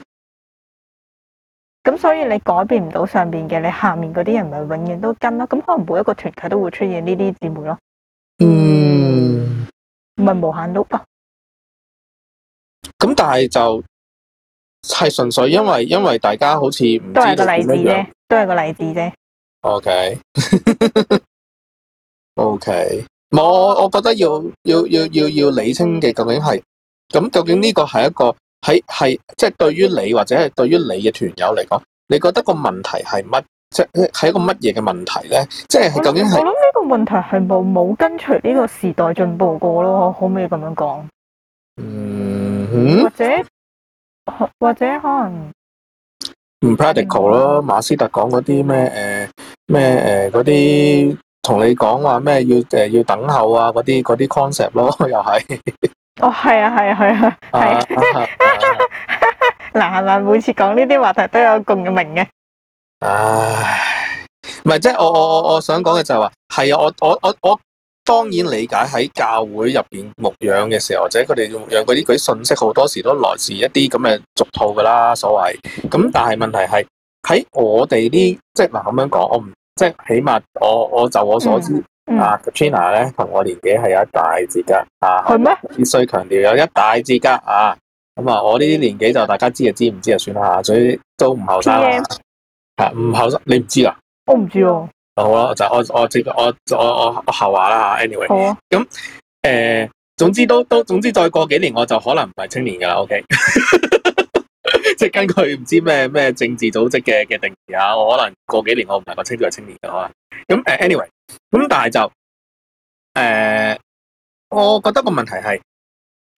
咁所以你改變唔到上邊嘅，你下面嗰啲人咪永遠都跟咯。咁可能每一個團體都會出現呢啲姊妹咯。嗯。唔係無限啊。咁但係就係純粹因為因為大家好似唔知點樣。都係個例子啫。都係個例子啫。O K，O K，我我覺得要要要要要理清嘅究竟係，咁究竟呢個係一個喺喺即係對於你或者係對於你嘅團友嚟講，你覺得個問題係乜？即係係一個乜嘢嘅問題咧？即係、係、究竟係？我諗呢個問題係冇冇跟隨呢個時代進步過咯，可唔可以咁樣講，嗯？嗯，或者或者可能唔 practical 咯，嗯，馬斯特講嗰啲咩誒？呃咩誒嗰啲同你講話咩要誒、呃、要等候啊嗰啲嗰啲 concept 咯，又係哦，係啊係啊係啊係啊，嗱，係咪每次講呢啲話題都有共鳴嘅？唉，唔係即係我我我我想講嘅就係話，係啊我我我我當然理解喺教會入邊牧養嘅時候，或者佢哋用養嗰啲嗰啲信息，好多時都來自一啲咁嘅俗套噶啦，所謂咁，但係問題係。喺我哋呢，即係嗱咁樣講，我唔即係起碼，我我就我所知啊，Katrina 咧同我年紀係有一大截噶，啊，係咩？必須強調有一大截噶啊，咁啊，啊，啊，我呢啲年紀就大家知就知，唔知就算啦，所以都唔後生啦，唔後生你唔知啦，我唔知哦、啊，好啦，我就我我即係我我我後話啦，anyway，咁誒、啊啊，總之都都總之再過幾年我就可能唔係青年噶啦，OK。 即係根據唔知咩咩政治組織嘅嘅定義啊，我可能過幾年我唔係個青年青年嘅話，咁誒，anyway，咁但係就誒、呃，我覺得個問題係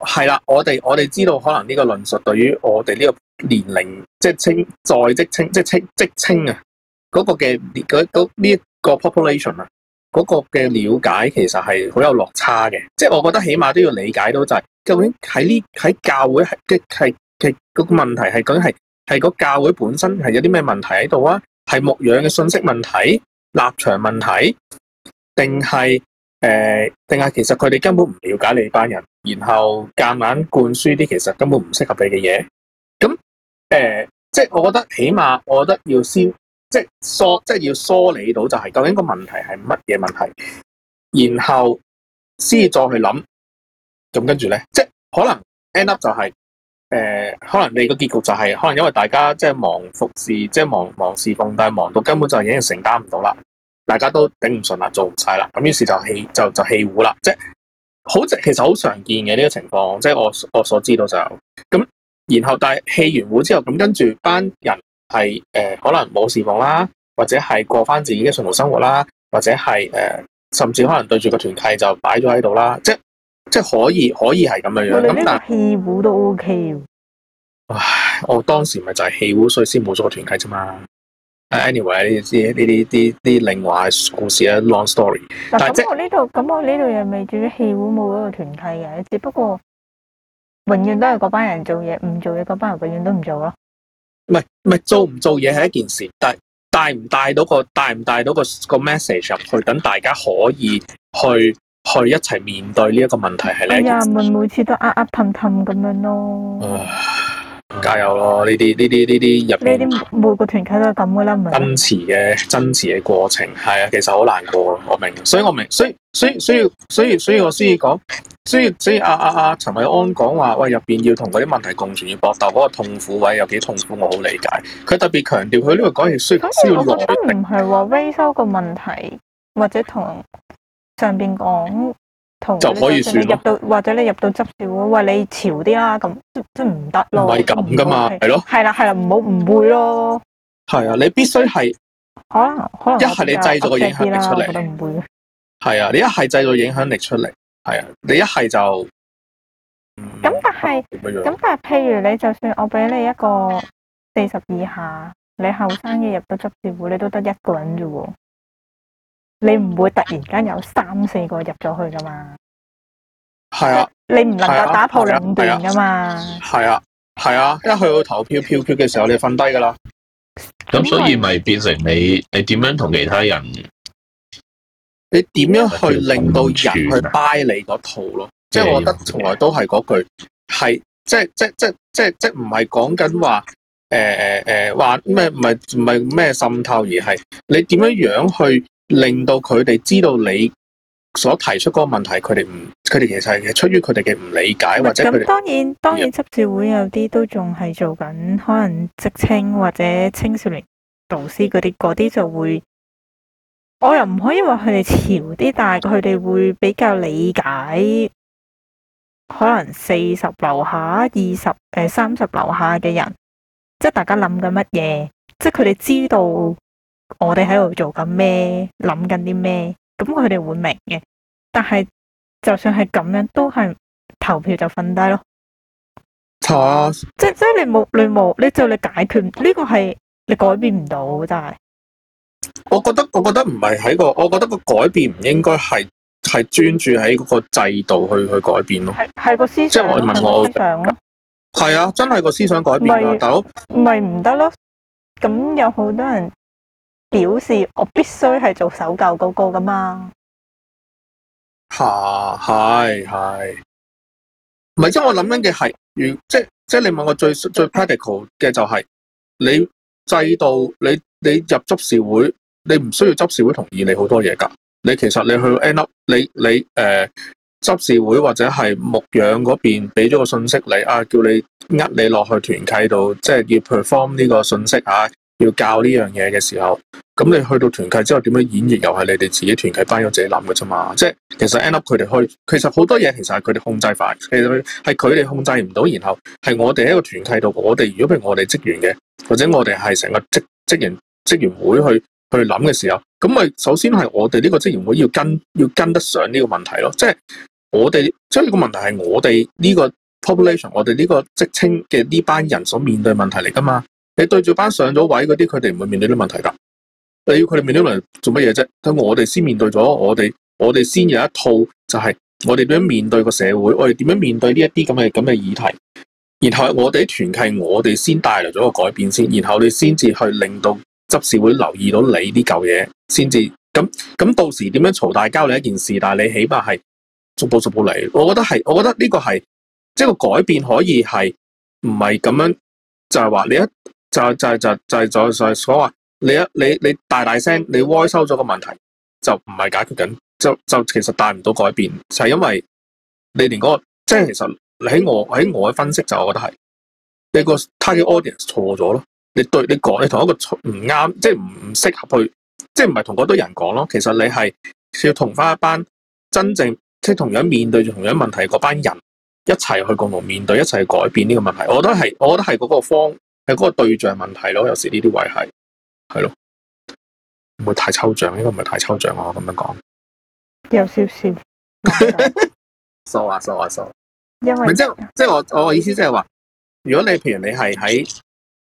係啦，我哋我哋知道可能呢個論述對於我哋呢個年齡即係青在職青即係青職青啊，嗰、嗰個嘅嗰呢一個 population 啊，嗰個嘅了解其實係好有落差嘅，即、就、係、是、我覺得起碼都要理解到就係究竟喺呢喺教會係嘅係。其嗰個問題係究竟係係個教會本身係有啲咩問題喺度啊？係牧養嘅信息問題、立場問題，定係誒定係其實佢哋根本唔了解你班人，然後夾硬灌輸啲其實根本唔適合你嘅嘢。咁誒，即係我覺得起碼，我覺得要先即係梳，即係要梳理到就係究竟個問題係乜嘢問題，然後先再去諗。咁跟住咧，即係可能 end up 就係。誒、呃，可能你個結局就係、是，可能因為大家即係忙服侍，即、就、係、是、忙忙侍奉，但係忙到根本就已經承擔唔到啦，大家都頂唔順啦，做唔晒啦，咁於是就棄就就棄戶啦，即係好其實好常見嘅呢、這個情況，即係我我所知道就咁、是。然後但係棄完戶之後，咁跟住班人係誒、呃，可能冇侍奉啦，或者係過翻自己嘅信徒生活啦，或者係誒、呃，甚至可能對住個團契就擺咗喺度啦，即係。即係可以，可以係咁樣樣。咁、OK 啊、但係氣鼓都 O K。唉，我當時咪就係氣鼓，所以先冇咗個團契啫嘛。anyway 呢啲呢啲啲啲另外故事咧，long story 但。但係即係我呢度，咁我呢度又未至於氣鼓冇嗰個團契嘅、啊，只不過永遠都係嗰班人做嘢，唔做嘢嗰班人永遠都唔做咯、啊。唔係唔係，做唔做嘢係一件事，但係帶唔帶到個帶唔帶到個個 message 入去，等大家可以去。去一齊面對呢一個問題係咧，唔、哎、係每次都噏噏氹氹咁樣咯。加油咯！呢啲呢啲呢啲入邊，呢啲每個團體都係咁噶啦，唔係。堅持嘅堅持嘅過程係啊，其實好難過，我明。所以我明，所以所以所以所以所以我先至講，所以所以啊啊啊，陳、啊、韋、啊、安講話喂，入邊要同嗰啲問題共存要搏鬥嗰、那個痛苦位有幾痛苦，我好理解。佢特別強調佢呢度講完需要落力。我覺得唔係話微修個問題，或者同。上邊講，同就可以算，入到或者你入到執事會，喂，你潮啲啦，咁都唔得咯。唔係咁噶嘛？係咯。係啦係啦，唔好誤會咯。係啊，你必須係可能，可能一係你製造個影響力出嚟。我覺得唔會。係啊，你一係製造影響力出嚟，係啊，你一係就咁。但係咁，但係譬如你就算我俾你一個四十二下，你後生嘅，入到執事會，你都得一個人啫喎。你唔會突然間有三四個入咗去噶嘛？係啊，你唔能夠打破兩段噶嘛？係啊，係啊，啊，啊，啊，啊，一去到投票票決嘅時候你了，你瞓低噶啦。咁所以咪變成你，你點樣同其他人？你點樣去令到人去 buy 你嗰套咯？即、嗯、係、即係、我覺得從來都係嗰句，係即係即係即係即係唔係講緊話誒誒話咩？唔係唔係咩滲透，而係你點樣樣去。令到佢哋知道你所提出嗰個問題，佢哋唔，佢哋其實係出於佢哋嘅唔理解，或者佢哋，咁當然，當然，執事會有啲都仲係做緊，可能職稱或者青少年導師嗰啲、嗰啲就會，我又唔可以話佢哋潮啲，但係佢哋會比較理解，可能四十樓下、二十誒三十樓下嘅人，即係大家諗緊乜嘢，即係佢哋知道。我哋喺度做緊咩？諗緊啲咩？咁佢哋會明嘅。但係就算係咁樣，都係投票就瞓低咯。查，即係即係你冇你冇，你就你解決呢個係你改變唔到，真係。我覺得我覺得唔係喺個，我覺得個改變唔應該係係專注喺嗰個制度去去改變咯。係個思想上我問我咯。係啊，真係個思想改變啊，大佬。唔係唔得咯，咁有好多人。表示我必須係做搜救嗰個噶嘛、啊？係係係，唔係即係我諗緊嘅係，如即係即係你問我最最 practical 嘅就係、是、你制度，你你入執事會，你唔需要執事會同意你好多嘢噶。你其實你去 end up，你你誒執、呃、事會或者係牧養嗰邊俾咗個信息你啊，叫你呃你落去團契度，即係要 perform 呢個信息啊。要教呢樣嘢嘅時候，咁你去到團契之後，點樣演繹又係你哋自己團契班友自己諗嘅啫嘛？即係其實 end up 佢哋去，其實好多嘢其實係佢哋控制快，其實係佢哋控制唔到，然後係我哋喺個團契度，我哋如果譬如我哋職員嘅，或者我哋係成個職職員職員會去去諗嘅時候，咁咪首先係我哋呢個職員會要跟要跟得上呢個問題咯。即係我哋即係呢個問題係我哋呢個 population，我哋呢個職青嘅呢班人所面對問題嚟噶嘛？你對住班上咗位嗰啲，佢哋唔會面對啲問題㗎。你要佢哋面對啲問題做乜嘢啫？等我哋先面對咗，我哋我哋先有一套，就係我哋點樣面對個社會，我哋點樣面對呢一啲咁嘅咁嘅議題。然後我哋團契，我哋先帶來咗個改變先。然後你先至去令到執事會留意到你啲舊嘢，先至咁咁。到時點樣嘈大交你一件事，但係你起碼係逐步逐步嚟。我覺得係，我覺得呢個係即係個改變可以係唔係咁樣？就係話你一。就就就就就就係所話，你一你你大大聲，你歪收咗個問題，就唔係解決緊，就就其實帶唔到改變，就係因為你連嗰個，即係其實喺我喺我嘅分析，就我覺得係，你個 target audience 錯咗咯，你對你講，你同一個唔啱，即係唔適合去，即係唔係同嗰堆人講咯，其實你係要同翻一班真正即係同樣面對住同樣問題嗰班人一齊去共同面對，一齊去改變呢個問題，我都係，我覺得係嗰個方。係嗰個對象問題咯，有時呢啲位係係咯，唔會太抽象，應該唔係太抽象我咁樣講，有少少、 啊，傻啊傻啊傻，因為即係即係我我嘅意思即係話，如果你譬如你係喺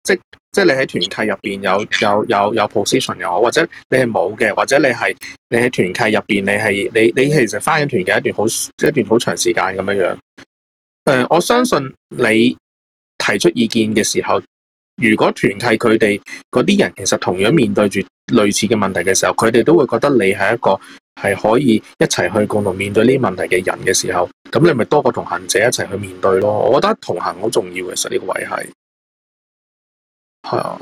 即即係你喺團契入邊有有有有 position 又好，或者你係冇嘅，或者你係你喺團契入邊你係你你其實返緊團契一段好一段好長時間咁樣樣，誒、呃，我相信你提出意見嘅時候，如果團契佢哋嗰啲人，其實同樣面對住類似嘅問題嘅時候，佢哋都會覺得你係一個係可以一齊去共同面對呢啲問題嘅人嘅時候，咁你咪多個同行者一齊去面對咯。我覺得同行好重要嘅，實、這、呢個位係係啊，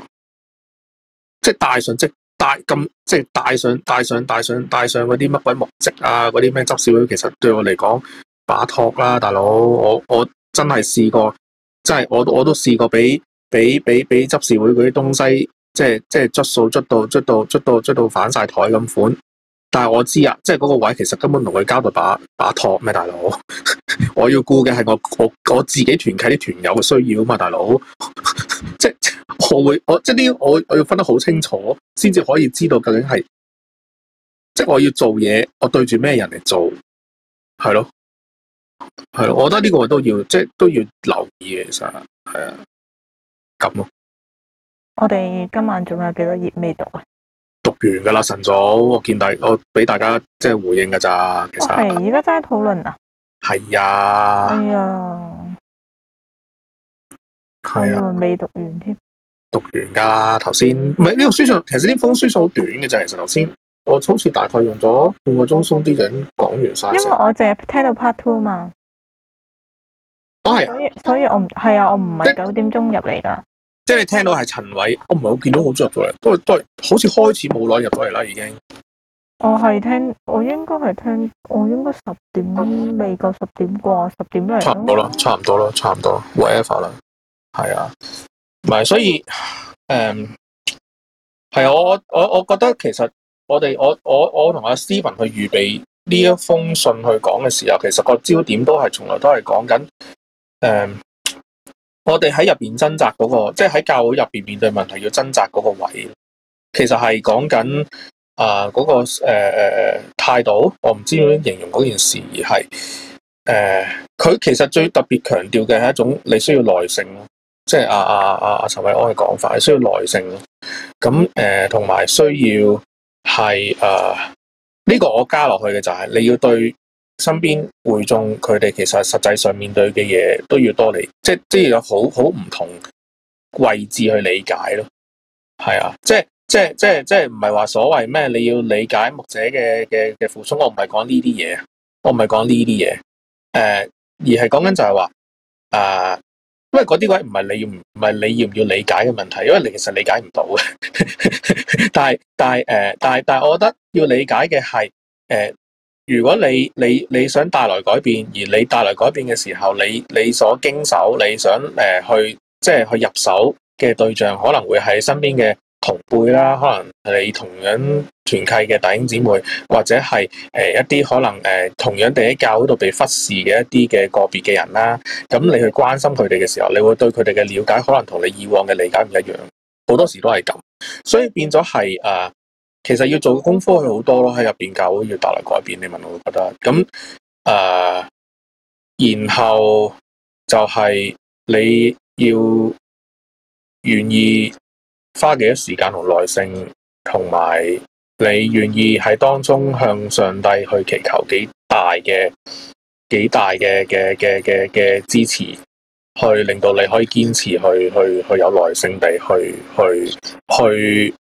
即係戴上即係戴咁，即係戴上戴上戴上戴上嗰啲乜鬼牧職啊，嗰啲咩執事，其實對我嚟講，把托啦，大佬，我我真係試過，即係我我都試過俾。俾俾俾執事會嗰啲東西，即係即係執數執到執到執到執到執到反晒台咁款，但係我知啊，即係嗰、嗰個位其實根本同佢交代把把托咩，大佬， 我要顧嘅係我我我自己團契啲團友嘅需要啊嘛，大佬， 即係我會我即係啲我我要分得好清楚，先至可以知道究竟係即係我要做嘢，我對住咩人嚟做，係咯，係咯，我覺得呢個我都要即係都要留意嘅，其實係啊。咁咯、啊，我哋今晚仲有幾多頁未讀啊？讀完噶啦，晨早，我見大，我俾大家即係回應噶咋。其實係而家真係討論啊！係啊，係、哎、啊，係啊，未讀完添，讀完噶。頭先唔係呢個書上，其實呢封書信好短嘅就係，其實頭先我好似大概用咗半個鐘鬆啲人講完晒。因為我淨係聽到 part two 嘛。啊、所以，所以我唔係啊，我唔係九點鐘入嚟噶。即係你聽到係陳偉，我唔係好見到好入到嚟，都係都係，好似開始冇耐入到嚟啦，已經。我係聽，我應該係聽，我應該十點未夠十點啩，十點嚟。差唔多啦，差唔多啦，差唔多。whatever 啦。係啊，唔係所以，誒、嗯，係啊，我我我覺得其實我哋我我我同阿 Steven 去預備呢一封信去講嘅時候，其實個焦點都係從來都係講緊。誒、um,，我哋喺入邊掙扎嗰、那個，即係喺教會入邊面對問題要掙扎嗰個位置，其實係講緊啊嗰個誒態、呃、度。我唔知點形容嗰件事，係誒，佢、呃、其實最特別強調嘅係一種你需要耐性咯。即係阿阿阿阿陳韋安嘅講法，你需要耐性。咁誒，同、呃、埋需要係誒呢個我加落去嘅就係你要對。身邊會眾佢哋其實實際上面對嘅嘢都要多嚟，即係即係有好好唔同位置去理解咯。係啊，即係即係即係即係唔係話所謂咩？你要理解牧者嘅嘅嘅付出，我唔係講呢啲嘢，我唔係講呢啲嘢。誒、呃，而係講緊就係話啊，因為嗰啲位唔係你要唔唔係你要唔要理解嘅問題，因為你其實理解唔到嘅。但係但係誒，但係但係，我覺得要理解嘅係誒。呃如果你你你想帶來改變，而你帶來改變嘅時候，你你所經手，你想誒、呃、去即係去入手嘅對象，可能會喺身邊嘅同輩啦，可能係你同樣團契嘅弟兄姊妹，或者係誒、呃、一啲可能誒、呃、同樣地喺教會度被忽視嘅一啲嘅個別嘅人啦，咁你去關心佢哋嘅時候，你會對佢哋嘅了解可能同你以往嘅理解唔一樣，好多時都係咁，所以變咗係誒。呃其實要做嘅功夫會好多咯，喺入邊教會要帶來改變。你問我，我覺得咁誒、呃，然後就係你要願意花幾多時間同耐性，同埋你願意喺當中向上帝去祈求幾大嘅幾大嘅嘅嘅嘅嘅支持，去令到你可以堅持去去去，去有耐性地去去去。去去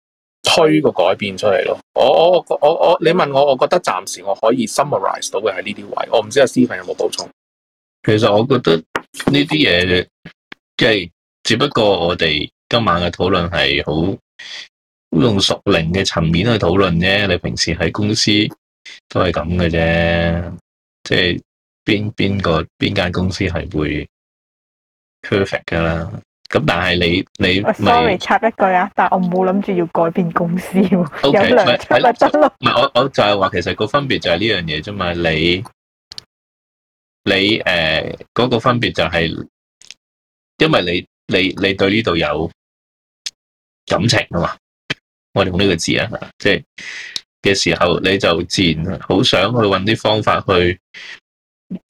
推個改變出嚟咯！我我我我，你問我，我覺得暫時我可以 summarize 到嘅喺呢啲位，我唔知阿 Stephen 有冇補充。其實我覺得呢啲嘢，即係只不過我哋今晚嘅討論係好用熟齡嘅層面去討論啫。你平時喺公司都係咁嘅啫，即係邊邊個邊間公司係會 perfect 噶啦？咁但係你你，oh, sorry 插一句啊，但我冇諗住要改變公司，okay, 有良心咪得囉。唔係我我就係話，其實個分別就係呢樣嘢啫嘛。你你誒嗰、呃嗰個分別就係，因為你你你對呢度有感情啊嘛。我哋用呢個字啊，即係嘅時候你就自然好想去揾啲方法去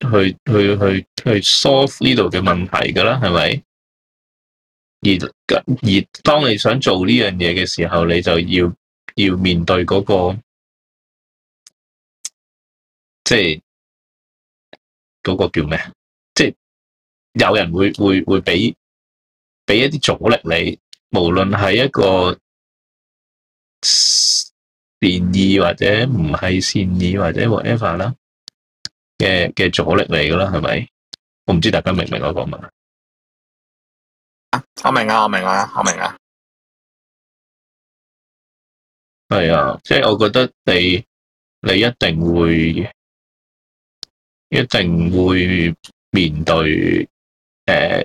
去去去去 solve 呢度嘅問題噶啦，係咪？而而，而當你想做呢樣嘢嘅時候，你就要要面對，嗰個即係，嗰個叫咩？即係有人會會會畀畀一啲阻力你，無論係一個是善意或者唔係善意或者 whatever 啦嘅嘅阻力嚟噶啦，係咪？我唔知大家明唔明我講乜啊。我明啊，我明啊，我明啊。係啊，即係我覺得你你一定會一定會面對誒、呃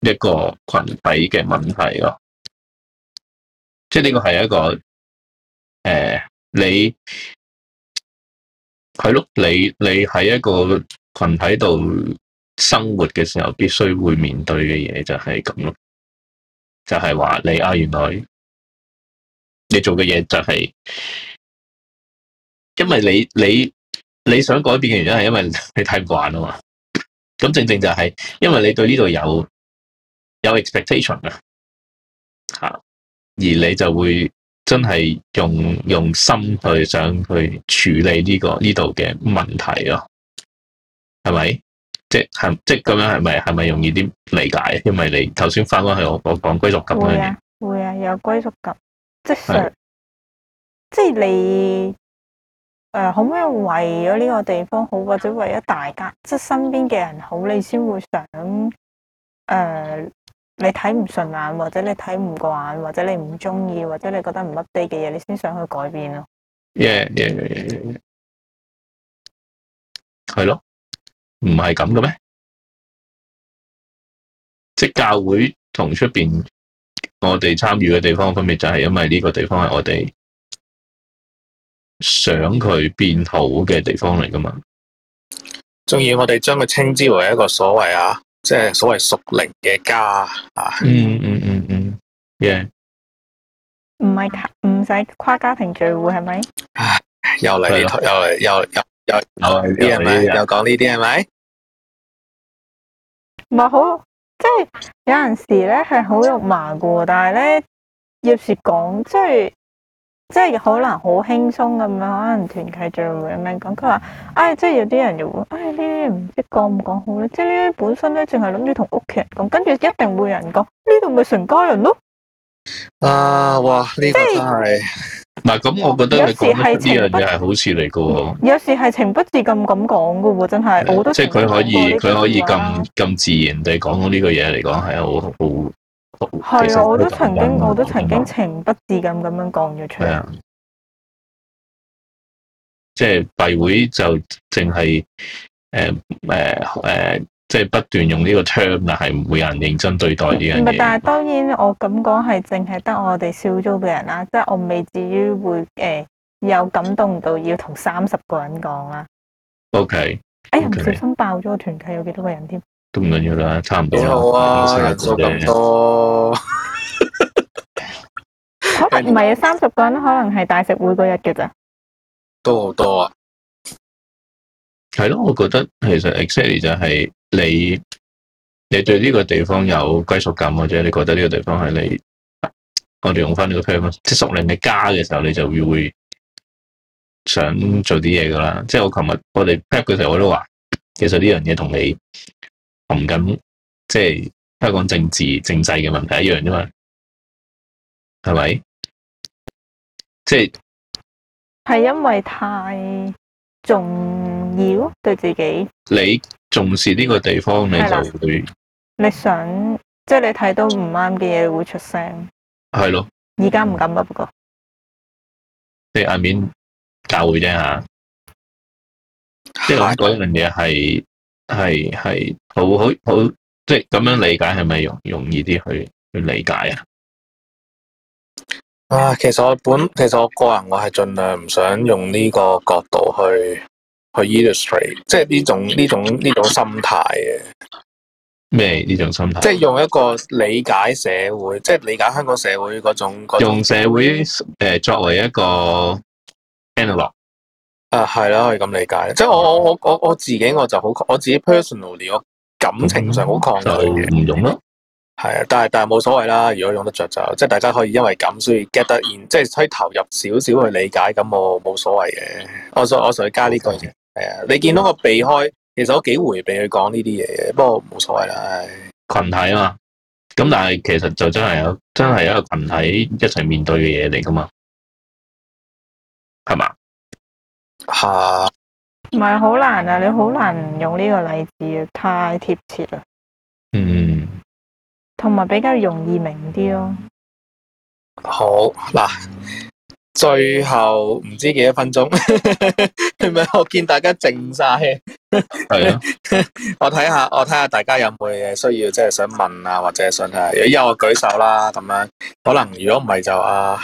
這個一，呃、一個群體嘅問題咯。即係呢個係一個誒你係咯，你你喺一個群體度生活嘅時候，必須會面對嘅嘢就係咁咯。就係、是、話你啊，原來你做嘅嘢就係，因為你你你想改變嘅原因係因為你太慣啊嘛，咁正正就係因為你對呢度有有 expectation 啊，吓，而你就會真係用用心去想去處理呢、呢個呢度嘅問題咯，係咪？即係即係咁樣係咪係咪容易啲理解？因為你頭先翻翻去我我講歸屬感嗰啲嘢，會啊會啊有歸屬感，即係即係你誒、呃，可唔可以為咗呢個地方好，或者為咗大家，即係身邊嘅人好，你先會想誒、呃，你睇唔順眼，或者你睇唔慣，或者你唔中意，或者你覺得唔 happy 嘅嘢，你先想去改變咯。yeah yeah yeah yeah 係咯。唔係咁嘅咩？即教會同出邊我哋參與嘅地方分別就係因為呢個地方係我哋想佢變好嘅地方嚟噶嘛？仲要我哋將佢稱之為一個所謂啊，即係所謂屬靈嘅家啊。嗯嗯嗯嗯 yeah 唔係，唔使跨家庭聚會係咪？又嚟又嚟、嗯、又又又又啲人咪又講呢啲係咪？又又又唔係好即係，有陣時咧係好肉麻噶，但係咧要樹講即係即係可能好輕鬆咁樣，可能團契聚會咁樣講。佢話唉，即係有啲人就會唉呢啲唔知講唔講好咧，即係呢啲本身咧淨係諗住同屋企人講，跟住一定會有人講呢度咪成家人咯。啊，哇，呢、這個真係～嗱，咁，我覺得你講得呢樣嘢係好事嚟噶喎。有時係情，情不自禁咁講噶喎，真係我都即係佢可以，佢可以咁咁自然地講到呢個嘢嚟講，係好好係啊！我都曾經，我都曾經情不自禁咁樣講咗出嚟啊，即係閉會就淨係誒誒誒。呃呃呃即係不斷用呢個 term，但係唔會有人認真對待呢樣嘢。但係當然我咁講係淨係得我哋收租嘅人啦，即係我未至於會欸有感動到要同三十個人講啦。OK，哎呀，唔小心爆咗個團契，有幾多 個人添？都唔緊要啦，差唔多啦。多啊，多咁多。可能唔係啊，三十個人可能係大食會嗰日嘅咋。多好多啊！係咯，我覺得其實 Excel 就係。你你對呢個地方有歸屬感，或者你覺得呢個地方係你？我哋用翻呢個 term，即係熟令你家嘅時候，你就會會想做啲嘢噶啦。即係我琴日我哋 pack 嘅時候，我都話，其實呢樣嘢同你行緊，即係香港政治政制嘅問題一樣啫嘛，係咪？即係係因為太重要對自己你。重視呢個地方，你就會的你想，即係你睇到唔啱嘅嘢會出聲，係咯。而家唔敢啦，不過即係阿面教會啫吓，即係我講呢樣嘢係係係好好好，即係咁樣理解係咪容容易啲去去理解啊？啊，其實我本其實我個人我係盡量唔想用呢個角度去。去 illustrate，即係呢種呢種呢種心態嘅咩？呢種心態，即係用一個理解社會，即係理解香港社會嗰種。用社會誒、呃、作為一個 analogue 啊，係啦，可以咁理解。即係我我我我我自己我就好，我自己 personally 我感情上好抗拒唔用咯。係啊，但係但係冇所謂啦。如果用得着就，即係大家可以因為咁，所以 get 得然，即係可以投入少少去理解。咁我冇所謂嘅。我所我我想加呢句。Okay. 係啊，你見到個避開，其實我幾回避去講呢啲嘢嘅，不過冇所謂啦、哎。群體啊嘛，咁但係其實就真係有，真係一個群體一齊面對嘅嘢嚟㗎嘛，係嘛？吓、啊，唔係好難啊，你好難用呢個例子啊，太貼切啦。嗯，同埋比較容易明啲咯、啊。好嗱。最後唔知幾多分鐘，係 咪我見大家靜晒？係 是啊， 我睇下，我睇下大家有冇嘢需要，即係想問啊，或者想睇下、啊。係我舉手啦，咁樣。可能如果唔係就啊，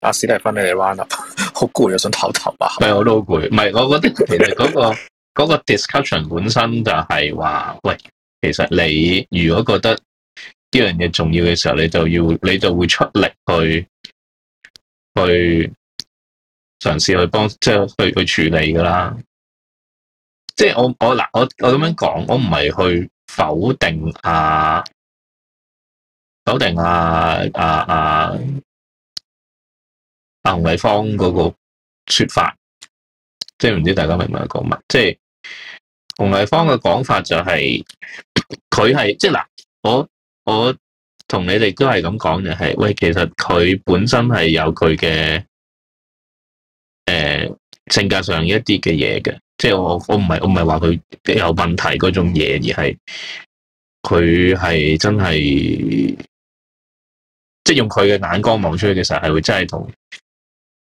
阿、啊、史蒂芬你哋彎啊，好攰啊，想唞唞啊。係我都好攰，唔係我覺得其實嗰個，嗰 個 discussion 本身就係話，喂，其實你如果覺得呢樣嘢重要嘅時候，你就要你就會出力去。去嘗試去幫，即係去去處理噶啦。即係我我嗱我我咁樣講，我唔係去否定啊否定啊啊啊啊洪麗芳嗰個說法，即係唔知大家明白講乜？即係洪麗芳嘅講法就係佢係即係嗱，我我。同你哋都係咁講，就係喂，其實佢本身係有佢嘅誒性格上一啲嘅嘢嘅，即係我我唔係我唔係話佢有問題嗰種嘢，而係佢係真係即係用佢嘅眼光望出去嘅時候，係會真係同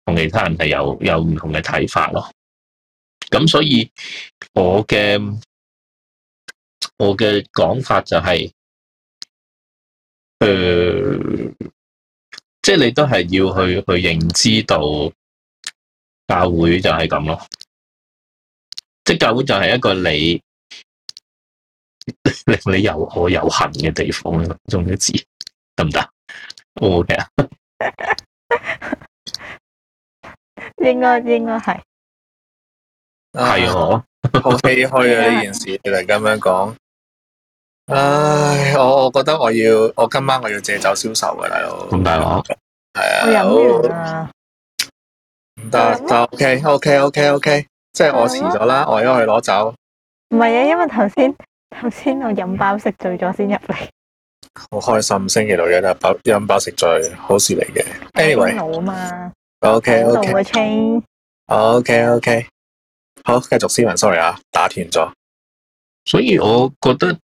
同其他人係有有唔同嘅睇法咯。咁所以我嘅我嘅講法就係，是。誒、呃，即係你都係要去去認知到教會就係咁咯，即係教會就係一個你令你又愛又恨嘅地方咯，中唔中意字得唔得？O K 啊，應該 應該係係，我好唏噓啊，呢件事你咁樣講。唉，我我覺得我要我今晚我要借酒消愁嘅。大佬，咁大佬，係啊，我入去啦。唔得得 OK，OK，OK，OK，即係我遲咗啦，我要去攞酒。唔係啊，因為頭先頭先我飲飽食醉咗先入嚟。好開心，星期六日啊，飲飽食醉，好事嚟嘅。Anyway，老啊嘛。OK，OK、OK。OK，OK、OK, OK OK, OK。好，繼續斯文，sorry 啊，打斷咗。所以我覺得。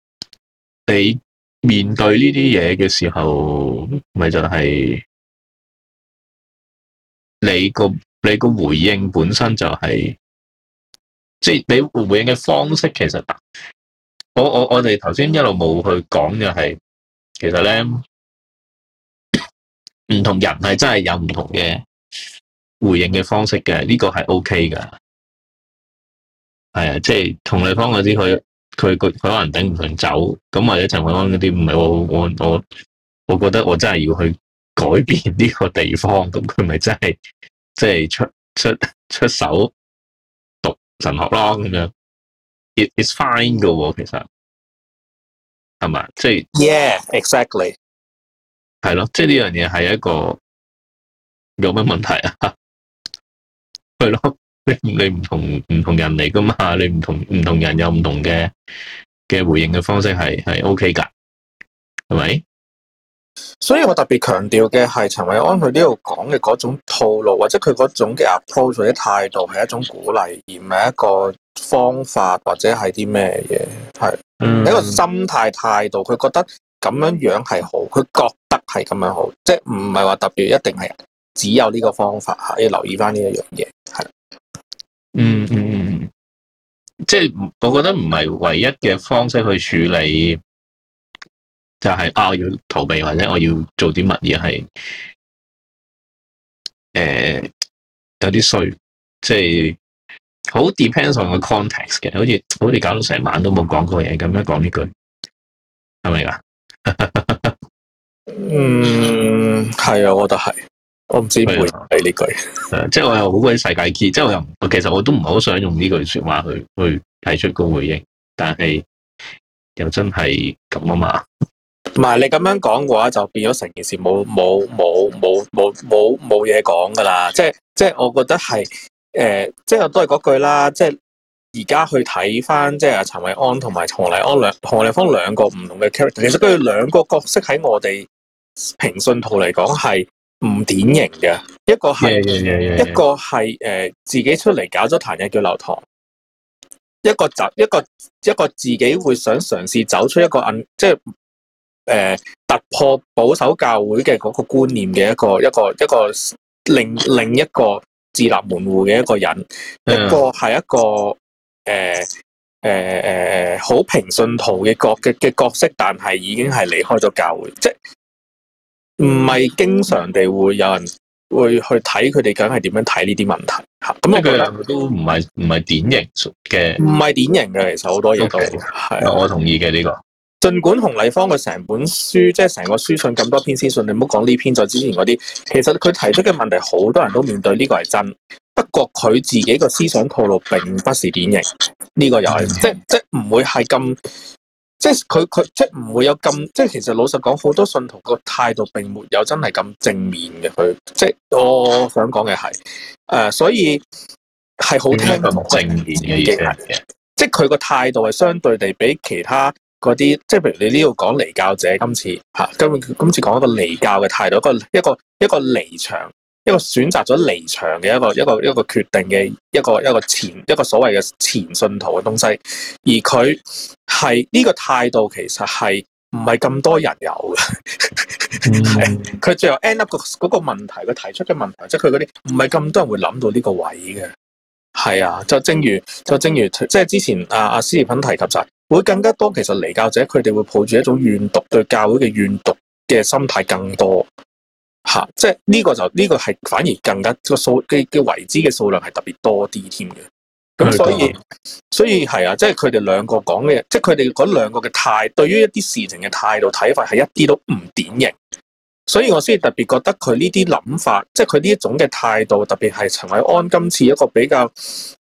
你面對呢啲嘢嘅時候，咪就係、是、你個你個回應本身就係、是，即、就、係、是、你回應嘅方式。其實，我我我哋頭先一路冇去講就係，其實咧唔同人係真係有唔同嘅回應嘅方式嘅，呢、這個係 O K 㗎。係啊，即、就、係、是、同對方嗰啲佢。佢佢可能頂唔順走，咁或者陳韋安啲唔係我我我，我覺得我真係要去改變呢個地方，咁佢咪真係即係出出出手讀神學咯咁樣 It is fine 噶喎，其實，係咪？即係，Yeah, exactly。係咯，即係呢樣嘢係一個有咩問題啊？係咯。 你唔同唔同人嚟噶嘛？你唔同唔同人有唔同嘅嘅回應嘅方式是，係係 OK 噶，係咪？所以我特別強調嘅係陳韋安佢呢度講嘅嗰種套路，或者佢嗰種嘅 approach 或者態度，係一種鼓勵，而唔係一個方法或者係啲咩嘢，係、嗯、一個心態態度。佢覺得咁樣樣係好，佢覺得係咁樣好，即係唔係話特別一定係只有呢個方法吓，要留意翻呢一樣嘢，係。嗯嗯嗯，即係我覺得唔係唯一嘅方式去處理，就係啊我要逃避或者我要做啲乜嘢係誒有啲衰，即係好 depends on 個 context 嘅，好似好似搞到成晚都冇講過嘢咁樣講呢句，係咪噶？ 嗯，係啊，我覺得係。我唔知背唔背呢句、 嗯嗯嗯，即係我又好鬼世界 key，即係我又其實我都唔好想用呢句說話去去提出個回應，但係又真係咁啊嘛。唔、嗯、係你咁樣講嘅話，就變咗成件事冇冇冇冇冇冇冇嘢講噶啦。即係即係，我覺得係誒、呃，即係都係嗰句啦。即係而家去睇翻，即係陳韋安、和韋安、和同埋何麗安兩洪麗芳兩個唔同嘅 character， 其實佢哋兩個角色喺我哋平信徒嚟講係。唔典型嘅一個係、yeah, yeah, yeah, yeah, yeah. 一個係誒、呃、自己出嚟搞咗壇嘢叫劉唐，一個一個一個自己會想嘗試走出一個即係誒、呃、突破保守教會嘅嗰個觀念嘅一個一個一個，一個另另一個自立門戶嘅一個人，yeah. 一個係一個誒誒誒好平信徒嘅角嘅嘅角色，但係已經係離開咗教會，即唔係經常地會有人會去睇佢哋，究竟係點樣睇呢啲問題？咁我覺得呢佢都唔係唔係典型嘅，唔係典型嘅。其實好多嘢都係、okay.，我同意嘅呢、個。盡管洪麗芳佢成本書，即係成個書信咁多篇書信，你唔好講呢篇，再之前嗰啲，其實佢提出嘅問題好多人都面對，呢個係真。不過佢自己個思想套路並不是典型，呢、個又係、嗯、即即唔會係咁。即係佢佢即係唔會有咁，即係其實老實講，好多信徒個態度並沒有真係咁正面嘅。佢即係我想講嘅係誒，所以係好聽嘅正面嘅嘢嘅。即係佢個態度係相對地比其他嗰啲，即係譬如你呢度講離教者今，今次吓今今次講一個離教嘅態度，一個一個一個離場。一個選擇咗離場嘅一個一個一個決定嘅一個一個前一個所謂嘅前信徒嘅東西，而佢係呢個態度其實係唔係咁多人有嘅？佢、 mm-hmm. 最後 end up 個嗰個問題，佢提出嘅問題，即係佢嗰啲唔係咁多人會諗到呢個位嘅。係啊，就正如就正如即係之前啊啊，施爾品提及曬，會更加多其實離教者佢哋會抱住一種怨毒對教會嘅怨毒嘅心態更多。吓，即係呢個就呢、呢個係反而更加、個數嘅嘅維資嘅數量係特別多啲添嘅，咁所以所以係啊，即係佢哋兩個講嘅，即係佢哋嗰兩個嘅態，對於一啲事情嘅態度睇法係一啲都唔典型，所以我先特別覺得佢呢啲諗法，即係佢呢一種嘅態度，特別係陳韋安今次一個比較，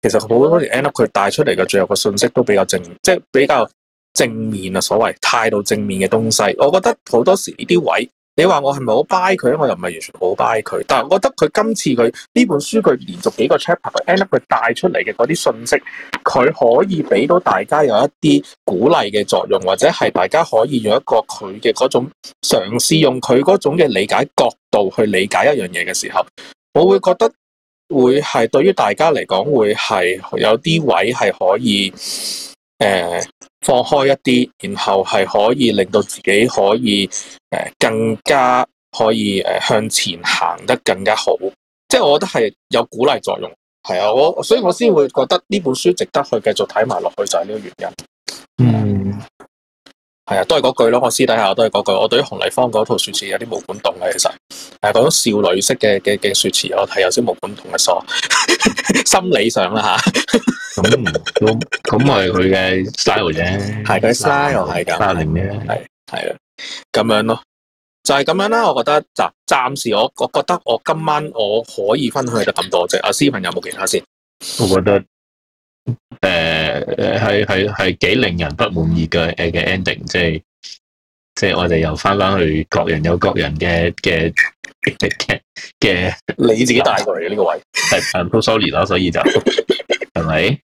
其實好多時 end up 佢帶出嚟嘅最後個信息都比較正，即係比較正面啊，所謂態度正面嘅東西，我覺得好多時呢啲位。你話我係咪好 buy 佢？我又唔係完全好 buy 佢。但係我覺得佢今次佢呢本書佢連續幾個 chapter 佢 end up 佢帶出嚟嘅嗰啲信息，佢可以俾到大家有一啲鼓勵嘅作用，或者係大家可以用一個佢嘅嗰種嘗試，用佢嗰種嘅理解角度去理解一樣嘢嘅時候，我會覺得會係對於大家嚟講會係有啲位係可以誒。呃放開一啲，然後係可以令到自己可以誒、呃，更加可以誒、呃、向前行得更加好，即係我覺得係有鼓勵作用，係啊，我所以我先會覺得呢本書值得去繼續睇埋落去就係呢個原因，嗯。係啊，都係嗰句咯。我私底下我都係嗰句。我對於洪麗芳嗰套說辭有啲無感動嘅，其實係嗰種少女式嘅嘅嘅說辭，我係有少無感動嘅。傻， 心理上啦吓，咁咁係佢嘅 style 啫。 係佢 style 係咁，八零嘅係係咁樣咯，就係、是、咁樣啦。我覺得暫暫時我我覺得我今晚我可以分享得咁多啫。阿思鵬有冇其他先？我覺得。誒、uh，係係係幾令人不滿意嘅誒嘅 ending，即係即係我哋又返返去各人有各人嘅嘅嘅嘅， 的 你自己帶過嚟嘅呢個位係啊，好 sorry 啦，所以就係咪係啊？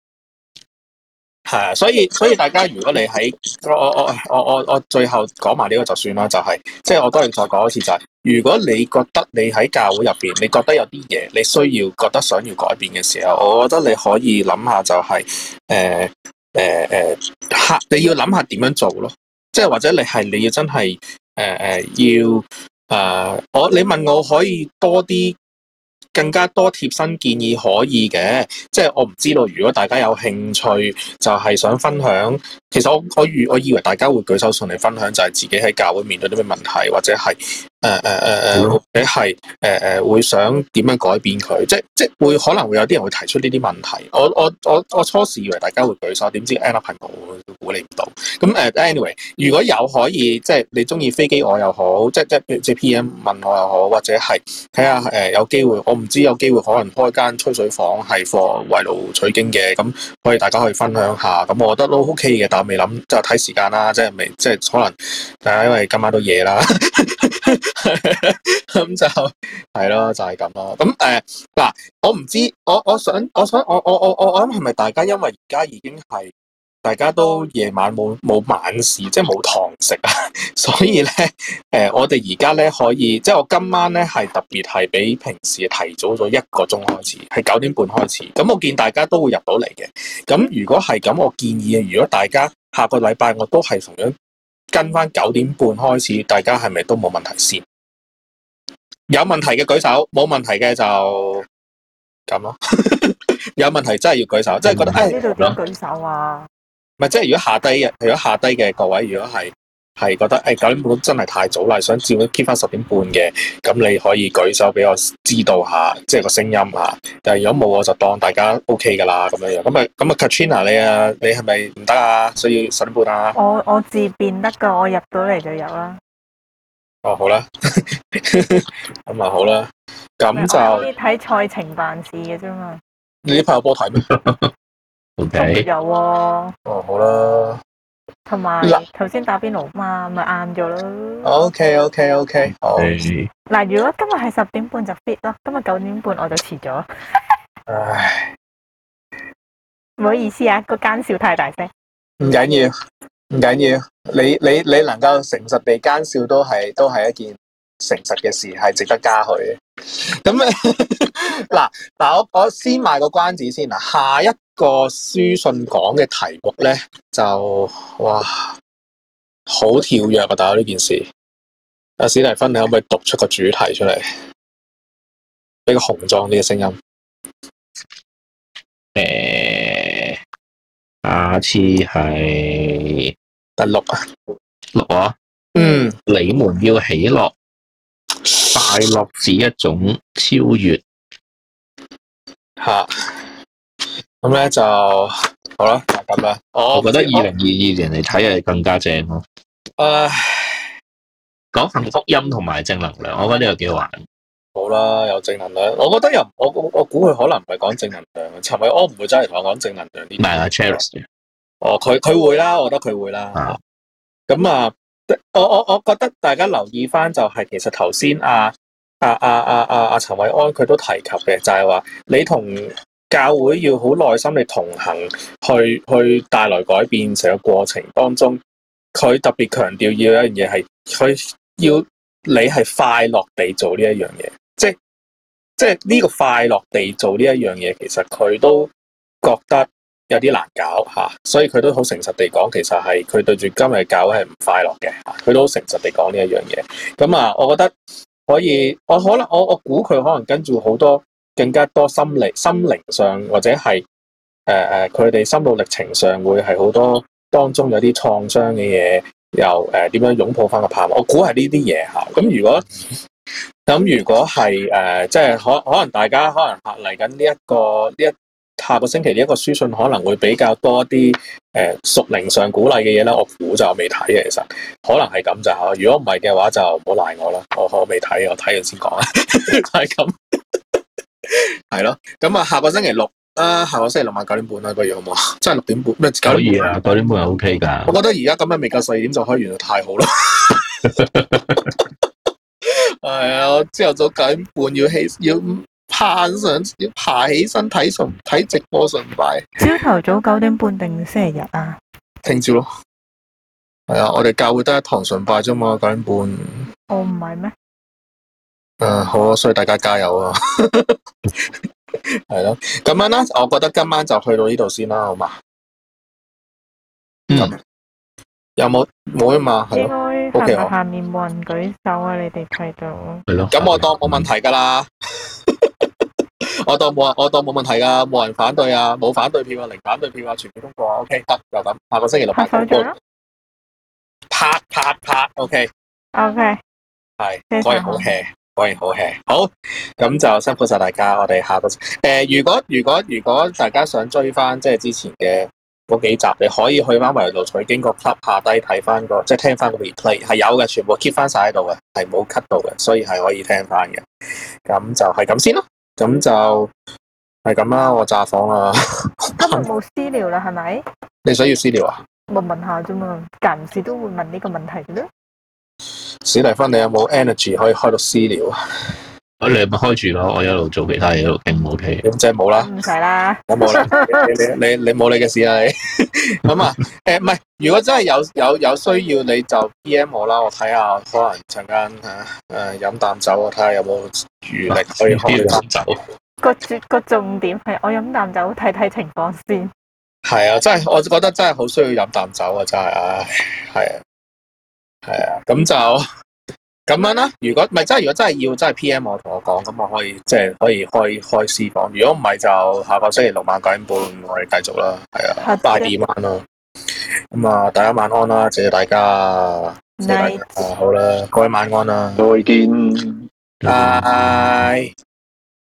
是吧 所以所以大家如果你喺我我我我我我最後講埋呢個就算啦，就係即係我當然再講一次就係、是。如果你覺得你喺教會入邊，你覺得有啲嘢你需要覺得想要改變嘅時候，我覺得你可以諗下就係誒誒誒，你你要諗下點樣做咯，即係或者你係你要真係誒誒要誒、呃，我你問我可以多啲更加多貼身建議可以嘅，即係我唔知道如果大家有興趣就係、是、想分享，其實我可以我以為大家會舉手上嚟分享，就係自己喺教會面對啲咩問題或者係。誒誒誒誒，你係誒誒會想點樣改變佢？即係即係會可能會有啲人會提出呢啲問題。我我我我初時以為大家會舉手，點知 anyway 冇，都估你唔到。咁誒，anyway，如果有可以，即係你中意飛機我又好，即係即係即係 P.M 問我又好，或者係睇下誒有機會，我唔知有機會可能開間吹水房係圍爐取經嘅，咁可以大家可以分享下。咁我覺得都 OK 嘅，但係未諗，即係睇時間啦，即係未，即係可能大家因為今晚都夜啦。咁 就係咯，就係咁咯。咁誒，嗱、呃，我唔知，我我想，我想，我我我我諗係咪大家因為而家已經係大家都夜晚冇冇晚市，即係冇堂食啊，所以咧，誒、呃，我哋而家咧可以，即係我今晚咧係特別係比平時提早咗一個鐘開始，係九點半開始。咁我見大家都會入到嚟嘅。咁如果係咁，我建議如果大家下個禮拜我都係同樣。跟翻九點半開始，大家係咪都冇問題先？有問題嘅舉手，冇問題嘅就咁咯。 有問題真係要舉手，真、嗯、係、就是、覺得，嗯、哎，呢度點舉手啊？唔係，即係如果下低嘅，如果下低嘅各位，如果係。係覺得誒九點半真係太早啦，想照 keep 翻十點半嘅，咁你可以舉手俾我知道下，即係個聲音嚇。但係如果冇我就當大家 O K 噶啦，咁樣樣。咁啊咁啊，Katrina 你啊你係咪唔得啊？需要十點半啊？我我自變得㗎，我入到嚟就有啦。哦，好啦，咁 啊好啦，咁就可以睇賽程辦事嘅啫嘛。你啲朋友波睇咩？O K 有喎。 okay. 哦，好啦。同埋頭先打邊爐嘛，咪啱咗咯。OK OK OK，好。嗱，如果今日係十點半就 fit 咯，今日九點半我就遲咗。唉，唔好意思啊，個奸笑太大聲。唔緊要，唔緊要，你你你能夠誠實地奸笑都，都係都係一件誠實嘅事，係值得嘉許嘅。咁啊，嗱嗱，我我先賣個關子先啊，下一。.這個書信講嘅題目咧就哇好跳躍啊！但係呢件事，阿史蒂芬，你可唔可以讀出個主題出嚟？俾個雄壯啲嘅聲音。誒、呃，下次係第六啊，六啊，嗯，你們要喜樂，快樂是一種超越，吓。咁咧就好啦，咁啦、哦。我覺得二零二二年嚟睇係更加正咯。誒、呃，講幸福音同埋正能量，我覺得呢個幾好玩。好啦，有正能量，我覺得又我我估佢可能唔係講正能量。陳韋安唔會真係同我講講正能量唔係阿 c h a r i s 哦，佢佢、啊啊啊、會啦，我覺得佢會啦。咁啊，啊，我我我覺得大家留意翻就係，其實頭先啊啊啊啊啊陳韋安佢都提及嘅，就係、是、話你同。教會要好耐心地同行去，去去帶來改變，成個過程當中，佢特別強調要一樣嘢係，佢要你係快樂地做呢一樣嘢，即係即係呢個快樂地做呢一樣嘢，其實佢都覺得有啲難搞吓，所以佢都好誠實地講，其實係佢對住今日教會係唔快樂嘅，佢都好誠實地講呢一樣嘢。咁啊，我覺得可以，我可能我我估佢可能跟住好多。更加多心理心靈上或者係誒誒，佢、呃、哋心路歷程上會係好多，當中有啲創傷嘅嘢，又誒點、呃、樣擁抱翻個盼望？我估係呢啲嘢吓。咁如果咁如果係誒、呃，即係可可能大家可能嚟緊呢一個呢一，下個星期呢一個書信可能會比較多啲誒、屬、呃、靈上鼓勵嘅嘢咧。我估就未睇嘅。其實可能係咁就。如果唔係嘅話就唔好賴我啦。我我未睇，我睇完先講啊。就係咁。係咯，咁啊，下個星期六啊，下個星期六晚九點半啦，不、那、如、個、好冇？啊？即係六點半，咩？九。可以啊，九點半係 O K 噶。我覺得而家咁樣未夠四二點就開，完就太好啦。係 啊， 朝頭早九點半要起，要攀上，要爬起身睇崇，睇直播崇拜。朝頭早九點半定星期日啊？聽朝咯，係啊，我哋教會得一堂崇拜啫嘛，九點半。我唔係咩？誒、呃，好，所以大家加油啊！係 咯，咁樣啦，我覺得今晚就去到呢度先啦，好嘛？嗯，有冇冇啊嘛？係咯，下面冇、OK, 人舉手啊，你哋睇到係咯。咁我當冇問題噶啦， 我當冇，我當冇問題噶，冇人反對啊，冇反對票啊，啊，零反對票啊，全部通過，O、啊、K。得、OK，就咁，下個星期六拍。拍拍拍拍，O K。O、OK、K。係、okay，我係好 h、OK 果然好 h 好咁就辛苦晒大家，我哋下個誒、呃，如果如果如果大家想追翻即係之前嘅嗰幾集，你可以去翻埋度取經過 club 下低睇翻個，即係聽翻個 replay 係有嘅，全部 keep 翻晒喺度嘅，係冇 cut 到嘅，所以係可以聽翻嘅。咁就係咁先咯，咁就係咁啦，我炸房啦，今日冇私聊啦，係咪？你需要私聊啊？我問問下啫嘛，有時都會問呢個問題嘅。史蒂芬，你有冇 energy 可以開到私聊啊？我你咪開住咯，我一路做其他嘢，一路傾，O K。即係冇啦，唔使啦，我冇啦，你沒你冇你嘅事啦、啊，你咁 啊？誒、欸，唔係，如果真係有有有需要，你就 B M 我啦，我睇下可能陣間誒飲啖酒啊，睇下有冇餘力可以開啖酒。 個、那個重點係我飲啖酒，睇睇情況先。係啊，真係，我覺得真係好需要飲啖酒啊，真係，唉，係啊。係啊，咁就咁樣啦。如果唔係真係，如果真係要真係 PM 我同我講，咁我可以即係、就是、可以開開私房。如果唔係就下個星期六晚九點半我哋繼續啦。係啊，八點晚啦。咁啊，大家晚安啦，謝謝大家。night 好啦，各位晚安啦、啊，再見，拜。